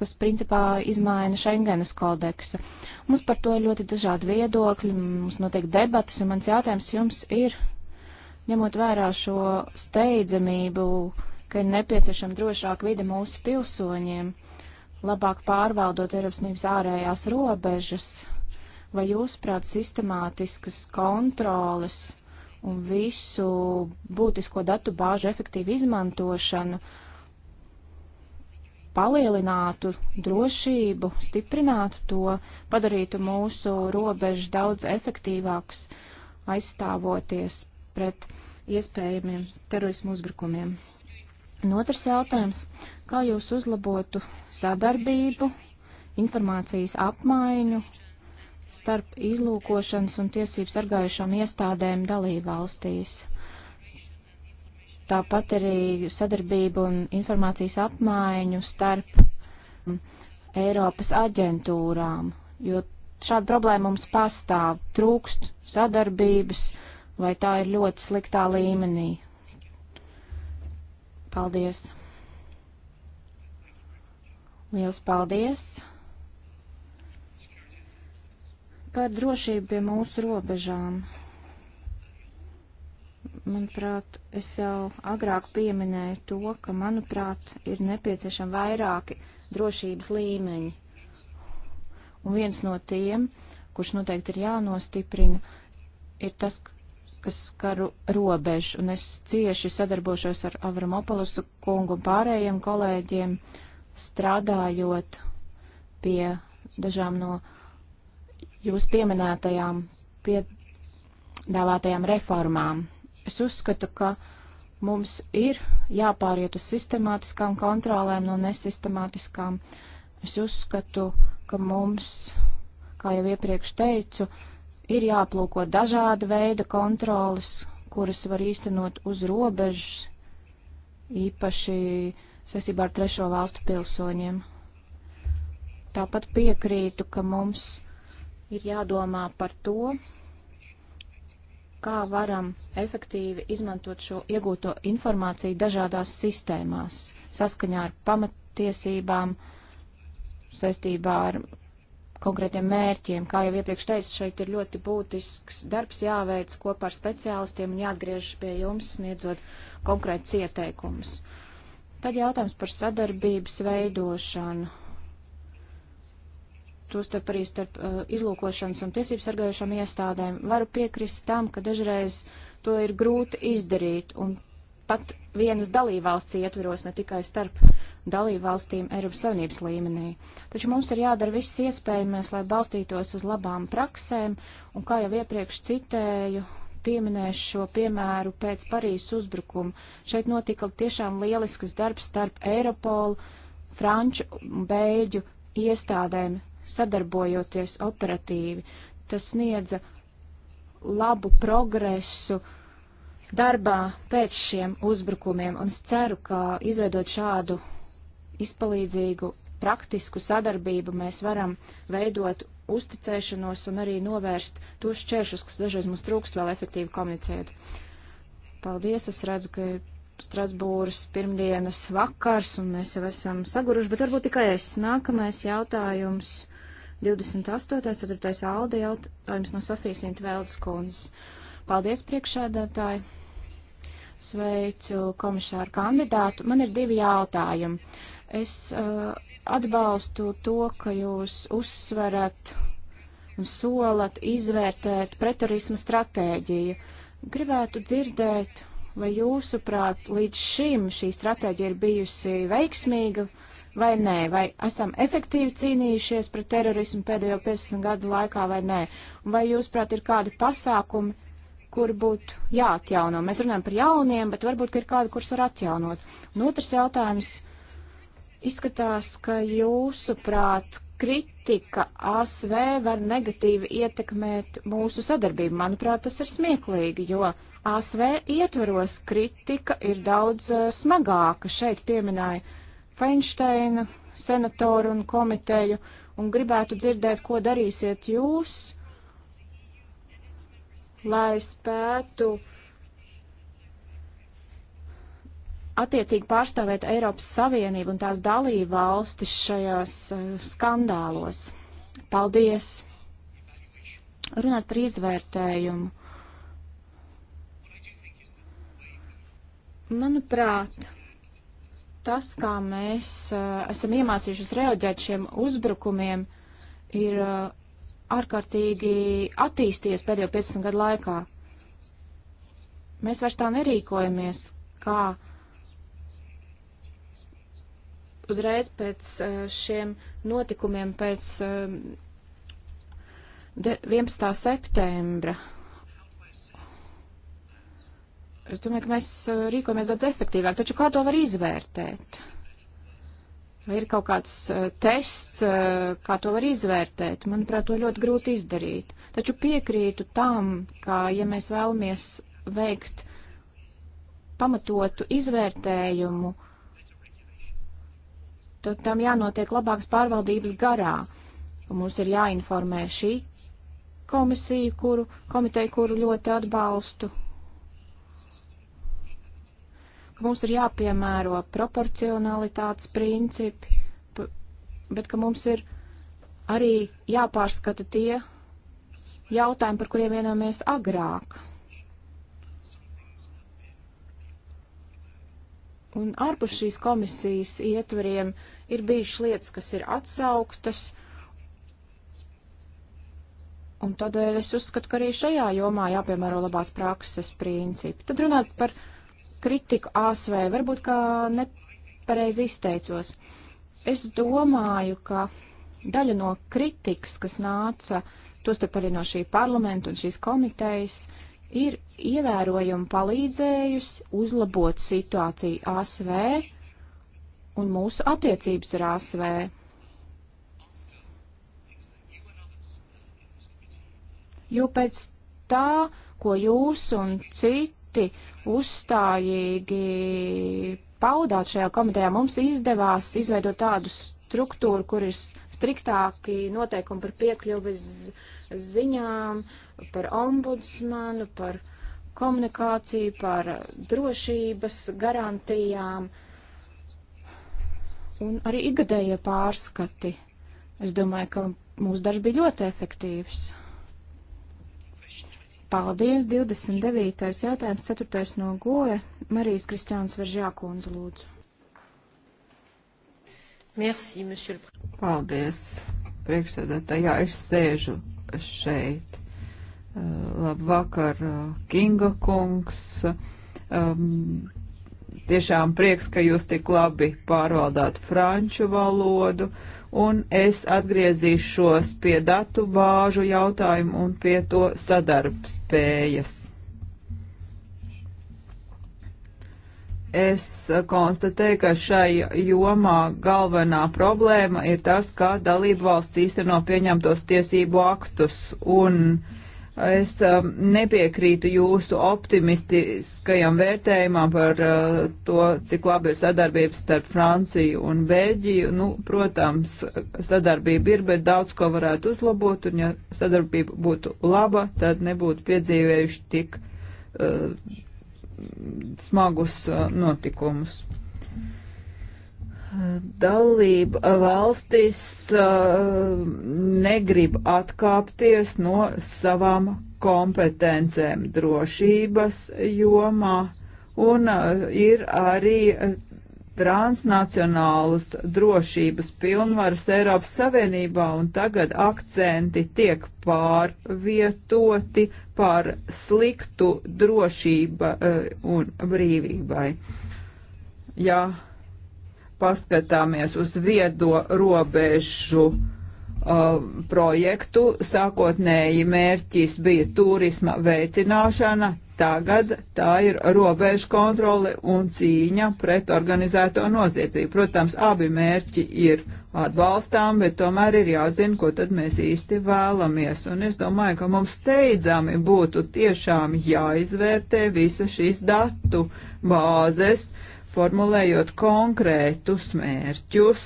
kas principā izmaina Schengenas kodeksu. Mums par to ir ļoti dažādi viedokļi, mums notiek debatas, un mans jautājums jums ir, ņemot vērā šo steidzamību, ka ir nepieciešama drošāka vide mūsu pilsoņiem, labāk pārvaldot Eiropas Savienības ārējās robežas, vai jūsuprāt sistemātiskas kontrolas un visu būtisko datu bāžu efektīvu izmantošanu palielinātu drošību, stiprinātu to, padarītu mūsu robežu daudz efektīvākus, aizstāvoties pret iespējamiem terorismu uzbrukumiem. Un otrs jautājums - kā jūs uzlabotu sadarbību, informācijas apmaiņu starp izlūkošanas un tiesību sargājušām iestādēm dalībvalstīs. Tāpat arī sadarbību un informācijas apmaiņu starp Eiropas aģentūrām, jo šāda problēma mums pastāv, trūkst sadarbības vai tā ir ļoti sliktā līmenī. Paldies! Liels paldies! Par drošību pie mūsu robežām. Manuprāt, es jau agrāk pieminēju to, ka, manuprāt, ir nepieciešami vairāki drošības līmeņi. Un viens no tiem, kurš noteikti ir jānostiprina, ir tas, kas skar robežu. Un es cieši sadarbošos ar Avramopolusu kungu un pārējiem kolēģiem, strādājot pie dažām no jūs pieminētajām piedāvātajām reformām. Es uzskatu, ka mums ir jāpāriet uz sistemātiskām kontrolēm no nesistemātiskām. Es uzskatu, ka mums, kā jau iepriekš teicu, ir jāplūko dažāda veida kontrolas, kuras var īstenot uz robežas, īpaši saistībā ar trešo valstu pilsoņiem. Tāpat piekrītu, ka mums ir jādomā par to, kā varam efektīvi izmantot šo iegūto informāciju dažādās sistēmās, saskaņā ar pamatiesībām, saistībā ar konkrētiem mērķiem. Kā jau iepriekš teicu, šeit ir ļoti būtisks darbs jāveic kopā ar speciālistiem un jāatgriežas pie jums, sniedzot konkrētus ieteikumus. Tad jautājums par sadarbības veidošanu tostarp arī starp uh, izlūkošanas un tiesību sargājušām iestādēm, varu piekrist tam, ka dažreiz to ir grūti izdarīt, un pat vienas dalībvalsts ietveros, ne tikai starp dalībvalstīm Eiropas Savienības līmenī. Taču mums ir jādara viss iespējamais, lai balstītos uz labām praksēm, un kā jau iepriekš citēju, pieminēšu šo piemēru pēc Parīzes uzbrukuma. Šeit notika tiešām lielisks darbs starp Eiropolu, Franču un Bēļu iestādēm, sadarbojoties operatīvi. Tas sniedza labu progresu darbā pēc šiem uzbrukumiem, un es ceru, ka izveidot šādu izpalīdzīgu, praktisku sadarbību mēs varam veidot uzticēšanos un arī novērst tos šķēršus, kas dažreiz mums trūkst, vēl efektīvi komunicēt. Paldies, es redzu, ka Strasbūras pirmdienas vakars, un mēs jau esam saguruši, bet varbūt tikai es. Nākamais jautājums 28. 4. alde jautājums no Sofijas Intvēldas kundzes. Paldies, priekšsēdētāji! Sveicu komisāru kandidātu. Man ir divi jautājumi. Es uh, atbalstu to, ka jūs uzsverat un solat izvērtēt pretorismu stratēģiju. Gribētu dzirdēt, vai jūsuprāt līdz šim šī stratēģija ir bijusi veiksmīga? Uh, vai nē, vai esam efektīvi cīnījušies pret terorismu pēdējo 15 gadu laikā vai nē, vai jūs prāt ir kādi pasākumi, kur būtu jāatjauno. Mēs runājam par jauniem, bet varbūt ir kādi, kurus var atjaunot. Un otrs jautājums izskatās, ka jūsuprāt kritika ASV var negatīvi ietekmēt mūsu sadarbību. Manuprāt, tas ir smieklīgi, jo ASV ietvaros kritika ir daudz uh, smagāka. Šeit pieminēja Feinsteina senatoru un komiteju un gribētu dzirdēt, ko darīsiet jūs, lai spētu attiecīgi pārstāvēt Eiropas Savienību un tās dalību valstis šajās eh, skandālos. Paldies! Runāt par izvērtējumu. Manuprāt, Tas, kā mēs eh, esam iemācījušies reaģēt šiem uzbrukumiem, ir eh, ārkārtīgi attīstījies pēdējo 15 gadu laikā. Mēs vairs tā nerīkojamies, kā uzreiz pēc eh, šiem notikumiem, pēc 11. septembra Es domāju, ka mēs uh, rīkojamies daudz efektīvāk, taču kā to var izvērtēt? Vai ir kaut kāds uh, tests, uh, kā to var izvērtēt? Manuprāt, to ļoti grūti izdarīt. Taču piekrītu tam, ka, ja mēs vēlamies veikt pamatotu izvērtējumu, tad tam jānotiek labāks pārvaldības garā. Un mums ir jāinformē šī komisija, kuru, komiteja, kuru ļoti atbalstu, ka mums ir jāpiemēro proporcionalitātes principi, bet ka mums ir arī jāpārskata tie jautājumi, par kuriem vienojamies agrāk. Un ārpus šīs komisijas ietvariem ir bijušas lietas, kas ir atsauktas, un tādēļ es uzskatu, ka arī šajā jomā jāpiemēro labās prakses principi. Tad runāt par kritiku ASV, varbūt kā nepareiz izteicos. Es domāju, ka daļa no kritikas, kas nāca, tostarp arī no šī parlamenta un šīs komitejas, ir ievērojami palīdzējusi uzlabot situāciju ASV un mūsu attiecības ar ASV. Jo pēc tā, ko jūs un citi ļoti uzstājīgi paudāt šajā komitejā. Mums izdevās izveidot tādu struktūru, kur ir striktāki noteikumi par piekļuvi ziņām, par ombudsmanu, par komunikāciju, par drošības garantijām un arī ikgadējie pārskati. Es domāju, ka mūsu darbs bija ļoti efektīvs. Paldies. 29. jautājums, 4. no Goja. Marijas Kristiāns Veržākundze lūdzu. Merci, monsieur. Paldies, priekšsēdētāji. Jā, es sēžu šeit. Uh, labvakar, uh, Kinga kungs. Um, tiešām prieks, ka jūs tik labi pārvaldāt franču valodu. Uh, un es atgriezīšos pie datu bāžu jautājumu un pie to sadarbspējas. Es konstatēju, ka šai jomā galvenā problēma ir tas, kā dalību valsts īsteno pieņemtos tiesību aktus un uh, Es um, nepiekrītu jūsu optimistiskajam vērtējumam par uh, to, cik labi ir sadarbības starp Franciju un Bēļģiju. Nu, protams, sadarbība ir, bet daudz ko varētu uzlabot, un ja sadarbība būtu laba, tad nebūtu piedzīvējuši tik uh, smagus uh, notikumus dalība valstis negrib atkāpties no savām kompetencēm drošības jomā un ir arī transnacionālas drošības pilnvaras Eiropas Savienībā, un tagad akcenti tiek pārvietoti par sliktu drošība un brīvībai. Jā, ja paskatāmies uz viedo robežu uh, projektu, sākotnēji mērķis bija turisma veicināšana, tagad tā ir robežu kontrole un cīņa pret organizēto noziedzību. Protams, abi mērķi ir atbalstām, bet tomēr ir jāzina, ko tad mēs īsti vēlamies. Un es domāju, ka mums steidzami būtu tiešām jāizvērtē visas šīs datu bāzes, uh, formulējot konkrētus mērķus,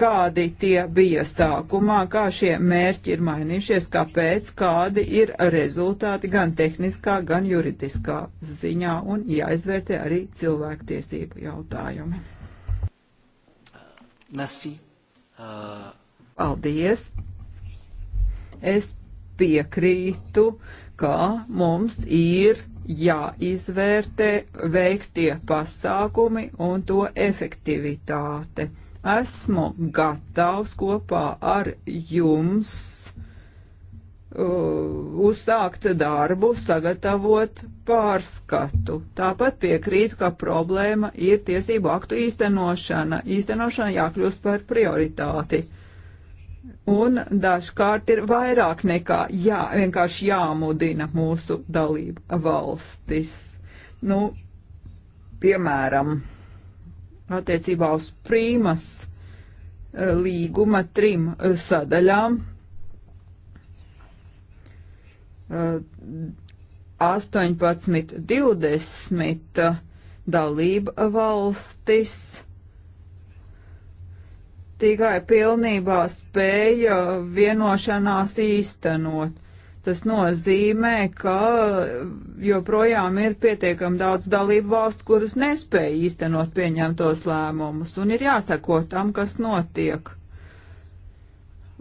kādi tie bija sākumā, kā šie mērķi ir mainījušies, kāpēc, kādi ir rezultāti gan tehniskā, gan juridiskā ziņā un jāizvērtē arī cilvēktiesību jautājumi. Merci. Uh... Paldies. Es piekrītu, ka mums ir jāizvērtē veiktie pasākumi un to efektivitāte. Esmu gatavs kopā ar jums uh, uzsākt darbu, sagatavot pārskatu. Tāpat piekrītu, ka problēma ir tiesību aktu īstenošana. Īstenošana jākļūst par prioritāti un dažkārt ir vairāk nekā jā, vienkārši jāmudina mūsu dalību valstis. Nu, piemēram, attiecībā uz prīmas eh, līguma trim eh, sadaļām. 18, eh, 20 dalība valstis tikai pilnībā spēja vienošanās īstenot. Tas nozīmē, ka joprojām ir pietiekami daudz dalību valstu, kuras nespēja īstenot pieņemtos lēmumus, un ir jāsako tam, kas notiek.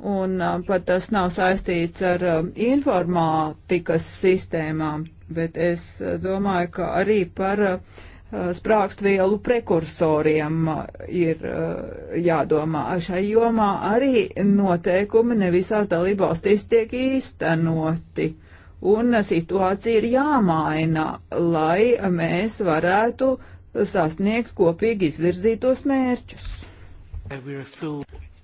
Un pat tas nav saistīts ar informātikas sistēmām, bet es domāju, ka arī par uh, sprākstvielu prekursoriem uh, ir uh, jādomā. Šai jomā arī noteikumi ne visās dalībvalstīs tiek īstenoti. Un situācija ir jāmaina, lai mēs varētu sasniegt kopīgi izvirzītos mērķus.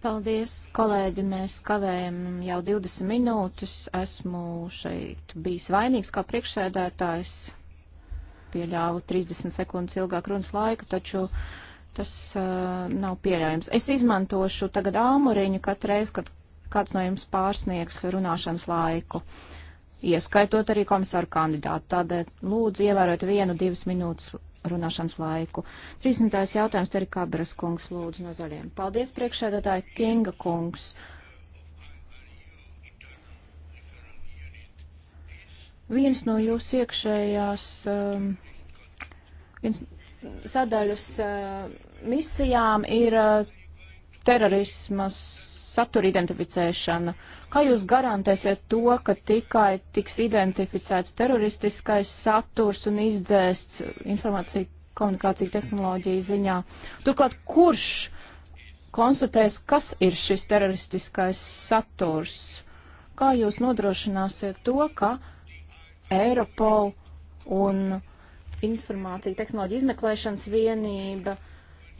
Paldies, kolēģi, mēs kavējam jau 20 minūtes. Esmu šeit bijis vainīgs kā priekšsēdētājs pieļāvu 30 sekundes ilgāk runas laiku, taču tas uh, nav pieļaujams. Es izmantošu tagad āmuriņu katreiz, kad kāds no jums pārsniegs runāšanas laiku, ieskaitot arī komisāru kandidātu. Tādēļ lūdzu ievērot vienu, divas minūtes runāšanas laiku. 30. jautājums te ir Kabras kungs, lūdzu, no zaļiem. Paldies, priekšēdētāji Kinga kungs. Uh, Viens no jūsu iekšējās um, viens sadaļas uh, misijām ir uh, terorismas satura identificēšana. Kā jūs garantēsiet to, ka tikai tiks identificēts teroristiskais saturs un izdzēsts informācija komunikāciju tehnoloģiju ziņā? Turklāt, kurš konstatēs, kas ir šis teroristiskais saturs? Kā jūs nodrošināsiet to, ka uh, Eiropol un informācija tehnoloģija izmeklēšanas vienība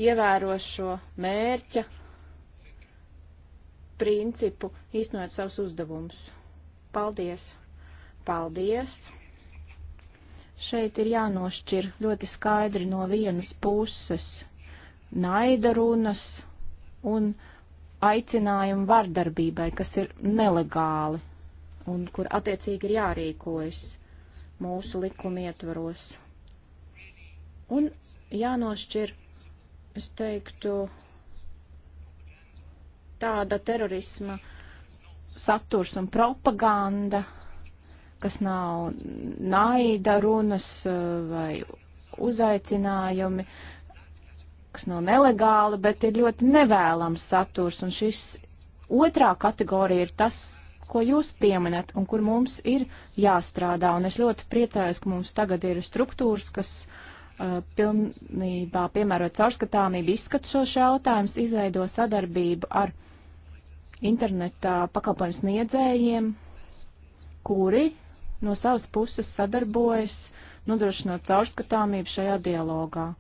ievēro šo mērķa principu, īstenot savus uzdevumus. Paldies! Paldies! Šeit ir jānošķir ļoti skaidri no vienas puses naida runas un aicinājumu vardarbībai, kas ir nelegāli un kur attiecīgi ir jārīkojas mūsu likuma ietvaros. Un jānošķir, es teiktu, tāda terorisma saturs un propaganda, kas nav naida runas uh, vai uzaicinājumi, kas nav nelegāli, bet ir ļoti nevēlams saturs. Un šis otrā kategorija ir tas ko jūs pieminat un kur mums ir jāstrādā. Un es ļoti priecājos, ka mums tagad ir struktūras, kas uh, pilnībā piemērot caurskatāmību izskatu šos jautājumus, izveido sadarbību ar internetā pakalpojumu sniedzējiem, kuri no savas puses sadarbojas, nodrošinot caurskatāmību šajā dialogā.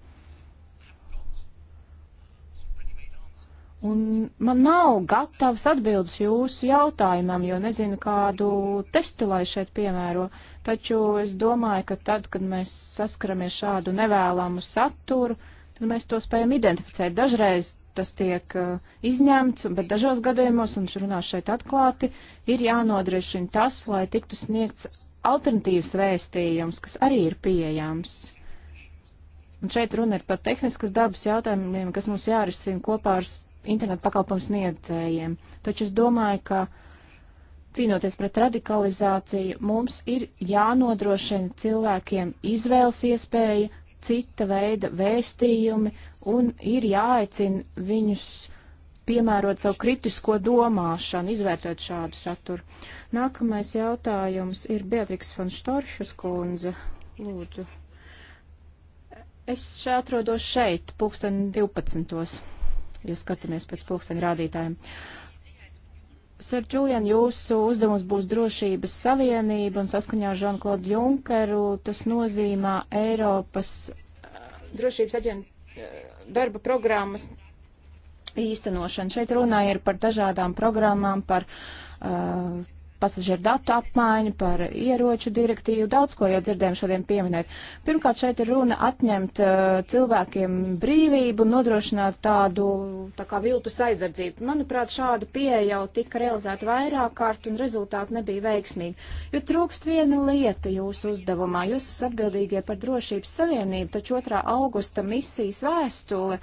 Un man nav gatavs atbildes jūsu jautājumam, jo nezinu, kādu testu lai šeit piemēro. Taču es domāju, ka tad, kad mēs saskaramies šādu nevēlamu saturu, tad mēs to spējam identificēt. Dažreiz tas tiek uh, izņemts, bet dažos gadījumos, un es runāšu šeit atklāti, ir jānodrošina tas, lai tiktu sniegts alternatīvs vēstījums, kas arī ir pieejams. Un šeit runa ir par tehniskas dabas jautājumiem, kas mums jārisina kopā ar internetu pakalpojumu sniedzējiem. Taču es domāju, ka cīnoties pret radikalizāciju, mums ir jānodrošina cilvēkiem izvēles iespēja, cita veida vēstījumi un ir jāaicina viņus piemērot savu kritisko domāšanu, izvērtot šādu saturu. Nākamais jautājums ir Beatriks van Štoršas kundze. Lūdzu. Es atrodos šeit, pulksten 12 ja skatāmies pēc pulksteņa rādītājiem. Sir Julian, jūsu uzdevums būs drošības savienība un saskaņā ar Žanklodu Junkeru tas nozīmē Eiropas eh, drošības aģenta eh, darba programmas īstenošanu. Šeit runāja par dažādām programmām, par uh, pasažieru datu apmaiņu, par ieroču direktīvu, daudz ko jau dzirdējām šodien pieminēt. Pirmkārt, šeit ir runa atņemt uh, cilvēkiem brīvību, nodrošināt tādu tā kā viltus aizardzību. Manuprāt, šāda pieeja jau tika realizēta vairāk kārt un rezultāti nebija veiksmīgi. Jo trūkst viena lieta jūsu uzdevumā. Jūs esat atbildīgie par drošības savienību, taču 2. augusta misijas vēstule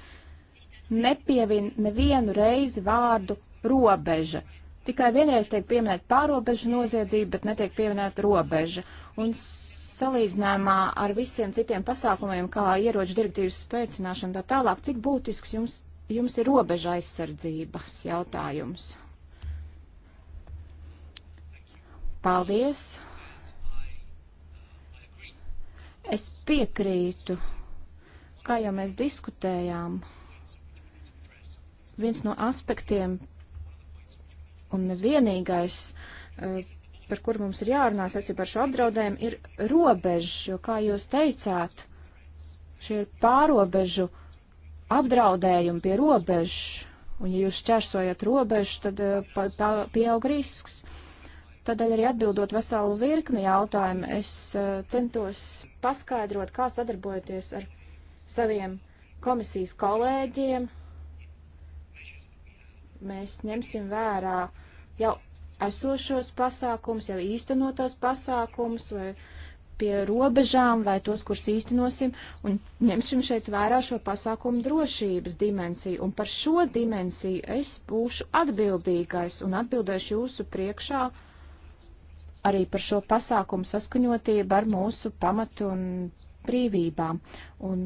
nepievin nevienu reizi vārdu robeža. Tikai vienreiz tiek pieminēta pārobežu noziedzība, bet netiek pieminēta robeža. Un salīdzinājumā ar visiem citiem pasākumiem, kā ieroču direktīvas spēcināšana tā tālāk, cik būtisks jums, jums ir robeža aizsardzības jautājums? Paldies! Es piekrītu, kā jau mēs diskutējām, viens no aspektiem, Un vienīgais, eh, par kur mums ir jārunā saistībā ar šo apdraudējumu, ir robežas, jo, kā jūs teicāt, šie ir pārobežu apdraudējumi pie robežas. Un, ja jūs šķērsojat robežu, tad eh, pa, pa, pieaug risks. Tādēļ arī atbildot veselu virkni jautājumu, es uh, centos paskaidrot, kā sadarbojoties ar saviem komisijas kolēģiem, mēs ņemsim vērā jau esošos pasākums, jau īstenotos pasākums vai pie robežām vai tos, kurus īstenosim, un ņemsim šeit vērā šo pasākumu drošības dimensiju. Un par šo dimensiju es būšu atbildīgais un atbildēšu jūsu priekšā arī par šo pasākumu saskaņotību ar mūsu pamatu un brīvībām. Un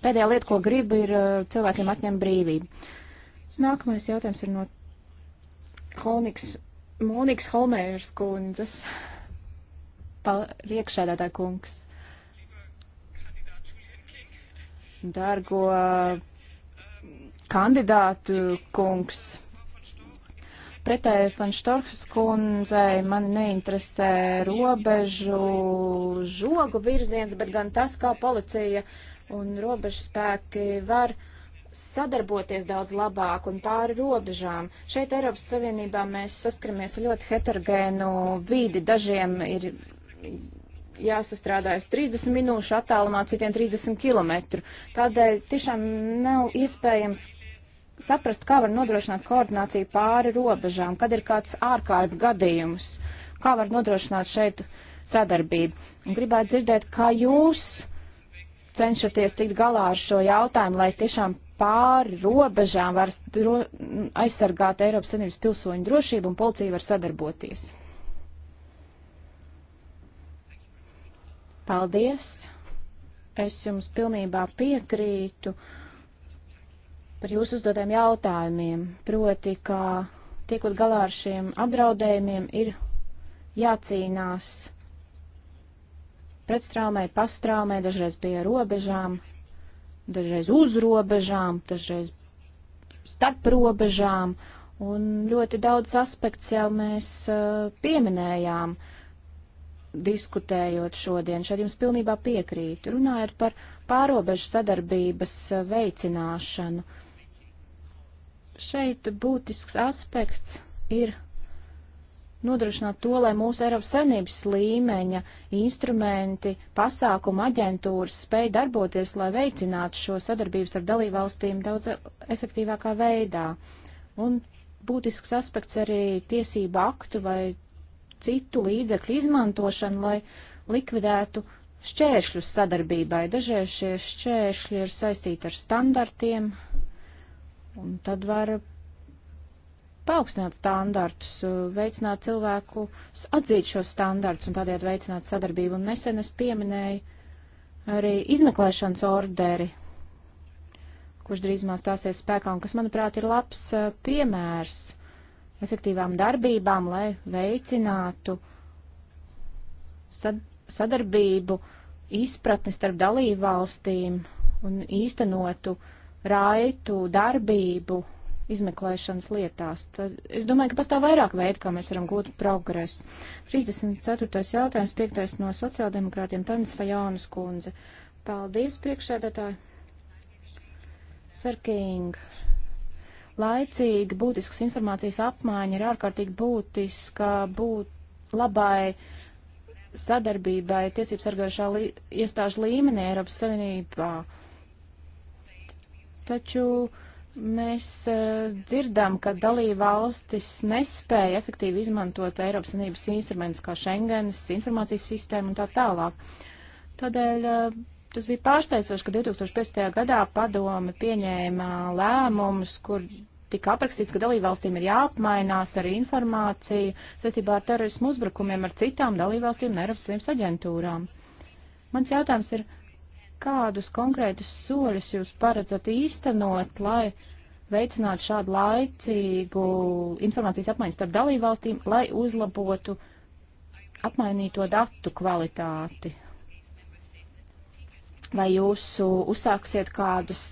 pēdējā lieta, ko gribu, ir uh, cilvēkiem atņemt brīvību. Nākamais jautājums ir no Honiks, Monikas Holmēras kundzes. Priekšādātā kungs. Dārgo kandidātu kungs. Pretēji Fanštorfas kundzei mani neinteresē robežu žogu virziens, bet gan tas, kā policija un robežu spēki var uh, sadarboties daudz labāk un pāri robežām. Šeit Eiropas Savienībā mēs saskaramies ar ļoti heterogēnu vīdi. Dažiem ir jāsastrādājas 30 minūšu attālumā, citiem 30 km. Tādēļ tiešām nav iespējams saprast, kā var nodrošināt koordināciju pāri robežām, kad ir kāds ārkārtas gadījums, kā var nodrošināt šeit sadarbību. Un gribētu dzirdēt, kā jūs cenšaties tikt galā ar šo jautājumu, lai tiešām pāri robežām var dro, aizsargāt Eiropas Savienības pilsoņu drošību un policija var sadarboties. Paldies! Es jums pilnībā piekrītu par jūsu uzdotiem jautājumiem, proti, kā tiekot galā ar šiem apdraudējumiem ir jācīnās pretstraumē, pastraumē, dažreiz pie robežām, dažreiz uz robežām, dažreiz starp robežām, un ļoti daudz aspekts jau mēs uh, pieminējām, diskutējot šodien. Šeit jums pilnībā piekrītu. Runājot par pārobežu sadarbības eh, veicināšanu, šeit būtisks aspekts ir nodrošināt to, lai mūsu Eiropas saimnības līmeņa instrumenti, pasākumu aģentūras spēj darboties, lai veicinātu šo sadarbības ar dalībvalstīm daudz efektīvākā veidā. Un būtisks aspekts arī tiesību aktu vai citu līdzekļu izmantošana, lai likvidētu šķēršļus sadarbībai. Dažreiz šie šķēršļi ir saistīti ar standartiem, un tad var paaugstināt standartus, eh, veicināt cilvēku atzīt šos standartus un tādējādi veicināt sadarbību. Un nesen es pieminēju arī izmeklēšanas orderi, kurš drīzumā stāsies spēkā un kas, manuprāt, ir labs eh, piemērs efektīvām darbībām, lai veicinātu sad sadarbību, izpratni starp dalībvalstīm un īstenotu raitu darbību izmeklēšanas lietās. Tad es domāju, ka pastāv vairāk veidu, kā mēs varam gūt progresu. 34. jautājums, 5. no sociāldemokrātiem, Tanis Fajānas kundze. Paldies, priekšsēdētāji. Sarking. Laicīgi būtiskas informācijas apmaiņa ir ārkārtīgi būtiska būt labai sadarbībai tiesību sargājušā li iestāžu līmenī Eiropas Savienībā. Taču uh, Mēs uh, eh, dzirdam, ka dalībvalstis nespēja efektīvi izmantot Eiropas Sanības instrumentus kā Schengenas informācijas sistēmu un tā tālāk. Tādēļ uh, tas bija pārsteidzoši, ka 2015. gadā padome pieņēma lēmumus, kur tika aprakstīts, ka dalībvalstīm ir jāapmainās ar informāciju saistībā ar terorismu uzbrukumiem ar citām dalībvalstīm un Eiropas Savienības aģentūrām. Mans jautājums ir, Kādus konkrētus soļus jūs paredzat īstenot, lai veicināt šādu laicīgu informācijas apmaiņu starp dalībvalstīm, lai uzlabotu apmainīto datu kvalitāti? Vai jūs uzsāksiet kādas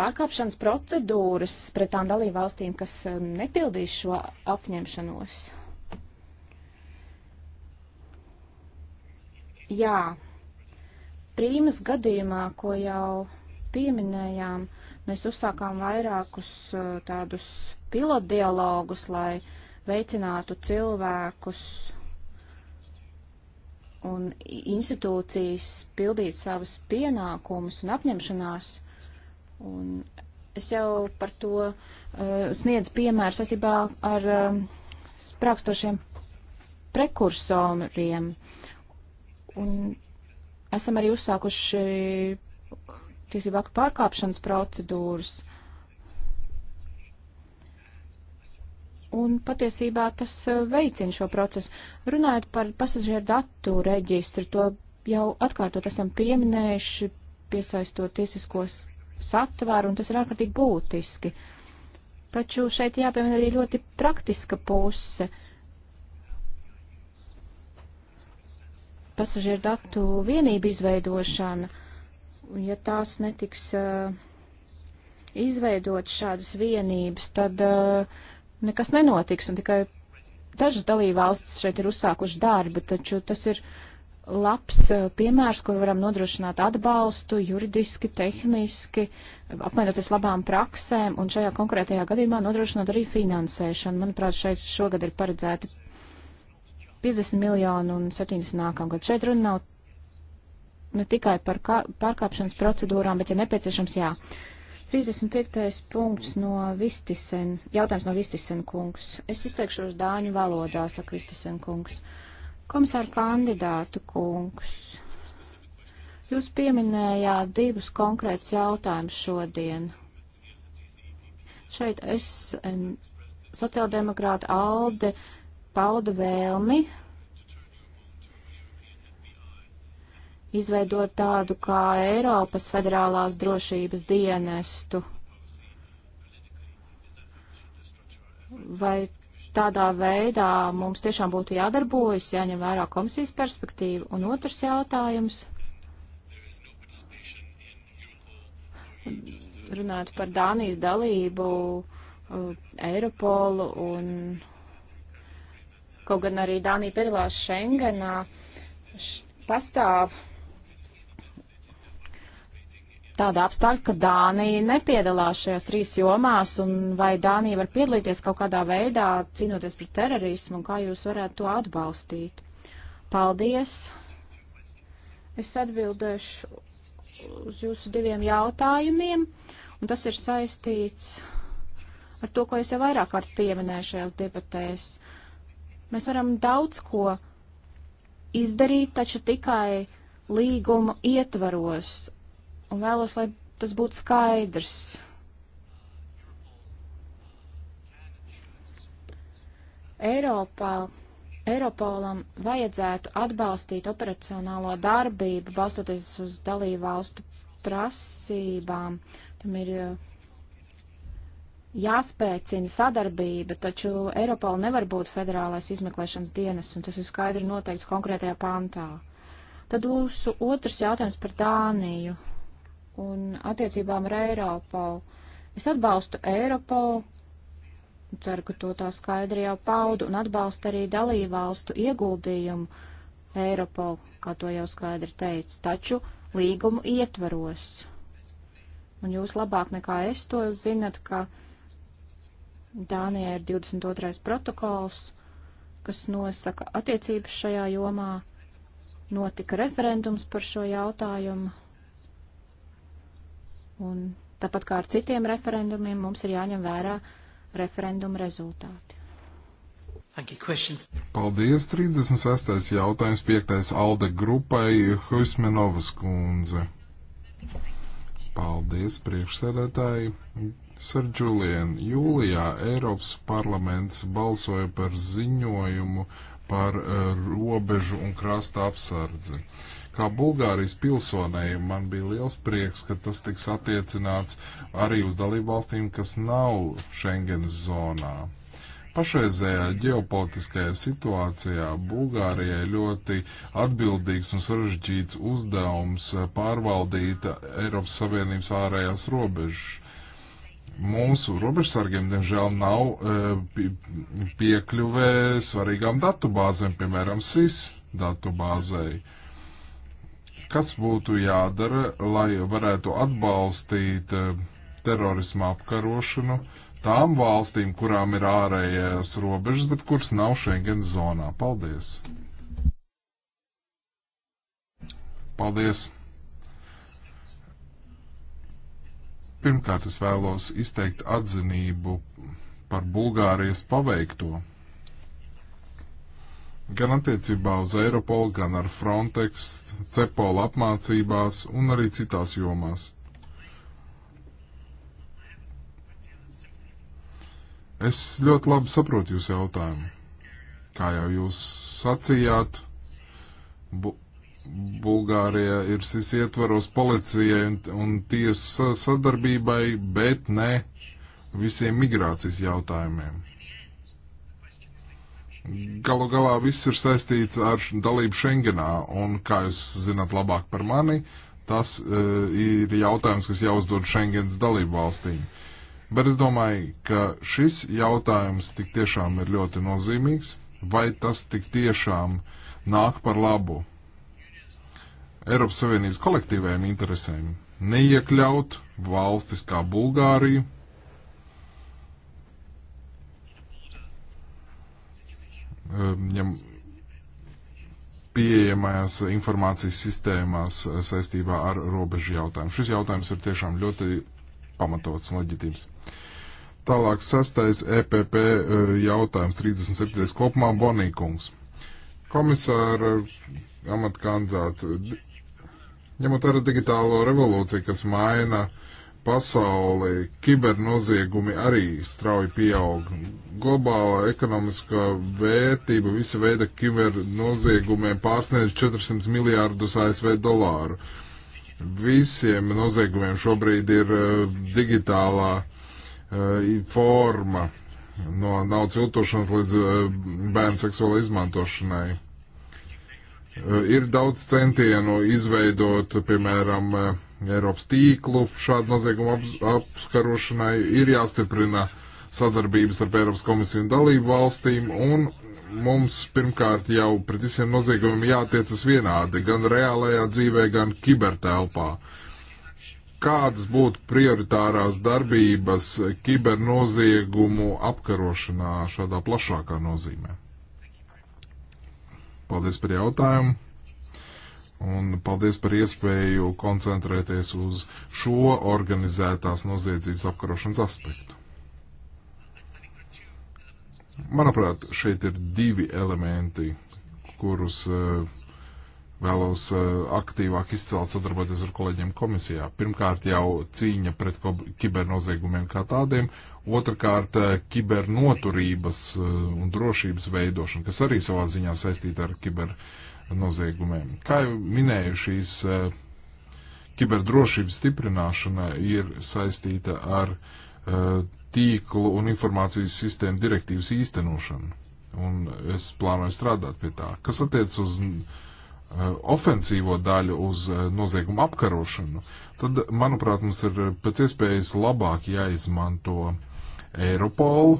pārkāpšanas procedūras pret tām dalībvalstīm, kas um, nepildīs šo apņemšanos? Jā. Yeah Prīmas gadījumā, ko jau pieminējām, mēs uzsākām vairākus uh, tādus pilotdialogus, lai veicinātu cilvēkus un institūcijas pildīt savus pienākumus un apņemšanās. Un es jau par to uh, sniedzu piemēru saistībā ar uh, um, sprākstošiem prekursoriem. Un Esam arī uzsākuši tiesību aktu pārkāpšanas procedūras. Un patiesībā tas eh, veicina šo procesu. Runājot par pasažieru datu reģistru, to jau atkārtot esam pieminējuši, piesaistot tiesiskos satvaru, un tas ir ārkārtīgi būtiski. Taču šeit jāpiemina arī ļoti praktiska puse. Uh, pasažieru datu vienību izveidošana. Ja tās netiks uh, izveidot šādas vienības, tad uh, nekas nenotiks, un tikai dažas dalībvalstis šeit ir uzsākuši darbu, taču tas ir labs uh, piemērs, kur varam nodrošināt atbalstu juridiski, tehniski, apmainoties labām praksēm, un šajā konkrētajā gadījumā nodrošināt arī finansēšanu. Manuprāt, šeit šogad ir paredzēti 50 miljonu un 70 nākamgad. Šeit runa nav ne tikai par pārkāpšanas procedūrām, bet, ja nepieciešams, jā. 35. punkts no Vistisen, jautājums no Vistisen kungs. Es izteikšos dāņu valodā, saka Vistisen kungs. Komisāra kandidātu kungs, jūs pieminējāt divus konkrētus jautājumus šodien. Šeit es, sociāldemokrāta Alde, uh, pauda vēlmi izveidot tādu kā Eiropas federālās drošības dienestu. Vai tādā veidā mums tiešām būtu jādarbojas, jāņem vērā komisijas perspektīva? Un otrs jautājums. Runājot par Dānijas dalību, uh, Eiropolu un Kaut gan arī Dānija piedalās Schengenā, š, pastāv tāda apstākļa, ka Dānija nepiedalās šajās trīs jomās, un vai Dānija var piedalīties kaut kādā veidā cīnoties pret terorismu, un kā jūs varētu to atbalstīt? Paldies! Es atbildēšu uz jūsu diviem jautājumiem, un tas ir saistīts ar to, ko es jau vairāk kārt pieminēju šajās debatēs. Mēs varam daudz ko izdarīt, taču tikai līguma ietvaros. Un vēlos, lai tas būtu skaidrs. Eiropā, Eiropolam vajadzētu atbalstīt operacionālo darbību, balstoties uz dalību valstu prasībām. Tam ir uh, jāspēcina sadarbība, taču Eiropola nevar būt federālais izmeklēšanas dienas, un tas ir skaidri noteikts konkrētajā pantā. Tad jūsu otrs jautājums par Dāniju un attiecībām ar Eiropolu. Es atbalstu Eiropolu, ceru, ka to tā skaidri jau paudu, un atbalstu arī dalībvalstu ieguldījumu Eiropolu, kā to jau skaidri teicu, taču līgumu ietvaros. Un jūs labāk nekā es to zinat, ka Dānijai ir 22. protokols, kas nosaka attiecības šajā jomā. Notika referendums par šo jautājumu. Un tāpat kā ar citiem referendumiem, mums ir jāņem vērā referenduma rezultāti. Paldies, 36. jautājums, 5. Alde grupai, Huismenovas kundze. Paldies, priekšsēdētāji. Sir Julian, jūlijā Eiropas parlaments balsoja par ziņojumu par eh, robežu un krasta apsardzi. Kā Bulgārijas pilsonēji man bija liels prieks, ka tas tiks attiecināts arī uz dalību valstīm, kas nav Schengens zonā. Pašreizējā ģeopolitiskajā situācijā Bulgārijai ļoti atbildīgs un sarežģīts uzdevums eh, pārvaldīt Eiropas Savienības ārējās robežas mūsu robežsargiem, diemžēl, nav e, piekļuvē svarīgām datubāzēm, piemēram, SIS datubāzei. Kas būtu jādara, lai varētu atbalstīt e, terorismu apkarošanu tām valstīm, kurām ir ārējās robežas, bet kuras nav Schengen zonā? Paldies! Paldies! Pirmkārt, es vēlos izteikt atzinību par Bulgārijas paveikto. Gan attiecībā uz Eiropolu, gan ar Frontex, Cepola apmācībās un arī citās jomās. Es ļoti labi saprotu jūsu jautājumu. Kā jau jūs sacījāt, bu Bulgārijā ir šis ietvaros policijai un, un tiesu sadarbībai, bet ne visiem migrācijas jautājumiem. Galu galā viss ir saistīts ar dalību Schengenā, un, kā jūs zināt labāk par mani, tas uh, ir jautājums, kas jāuzdod Schengens dalību valstīm. Bet es domāju, ka šis jautājums tik tiešām ir ļoti nozīmīgs, vai tas tik tiešām nāk par labu Eiropas Savienības kolektīvajām interesēm neiekļaut valstis kā Bulgāriju. Ehm, ņem pieejamajās informācijas sistēmās eh, saistībā ar robežu jautājumu. Šis jautājums ir tiešām ļoti pamatots un leģitīvs. Tālāk sastais EPP eh, jautājums 37. kopumā Bonīkungs. Komisāra eh, amatkandidāti Ņemot vērā digitālo revolūciju, kas maina pasauli, kibernoziegumi arī strauji pieaug. Globālā ekonomiskā vērtība visa veida kibernoziegumiem pārsniedz 400 miljārdus ASV dolāru. Visiem noziegumiem šobrīd ir uh, digitālā uh, forma no naudas viltošanas līdz uh, bērnu seksuālai izmantošanai Ir daudz centienu izveidot, piemēram, Eiropas tīklu šādu noziegumu apkarošanai. Ir jāstiprina sadarbības ar Eiropas komisiju un dalību valstīm, un mums pirmkārt jau pret visiem noziegumiem jātiecas vienādi, gan reālajā dzīvē, gan kibertelpā. Kādas būtu prioritārās darbības kibernoziegumu apkarošanā šādā plašākā nozīmē? Paldies par jautājumu. Un paldies par iespēju koncentrēties uz šo organizētās noziedzības apkarošanas aspektu. Manuprāt, šeit ir divi elementi, kurus uh, vēlos uh, aktīvāk izcelt sadarboties ar kolēģiem komisijā. Pirmkārt jau cīņa pret kibernoziegumiem kā tādiem, Otrakārt, eh, kibernoturības eh, un drošības veidošana, kas arī savā ziņā saistīta ar kibernoziegumiem. Kā jau minēju, šīs eh, kiberdrošības stiprināšana ir saistīta ar tīklu un informācijas sistēmu direktīvas īstenošanu. Un es plānoju strādāt pie tā. Kas attiec uz ofensīvo daļu uz noziegumu apkarošanu, tad, manuprāt, mums ir pēc iespējas labāk jāizmanto uh, Eiropolu,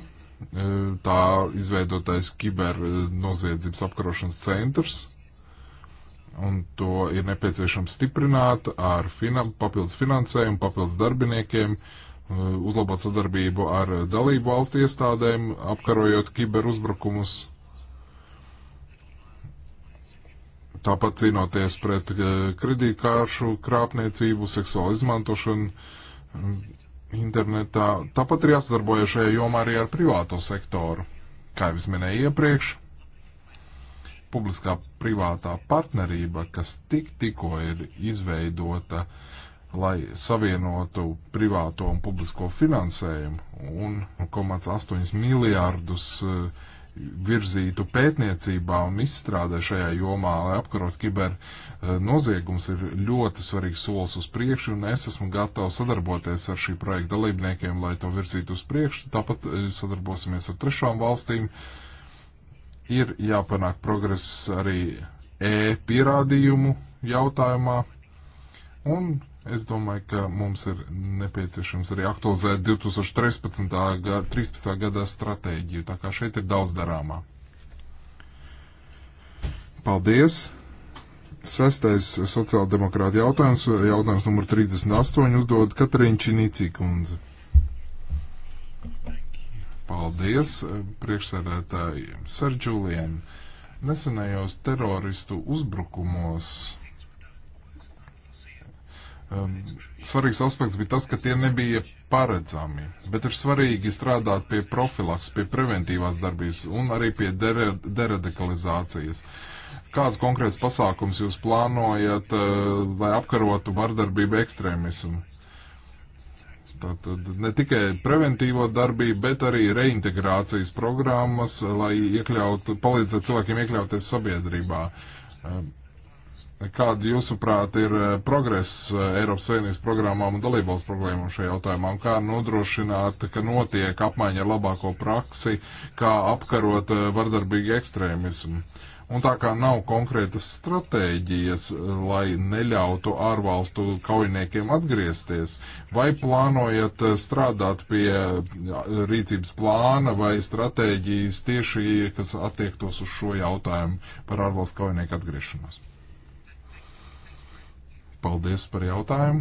e, tā izveidotais kibernoziedzības apkarošanas centrs, un to ir nepieciešams stiprināt ar finan papildus finansējumu, papildus darbiniekiem, e, uzlabot sadarbību ar dalību valstu iestādēm, apkarojot kiberuzbrukumus. Tāpat cīnoties pret e, kredītkāršu krāpniecību, seksuālu izmantošanu, internetā. Tāpat ir jāsadarbojas šajā jomā arī ar privāto sektoru. Kā jau es minēju iepriekš, publiskā privātā partnerība, kas tik tikko ir izveidota, lai savienotu privāto un publisko finansējumu un 1,8 miljārdus uh, virzītu pētniecībā un izstrādē šajā jomā, lai apkarot kiber eh, noziegums, ir ļoti svarīgs solis uz priekšu, un es esmu gatavs sadarboties ar šī projekta dalībniekiem, lai to virzītu uz priekšu. Tāpat eh, sadarbosimies ar trešām valstīm. Ir jāpanāk progress arī e-pierādījumu jautājumā, un Es domāju, ka mums ir nepieciešams arī aktualizēt 2013. Gada, 13. gadā stratēģiju, tā kā šeit ir daudz darāmā. Paldies! Sestais sociāldemokrāta jautājums, jautājums numur 38, uzdod Katrīna Činīcī kundze. Paldies, priekšsēdētāji Serģulien. Nesenajos teroristu uzbrukumos um, svarīgs aspekts bija tas, ka tie nebija paredzami, bet ir svarīgi strādāt pie profilaks, pie preventīvās darbības un arī pie dere, deradikalizācijas. Kāds konkrēts pasākums jūs plānojat, uh, lai apkarotu vardarbību ekstrēmismu? Tātad ne tikai preventīvo darbību, bet arī reintegrācijas programmas, lai iekļaut, palīdzētu cilvēkiem iekļauties sabiedrībā. Um, Kāda, jūsuprāt, ir eh, progress eh, Eiropas Savienības programmām un dalībvalsts programmām šajā jautājumā? Un kā nodrošināt, ka notiek apmaiņa ar labāko praksi, kā apkarot eh, vardarbīgu ekstrēmismu? Un tā kā nav konkrētas stratēģijas, lai neļautu ārvalstu kaujiniekiem atgriezties, vai plānojat strādāt pie rīcības plāna vai stratēģijas tieši, kas attiektos uz šo jautājumu par ārvalstu kaujinieku atgriešanos? Paldies par jautājumu.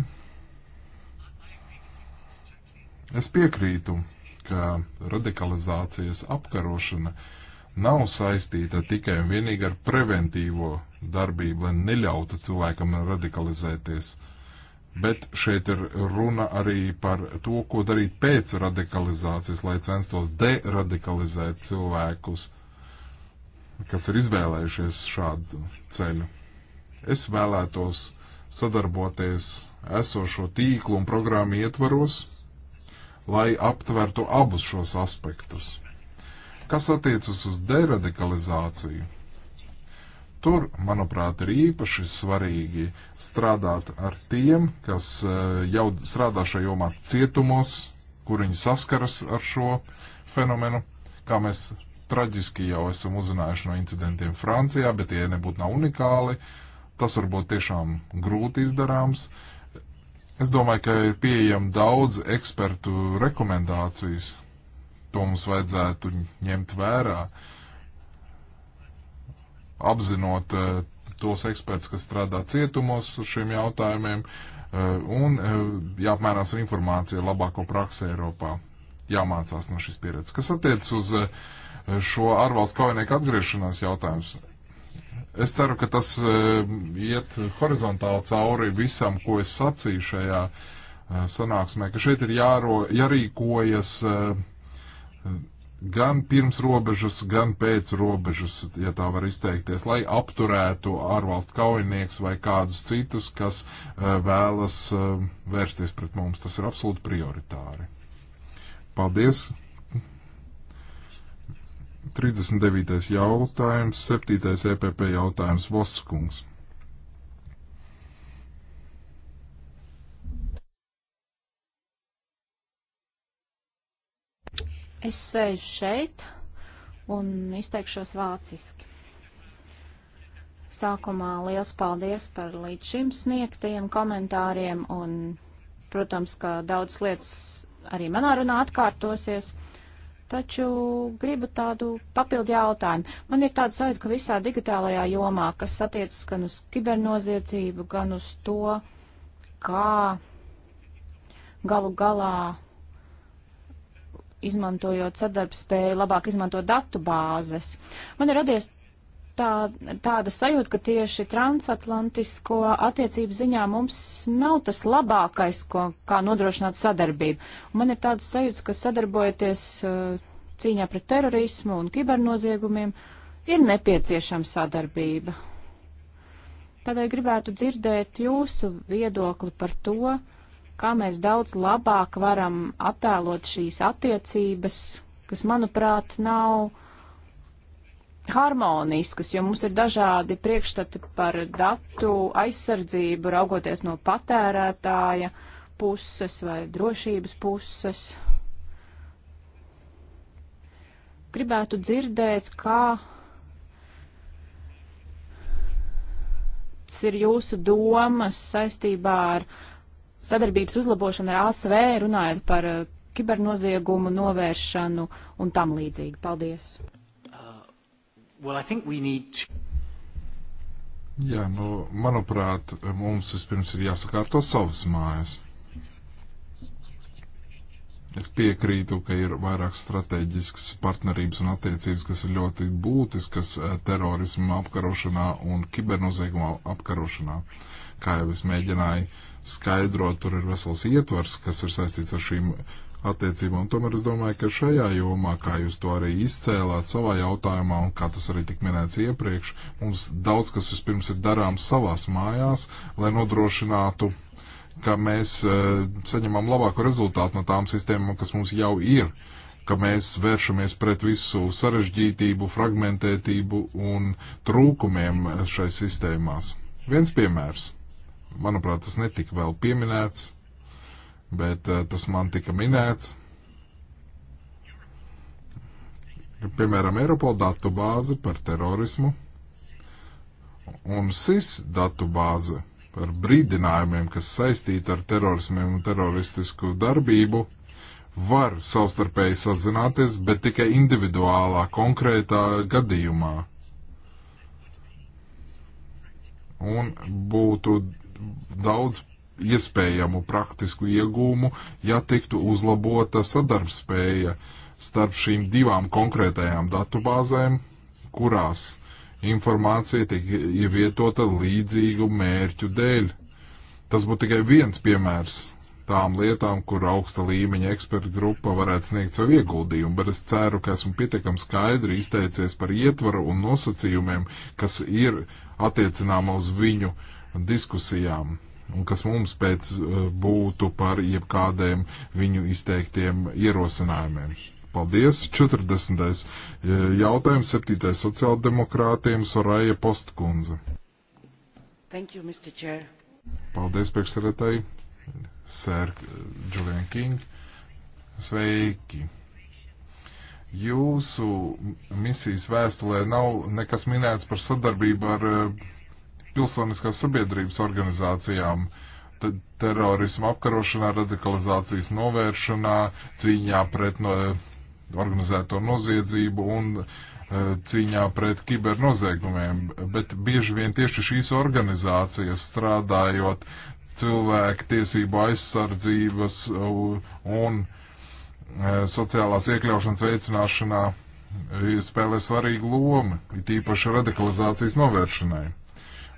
Es piekrītu, ka radikalizācijas apkarošana nav saistīta tikai un vienīgi ar preventīvo darbību, lai neļautu cilvēkam radikalizēties. Bet šeit ir runa arī par to, ko darīt pēc radikalizācijas, lai censtos deradikalizēt cilvēkus, kas ir izvēlējušies šādu ceļu. Es vēlētos sadarboties esošo tīklu un programmu ietvaros, lai aptvertu abus šos aspektus. Kas attiecas uz deradikalizāciju? Tur, manuprāt, ir īpaši svarīgi strādāt ar tiem, kas e, jau strādā šajā jomā cietumos, kur viņi saskaras ar šo fenomenu, kā mēs traģiski jau esam uzzinājuši no incidentiem Francijā, bet tie nebūtu nav unikāli. Uh, Tas var būt tiešām grūti izdarāms. Es domāju, ka ir pieejami daudz ekspertu rekomendācijas. To mums vajadzētu ņemt vērā, apzinot eh, tos ekspertus, kas strādā cietumos ar šiem jautājumiem, eh, un eh, jāapmērās ar informāciju labāko praksi Eiropā. Jāmācās no šīs pieredzes. Kas attiec uz šo ārvalstu kaujinieku atgriešanās jautājums? Es ceru, ka tas e, iet horizontāli cauri visam, ko es sacīju šajā e, sanāksmē, ka šeit ir jāro, jārīkojas e, gan pirms robežas, gan pēc robežas, ja tā var izteikties, lai apturētu ārvalstu kaujinieks vai kādus citus, kas vēlas vērsties pret mums. Tas ir absolūti prioritāri. Paldies! 39. jautājums, 7. EPP jautājums Voskungs. Es sēžu šeit un izteikšos vāciski. Sākumā liels paldies par līdz šim sniegtajiem komentāriem un, protams, ka daudz lietas arī manā runā atkārtosies. Taču gribu tādu papildu jautājumu. Man ir tāda sajūta, ka visā digitālajā jomā, kas attiecas gan uz kibernoziedzību, gan uz to, kā galu galā izmantojot sadarbspēju, labāk izmantot datu bāzes. Man ir radies tā, tāda sajūta, ka tieši transatlantisko attiecību ziņā mums nav tas labākais, ko, kā nodrošināt sadarbību. Un man ir tāds sajūta, ka sadarbojoties uh, cīņā pret terorismu un kibernoziegumiem, ir nepieciešama sadarbība. Tādēļ gribētu dzirdēt jūsu viedokli par to, kā mēs daudz labāk varam attēlot šīs attiecības, kas, manuprāt, nav harmoniskas, jo mums ir dažādi priekšstati par datu aizsardzību, raugoties no patērētāja puses vai drošības puses. Gribētu dzirdēt, kā kādas ir jūsu domas saistībā ar sadarbības uzlabošanu ar ASV, runājot par eh, kibernoziegumu novēršanu un tam līdzīgi. Paldies! Well, I think we need to... Jā, nu, manuprāt, mums vispirms ir jāsakārto savas mājas. Es piekrītu, ka ir vairāk strateģiskas partnerības un attiecības, kas ir ļoti būtiskas eh, terorismu apkarošanā un kibernozieguma apkarošanā. Kā jau es mēģināju skaidrot, tur ir vesels ietvars, kas ir saistīts ar šīm attiecībām. Tomēr es domāju, ka šajā jomā, kā jūs to arī izcēlāt savā jautājumā, un kā tas arī tik minēts iepriekš, mums daudz kas vispirms ir darāms savās mājās, lai nodrošinātu, ka mēs uh, saņemam labāku rezultātu no tām sistēmām, kas mums jau ir, ka mēs vēršamies pret visu sarežģītību, fragmentētību un trūkumiem šai sistēmās. Viens piemērs. Manuprāt, tas netika vēl pieminēts bet eh, tas man tika minēts. Piemēram, Eiropola datu bāze par terorismu un SIS datu bāze par brīdinājumiem, kas saistīti ar terorismiem un teroristisku darbību, var savstarpēji sazināties, bet tikai individuālā, konkrētā gadījumā. Un būtu daudz iespējamu praktisku iegūmu, ja tiktu uzlabota sadarbspēja starp šīm divām konkrētajām datubāzēm, kurās informācija tiek ievietota līdzīgu mērķu dēļ. Tas būtu tikai viens piemērs tām lietām, kur augsta līmeņa ekspertu grupa varētu sniegt savu ieguldījumu, bet es ceru, ka esmu pietiekami skaidri izteicies par ietvaru un nosacījumiem, kas ir attiecināma uz viņu diskusijām un kas mums pēc uh, būtu par jebkādiem viņu izteiktiem ierosinājumiem. Paldies! 40. Uh, jautājums 7. sociāldemokrātiem Soraja Postkundze. Thank you, Mr. Chair. Paldies, priekšsarētāji, Sir uh, Julian King. Sveiki! Jūsu misijas vēstulē nav nekas minēts par sadarbību ar uh, pilsoniskās sabiedrības organizācijām terorismu apkarošanā, radikalizācijas novēršanā, cīņā pret no, organizēto noziedzību un e, cīņā pret kibernoziegumiem. Bet bieži vien tieši šīs organizācijas strādājot cilvēku tiesību aizsardzības un e, sociālās iekļaušanas veicināšanā e, spēlē svarīgu lomu, it īpaši radikalizācijas novēršanai.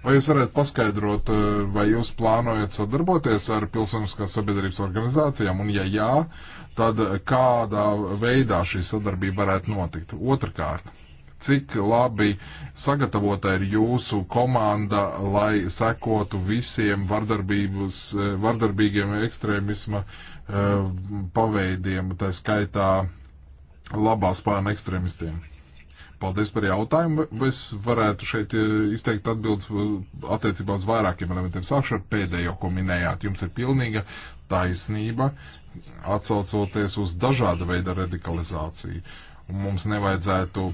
Vai jūs varētu paskaidrot, eh, vai jūs plānojat sadarboties ar pilsoniskās sabiedrības organizācijām, un ja jā, tad kādā veidā šī sadarbība varētu notikt? Otrakārt, cik labi sagatavota ir jūsu komanda, lai sekotu visiem eh, vardarbīgiem ekstrēmisma eh, paveidiem, tā skaitā labā spāna ekstrēmistiem? Paldies par jautājumu. Es varētu šeit eh, izteikt atbildes eh, attiecībā uz vairākiem elementiem. Sākšu ar pēdējo, ko minējāt. Jums ir pilnīga taisnība atsaucoties uz dažāda veida radikalizāciju. Mums nevajadzētu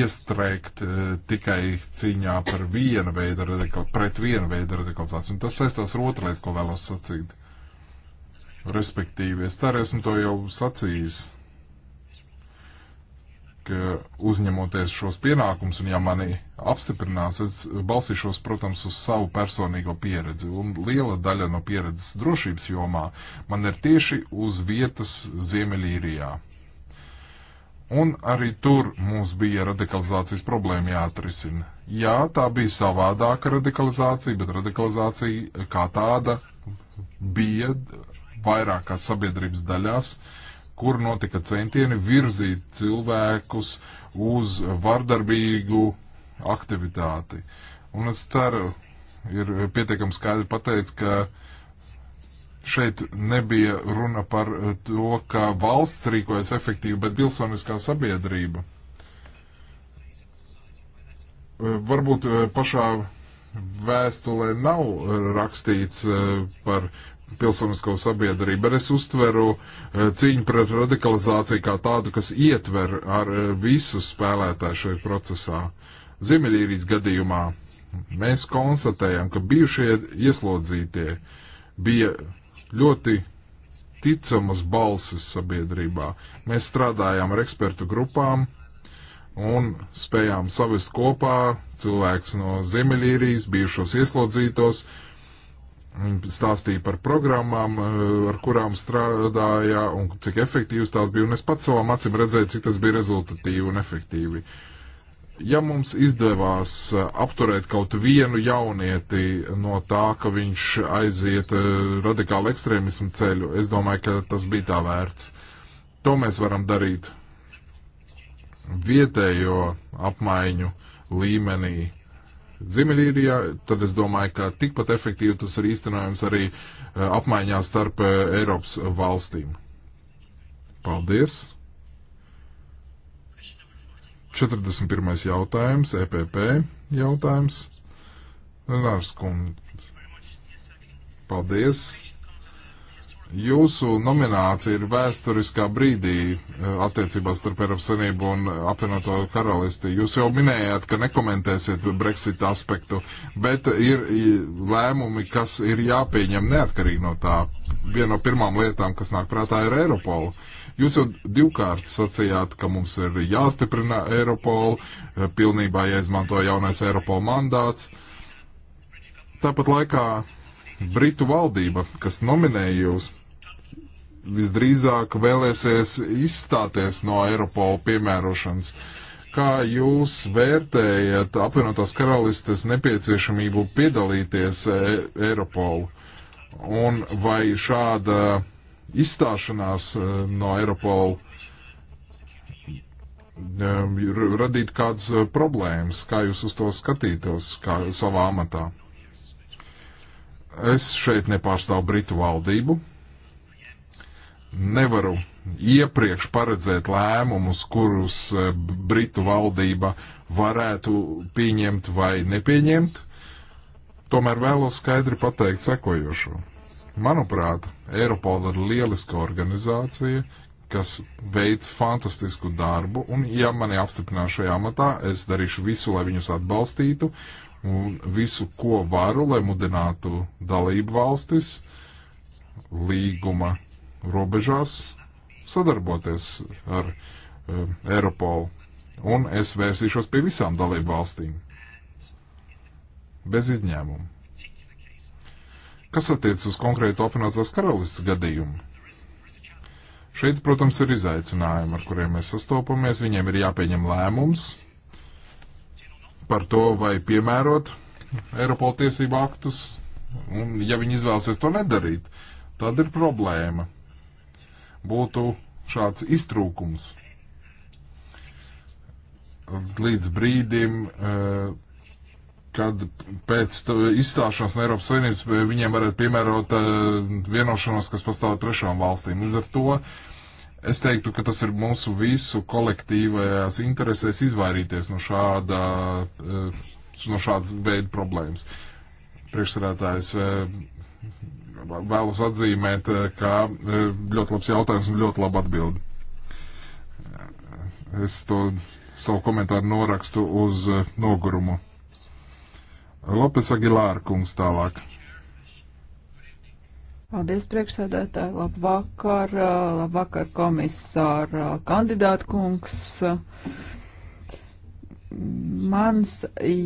iestrēgt e, tikai cīņā par viena veida radikal, pret viena veida radikalizāciju. Un tas saistās ar otru lietu, ko vēlos sacīt. Respektīvi, es ceru, esmu to jau sacījis ka uzņemoties šos pienākumus, un ja mani apstiprinās, es balsīšos, protams, uz savu personīgo pieredzi. Un liela daļa no pieredzes drošības jomā man ir tieši uz vietas Ziemeļīrijā. Un arī tur mums bija radikalizācijas problēma jāatrisina. Jā, tā bija savādāka radikalizācija, bet radikalizācija kā tāda bija vairākās sabiedrības daļās. Uh, kur notika centieni virzīt cilvēkus uz vardarbīgu aktivitāti. Un es ceru, ir pietiekami skaidri pateicis, ka šeit nebija runa par to, ka valsts rīkojas efektīvi, bet pilsoniskā sabiedrība. Varbūt pašā vēstulē nav rakstīts eh, par pilsonisko sabiedrību, bet es uztveru eh, cīņu pret radikalizāciju kā tādu, kas ietver ar eh, visu spēlētāju šajā procesā. Ziemeļīrijas gadījumā mēs konstatējam, ka bijušie ieslodzītie bija ļoti ticamas balsis sabiedrībā. Mēs strādājām ar ekspertu grupām un spējām savest kopā cilvēks no Ziemeļīrijas, bijušos ieslodzītos, uh, Viņa stāstīja par programmām, eh, ar kurām strādāja un cik efektīvas tās bija. Un es pats savām acīm redzēju, cik tas bija rezultatīvi un efektīvi. Ja mums izdevās eh, apturēt kaut vienu jaunieti no tā, ka viņš aiziet eh, radikālu ekstrēmismu ceļu, es domāju, ka tas bija tā vērts. To mēs varam darīt vietējo apmaiņu līmenī Ziemeļīrijā, tad es domāju, ka tikpat efektīvi tas ir īstenojams arī eh, apmaiņā starp eh, Eiropas valstīm. Paldies! 41. jautājums, EPP jautājums. Lenārs Kund. Paldies! Jūsu nominācija ir vēsturiskā brīdī eh, attiecībās starp Eiropas Savienību un apvienoto karalisti. Jūs jau minējāt, ka nekomentēsiet Brexit aspektu, bet ir lēmumi, kas ir jāpieņem neatkarīgi no tā. Viena no pirmām lietām, kas nāk prātā, ir Eiropola. Jūs jau divkārt sacījāt, ka mums ir jāstiprina Eiropola, eh, pilnībā jāizmanto jaunais Eiropola mandāts. Tāpat laikā Britu valdība, kas nominēja jūs, visdrīzāk vēlēsies izstāties no Eiropola piemērošanas. Kā jūs vērtējat apvienotās karalistes nepieciešamību piedalīties e, Eiropolu? Un vai šāda izstāšanās e, no Eiropola e, radīt kādas problēmas, kā jūs uz to skatītos kā savā amatā? Es šeit nepārstāvu Britu valdību nevaru iepriekš paredzēt lēmumus, kurus eh, Britu valdība varētu pieņemt vai nepieņemt. Tomēr vēlos skaidri pateikt sekojošo. Manuprāt, Eiropola ir lieliska organizācija, kas veic fantastisku darbu, un ja mani apstiprinās šajā amatā, es darīšu visu, lai viņus atbalstītu, un visu, ko varu, lai mudinātu dalību valstis līguma robežās sadarboties ar uh, Eiropolu. Un es vērsīšos pie visām dalību valstīm. Bez izņēmumu. Kas attiec uz konkrētu apvienotās karalistas gadījumu? Šeit, protams, ir izaicinājumi, ar kuriem mēs sastopamies. Viņiem ir jāpieņem lēmums par to, vai piemērot Eiropola tiesību aktus, un ja viņi izvēlasies to nedarīt, tad ir problēma būtu šāds iztrūkums līdz brīdim, e, kad pēc izstāšanās no Eiropas Savienības e, viņiem varētu piemērot e, vienošanos, kas pastāv trešām valstīm. Līdz ar to es teiktu, ka tas ir mūsu visu kolektīvajās interesēs izvairīties no šāda, no šādas veida problēmas. Priekšsarētājs vēlos atzīmēt, eh, kā eh, ļoti labs jautājums un ļoti laba atbildi. Eh, es to savu komentāru norakstu uz nogurumu. Lopes Agilāra kungs tālāk. Paldies, priekšsēdētāji. Labvakar, labvakar komisāra kandidāta kungs. Mans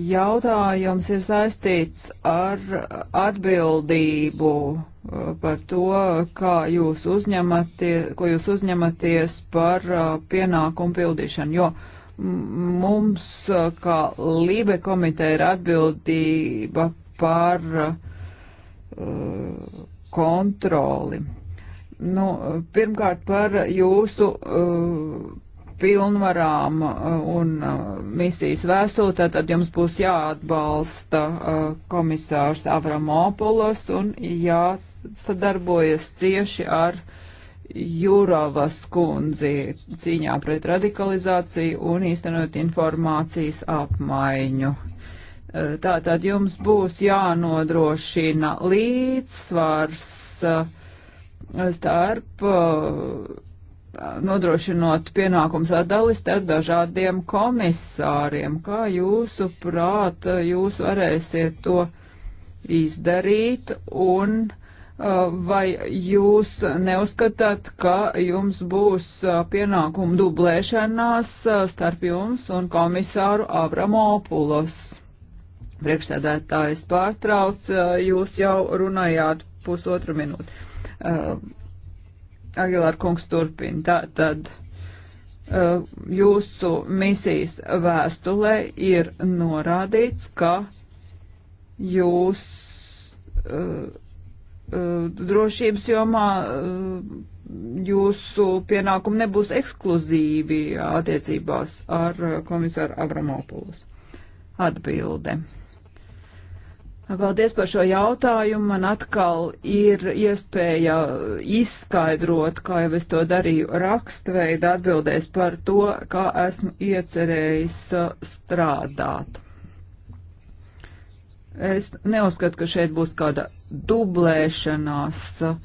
jautājums ir saistīts ar atbildību uh, par to, kā jūs uzņematies, ko jūs uzņematies par uh, pienākumu pildīšanu, jo mums, uh, kā Lībe komiteja, ir atbildība par uh, kontroli. Nu, pirmkārt, par jūsu uh, pilnvarām uh, un uh, misijas vēstuli, tad jums būs jāatbalsta uh, komisārs Avramopulos un jāsadarbojas cieši ar Juravas kundzi cīņā pret radikalizāciju un īstenot informācijas apmaiņu. Tātad jums būs jānodrošina līdzsvars starp nodrošinot pienākums atdali starp dažādiem komisāriem. Kā jūsu prāt, jūs varēsiet to izdarīt un uh, vai jūs neuzskatāt, ka jums būs uh, pienākuma dublēšanās uh, starp jums un komisāru Avramopulos? Priekšsēdētājs pārtrauc, jūs jau runājāt pusotru minūti. Agilāra kungs turpina. Tā tad uh, jūsu misijas vēstulē ir norādīts, ka jūs uh, uh, drošības jomā jūsu pienākumi nebūs ekskluzīvi attiecībās ar komisāru Abramopulus. Atbilde. Paldies par šo jautājumu. Man atkal ir iespēja izskaidrot, kā jau es to darīju rakstveidā, atbildēs par to, kā esmu iecerējis uh, strādāt. Es neuzskatu, ka šeit būs kāda dublēšanās uh,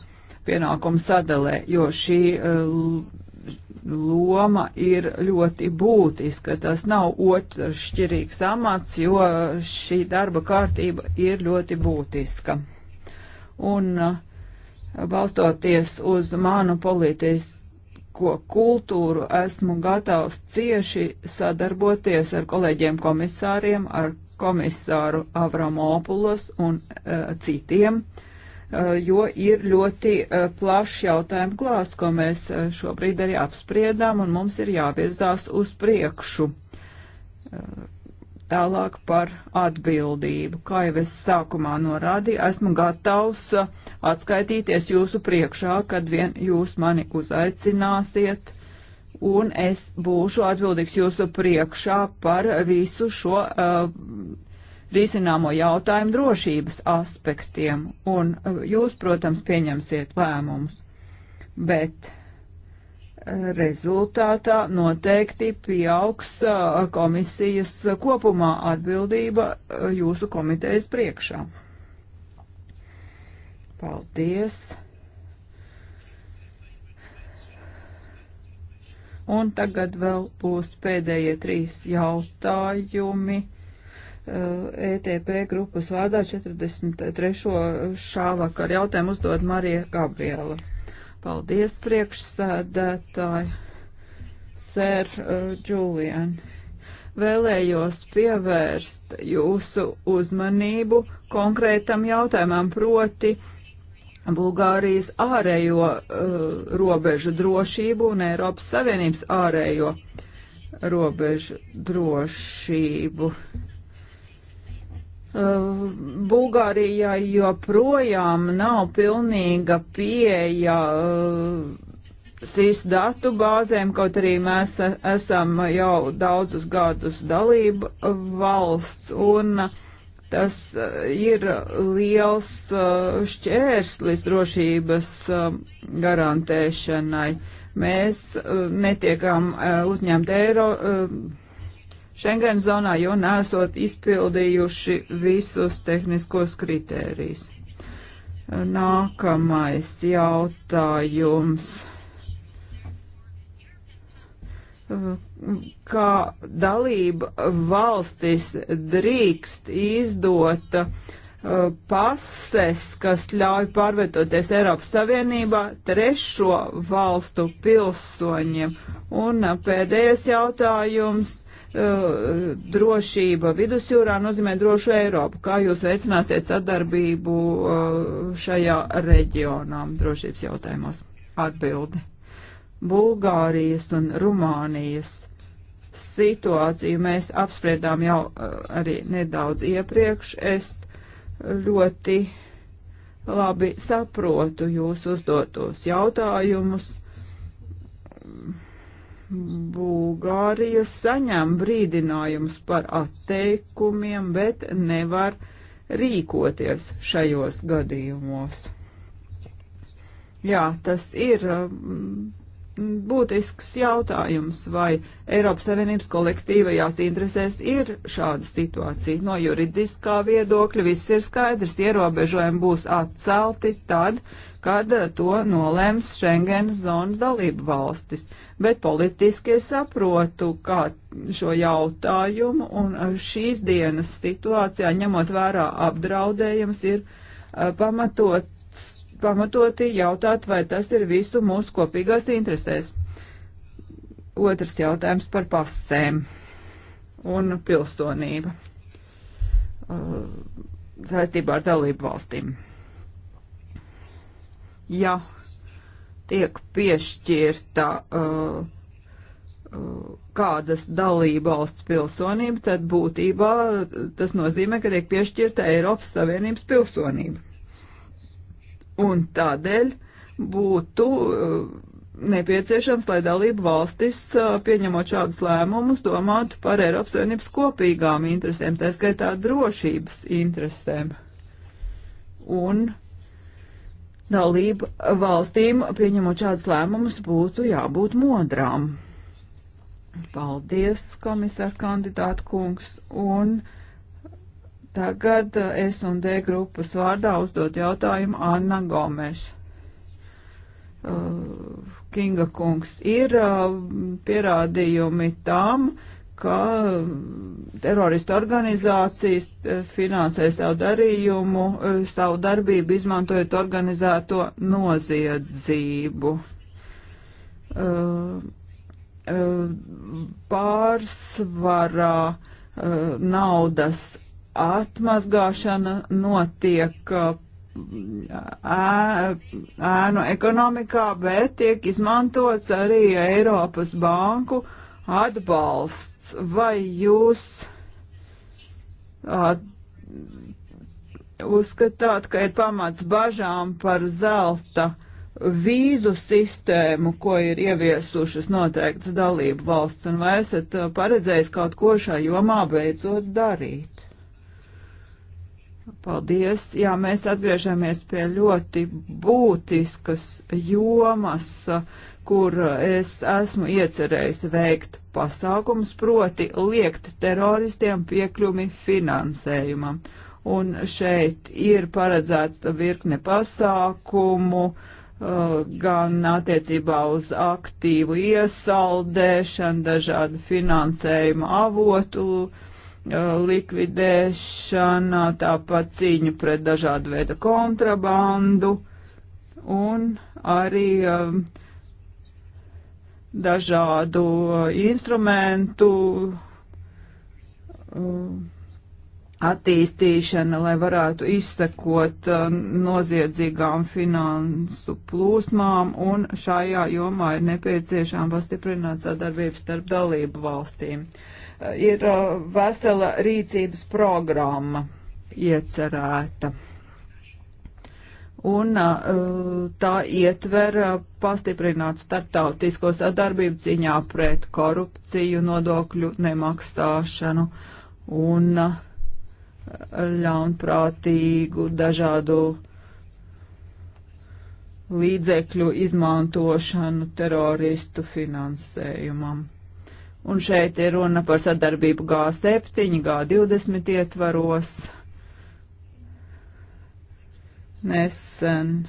pienākuma sadalē, jo šī uh, loma ir ļoti būtiska. Tas nav otršķirīgs amats, jo šī darba kārtība ir ļoti būtiska. Un uh, balstoties uz manu politisko kultūru, esmu gatavs cieši sadarboties ar kolēģiem komisāriem, ar komisāru Avramopulos un uh, citiem uh, Eh, jo ir ļoti eh, plašs jautājumu klāsts, ko mēs eh, šobrīd arī apspriedām, un mums ir jāvirzās uz priekšu. Tālāk par atbildību. Kā jau es sākumā norādīju, esmu gatavs atskaitīties jūsu priekšā, kad vien jūs mani uzaicināsiet un es būšu atbildīgs jūsu priekšā par visu šo uh, risināmo jautājumu drošības aspektiem, un uh, jūs, protams, pieņemsiet lēmumus, bet uh, rezultātā noteikti pieaugs uh, komisijas kopumā atbildība jūsu komitejas priekšā. Paldies! Un tagad vēl būs pēdējie trīs jautājumi. ETP grupas vārdā 43. šāvakar jautājumu uzdod Marija Gabriela. Paldies, priekšsēdētāji, Sēr Džulien. Uh, Vēlējos pievērst jūsu uzmanību konkrētam jautājumam, proti Bulgārijas ārējo uh, robežu drošību un Eiropas Savienības ārējo robežu drošību. Uh, Eh, Bulgārijai joprojām nav pilnīga pieeja eh, SIS datu bāzēm, kaut arī mēs e-, esam jau daudzus gadus dalība eh, valsts, un tas ir liels šķērslis drošības garantēšanai. Mēs netiekam uzņemt eiro Schengen zonā, jo nesot izpildījuši visus tehniskos kritērijus. Nākamais jautājums. Kā dalība valstis drīkst izdot uh, pases, kas ļauj pārvietoties Eiropas Savienībā trešo valstu pilsoņiem? Un uh, pēdējais jautājums Eh, drošība vidusjūrā nozīmē drošu Eiropu. Kā jūs veicināsiet sadarbību eh, šajā reģionā drošības jautājumos? Atbildi. Bulgārijas un Rumānijas situāciju mēs apspriedām jau eh, arī nedaudz iepriekš. Es ļoti labi saprotu jūs uzdotos jautājumus. Mm Bulgārija saņem brīdinājumus par atteikumiem, bet nevar rīkoties šajos gadījumos. Jā, tas ir būtisks jautājums, vai Eiropas Savienības kolektīvajās interesēs ir šāda situācija. No juridiskā viedokļa viss ir skaidrs, ierobežojumi būs atcelti tad, kad to nolems Schengens zonas dalību valstis. Bet politiski es saprotu, kā šo jautājumu un šīs dienas situācijā, ņemot vērā apdraudējums, ir eh, pamatot pamatoti jautāt, vai tas ir visu mūsu kopīgās interesēs. Otrs jautājums par pasēm un pilsonību uh, saistībā ar dalību valstīm. Ja tiek piešķirta uh, uh kādas dalība valsts pilsonība, tad būtībā tas nozīmē, ka tiek piešķirta Eiropas Savienības pilsonība. Un tādēļ būtu eh, nepieciešams, lai dalību valstis, eh, pieņemot šādus lēmumus, domātu par Eiropas Savienības kopīgām interesēm, tā skaitā drošības interesēm. Un dalību valstīm, pieņemot šādus lēmumus, būtu jābūt modrām. Paldies, komisāra kandidāta kungs, un Tagad eh, S un D grupas vārdā uzdot jautājumu Anna Gomeša. Eh, Kinga kungs ir eh, pierādījumi tam, ka teroristu organizācijas finansē savu darījumu, savu darbību izmantojot organizēto noziedzību. Pārsvarā naudas atmazgāšana notiek uh, ēnu ekonomikā, bet tiek izmantots arī Eiropas banku atbalsts. Vai jūs at, uh, uzskatāt, ka ir pamats bažām par zelta vīzu sistēmu, ko ir ieviesušas noteikts dalību valsts, un vai esat uh, paredzējis kaut ko šajā jomā beidzot darīt? Paldies! Jā, mēs atgriežamies pie ļoti būtiskas jomas, kur es esmu iecerējis veikt pasākums, proti liekt teroristiem piekļumi finansējumam. Un šeit ir paredzēta virkne pasākumu, uh, gan attiecībā uz aktīvu iesaldēšanu, dažādu finansējumu avotu, uh, likvidēšana, tāpat cīņu pret dažādu veidu kontrabandu un arī um, dažādu uh, instrumentu um, attīstīšana, lai varētu izsekot um, noziedzīgām finansu plūsmām, un šajā jomā ir nepieciešām pastiprināt sadarbības starp dalību valstīm. Uh, ir uh, vesela rīcības programma iecerēta. Un uh, tā ietver uh, pastiprināt starptautisko sadarbību ciņā pret korupciju, nodokļu nemaksāšanu un ļaunprātīgu dažādu līdzekļu izmantošanu teroristu finansējumam. Un šeit ir runa par sadarbību G7, G20 ietvaros. Nesen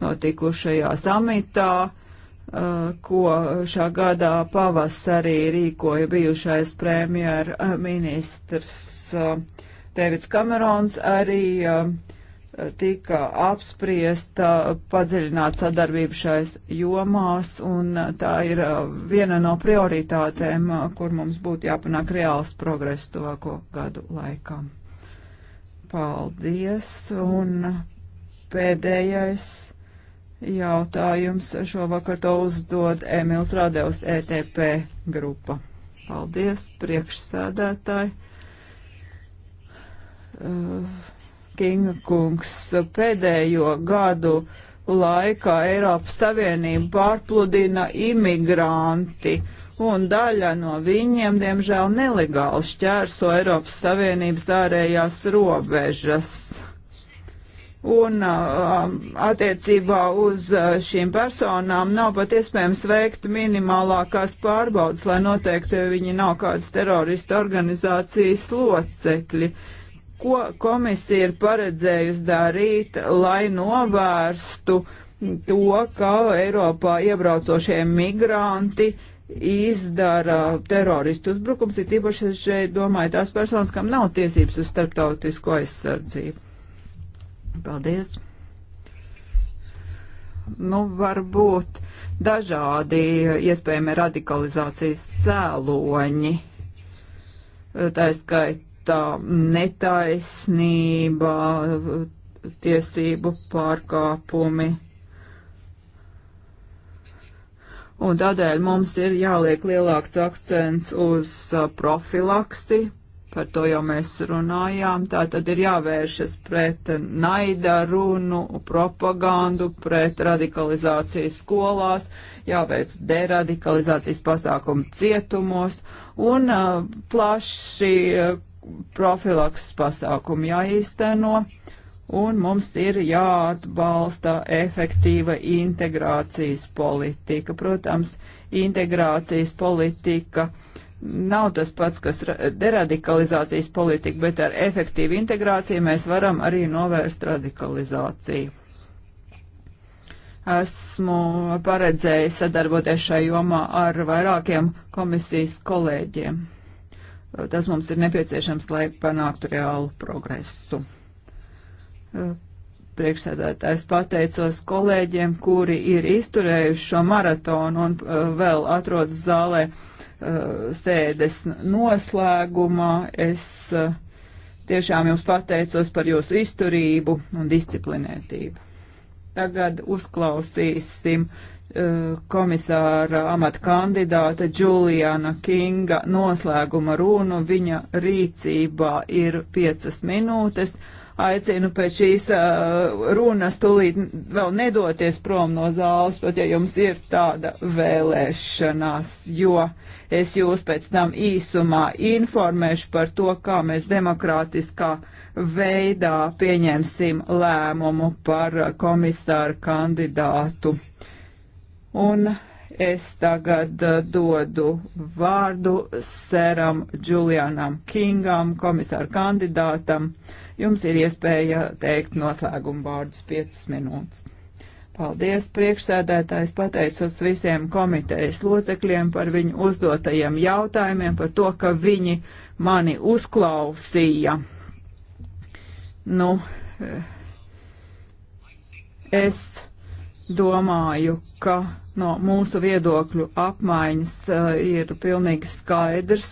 notikušajā samitā, uh, ko šā gadā pavasarī rīkoja bijušais premjerministrs uh, Davids Kamerons, arī uh, tika apspriesta padziļināt sadarbību šais jomās, un tā ir uh, viena no prioritātēm, uh, kur mums būtu jāpanāk reāls progress tuvāko gadu laikā. Paldies, un pēdējais jautājums šovakar to uzdod Emils Radevs ETP grupa. Paldies, priekšsēdētāji. Uh, Kinga kungs, pēdējo gadu laikā Eiropas Savienību pārpludina imigranti, un daļa no viņiem, diemžēl, nelegāli šķērso Eiropas Savienības ārējās robežas. Un um, attiecībā uz uh, šīm personām nav pat iespējams veikt minimālākās pārbaudas, lai noteikti viņi nav kādas teroristu organizācijas locekļi. Uh, ko komisija ir paredzējusi darīt, lai novērstu to, ka Eiropā iebraucošie migranti izdara teroristu uzbrukums, ir tīpaši es šeit domāju tās personas, kam nav tiesības uz starptautisko aizsardzību. Paldies! Nu, varbūt dažādi iespējami radikalizācijas cēloņi. Tā skaitā tā netaisnība, tiesību pārkāpumi. Un tādēļ mums ir jāliek lielāks akcents uz uh, profilaksi, par to jau mēs runājām. Tā tad ir jāvēršas pret naida runu, propagandu, pret radikalizāciju skolās, jāveic deradikalizācijas pasākumu cietumos un uh, plaši. Uh, profilaks pasākumi jāīsteno, un mums ir jāatbalsta efektīva integrācijas politika. Protams, integrācijas politika nav tas pats, kas deradikalizācijas politika, bet ar efektīvu integrāciju mēs varam arī novērst radikalizāciju. Esmu paredzējis sadarboties šai jomā ar vairākiem komisijas kolēģiem. Tas mums ir nepieciešams, lai panāktu reālu progresu. Priekšsēdētājs pateicos kolēģiem, kuri ir izturējuši šo maratonu un vēl atrodas zālē sēdes noslēgumā. Es tiešām jums pateicos par jūsu izturību un disciplinētību. Tagad uzklausīsim komisāra amata kandidāta Džuliana Kinga noslēguma runu. Viņa rīcībā ir piecas minūtes. Aicinu pēc šīs runas tulīt vēl nedoties prom no zāles, pat ja jums ir tāda vēlēšanās, jo es jūs pēc tam īsumā informēšu par to, kā mēs demokrātiskā veidā pieņemsim lēmumu par komisāru kandidātu. Uh, Un es tagad uh, dodu vārdu Sēram Julianam Kingam, komisāru kandidātam. Jums ir iespēja teikt noslēgumu vārdus 5 minūtes. Paldies, priekšsēdētājs, pateicos visiem komitejas locekļiem par viņu uzdotajiem jautājumiem, par to, ka viņi mani uzklausīja. Nu, eh, es domāju, ka no mūsu viedokļu apmaiņas uh, ir pilnīgi skaidrs,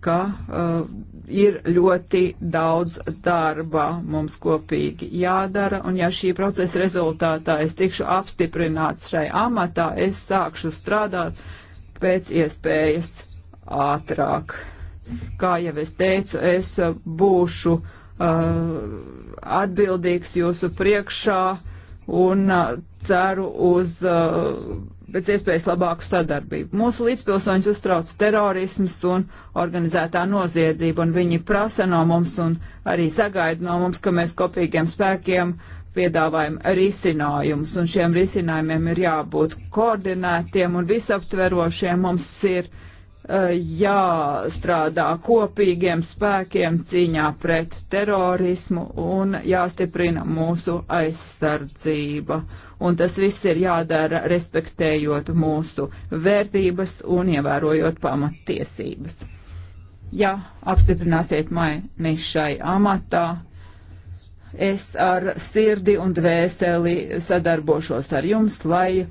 ka uh, ir ļoti daudz darba mums kopīgi jādara, un ja šī procesa rezultātā es tikšu apstiprināts šai amatā, es sākšu strādāt pēc iespējas ātrāk. Kā jau es teicu, es būšu uh, atbildīgs jūsu priekšā un ceru uz pēc iespējas labāku sadarbību. Mūsu līdzpilsoņus uztrauc terorisms un organizētā noziedzība, un viņi prasa no mums un arī sagaida no mums, ka mēs kopīgiem spēkiem piedāvājam risinājumus, un šiem risinājumiem ir jābūt koordinētiem un visaptverošiem. Mums ir uh, jāstrādā kopīgiem spēkiem cīņā pret terorismu un jāstiprina mūsu aizsardzība. Un tas viss ir jādara respektējot mūsu vērtības un ievērojot pamattiesības. Ja apstiprināsiet mani šai amatā, es ar sirdi un dvēseli sadarbošos ar jums, lai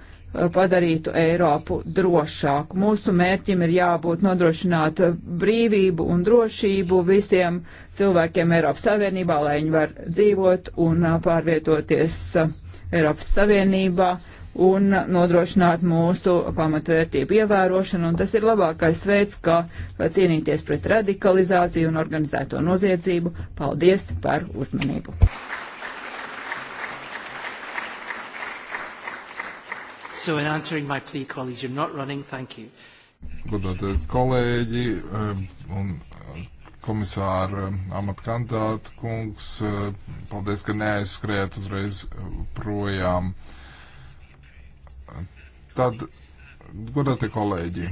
padarītu Eiropu drošāku. Mūsu mērķim ir jābūt nodrošināt brīvību un drošību visiem cilvēkiem Eiropas Savienībā, lai viņi var dzīvot un pārvietoties Eiropas Savienībā un nodrošināt mūsu pamatvērtību ievērošanu, un tas ir labākais veids, kā cīnīties pret radikalizāciju un organizēto noziedzību. Paldies par uzmanību! So in answering my plea, colleagues, you're not running, thank you. Godātie kolēģi um, un uh, komisāra um, amatkandidāta kungs, uh, paldies, ka neaizskrējāt uzreiz uh, projām. Tad, godātie kolēģi,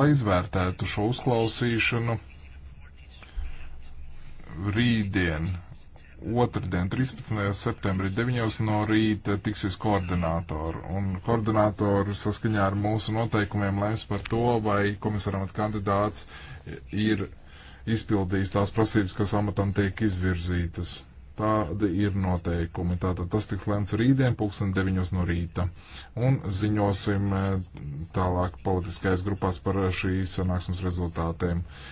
lai izvērtētu šo uzklausīšanu, rītdien otrdien, 13. septembrī, 9. no rīta tiksies koordinātori. Un koordinātori saskaņā ar mūsu noteikumiem lems par to, vai komisaram kandidāts ir izpildījis tās prasības, kas amatam tiek izvirzītas. Tādi ir noteikumi. Tātad tas tiks lēmts rītdien, pulksten 9 no rīta. Un ziņosim eh, tālāk politiskais grupās par šīs sanāksmes rezultātiem. Uh,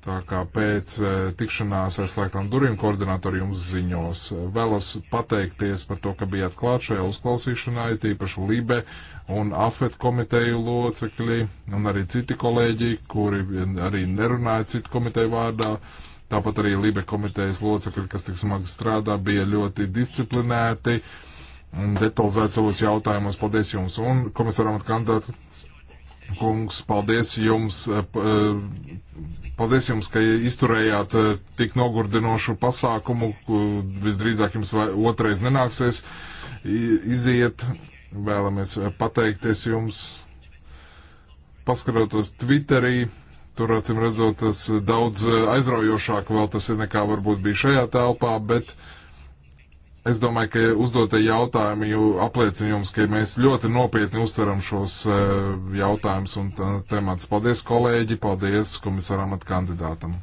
Tā kā pēc eh, tikšanās ar slēgtām durvīm koordinatori jums ziņos. Vēlos pateikties par to, ka bijāt klāt šajā uzklausīšanā, tīpaši Libe un AFET komiteju locekļi un arī citi kolēģi, kuri arī nerunāja citu komiteju vārdā. Tāpat arī Libe komitejas locekļi, kas tik smagi strādā, bija ļoti disciplinēti un detalizēti savos jautājumos. Paldies jums un komisaram atkandāt. Kungs, paldies jums. Uh, Paldies jums, ka izturējāt eh, tik nogurdinošu pasākumu. Visdrīzāk jums otrais nenāksies iziet. Vēlamies eh, pateikties jums. Paskatoties Twitterī, tur acīm redzot, tas eh, daudz aizraujošāk vēl tas ir nekā varbūt bija šajā telpā, bet uh, Es domāju, ka uzdotie jautājumi jau apliecina jums, ka mēs ļoti nopietni uztveram šos e, jautājumus un temats. Paldies, kolēģi, paldies komisaram at kandidātam.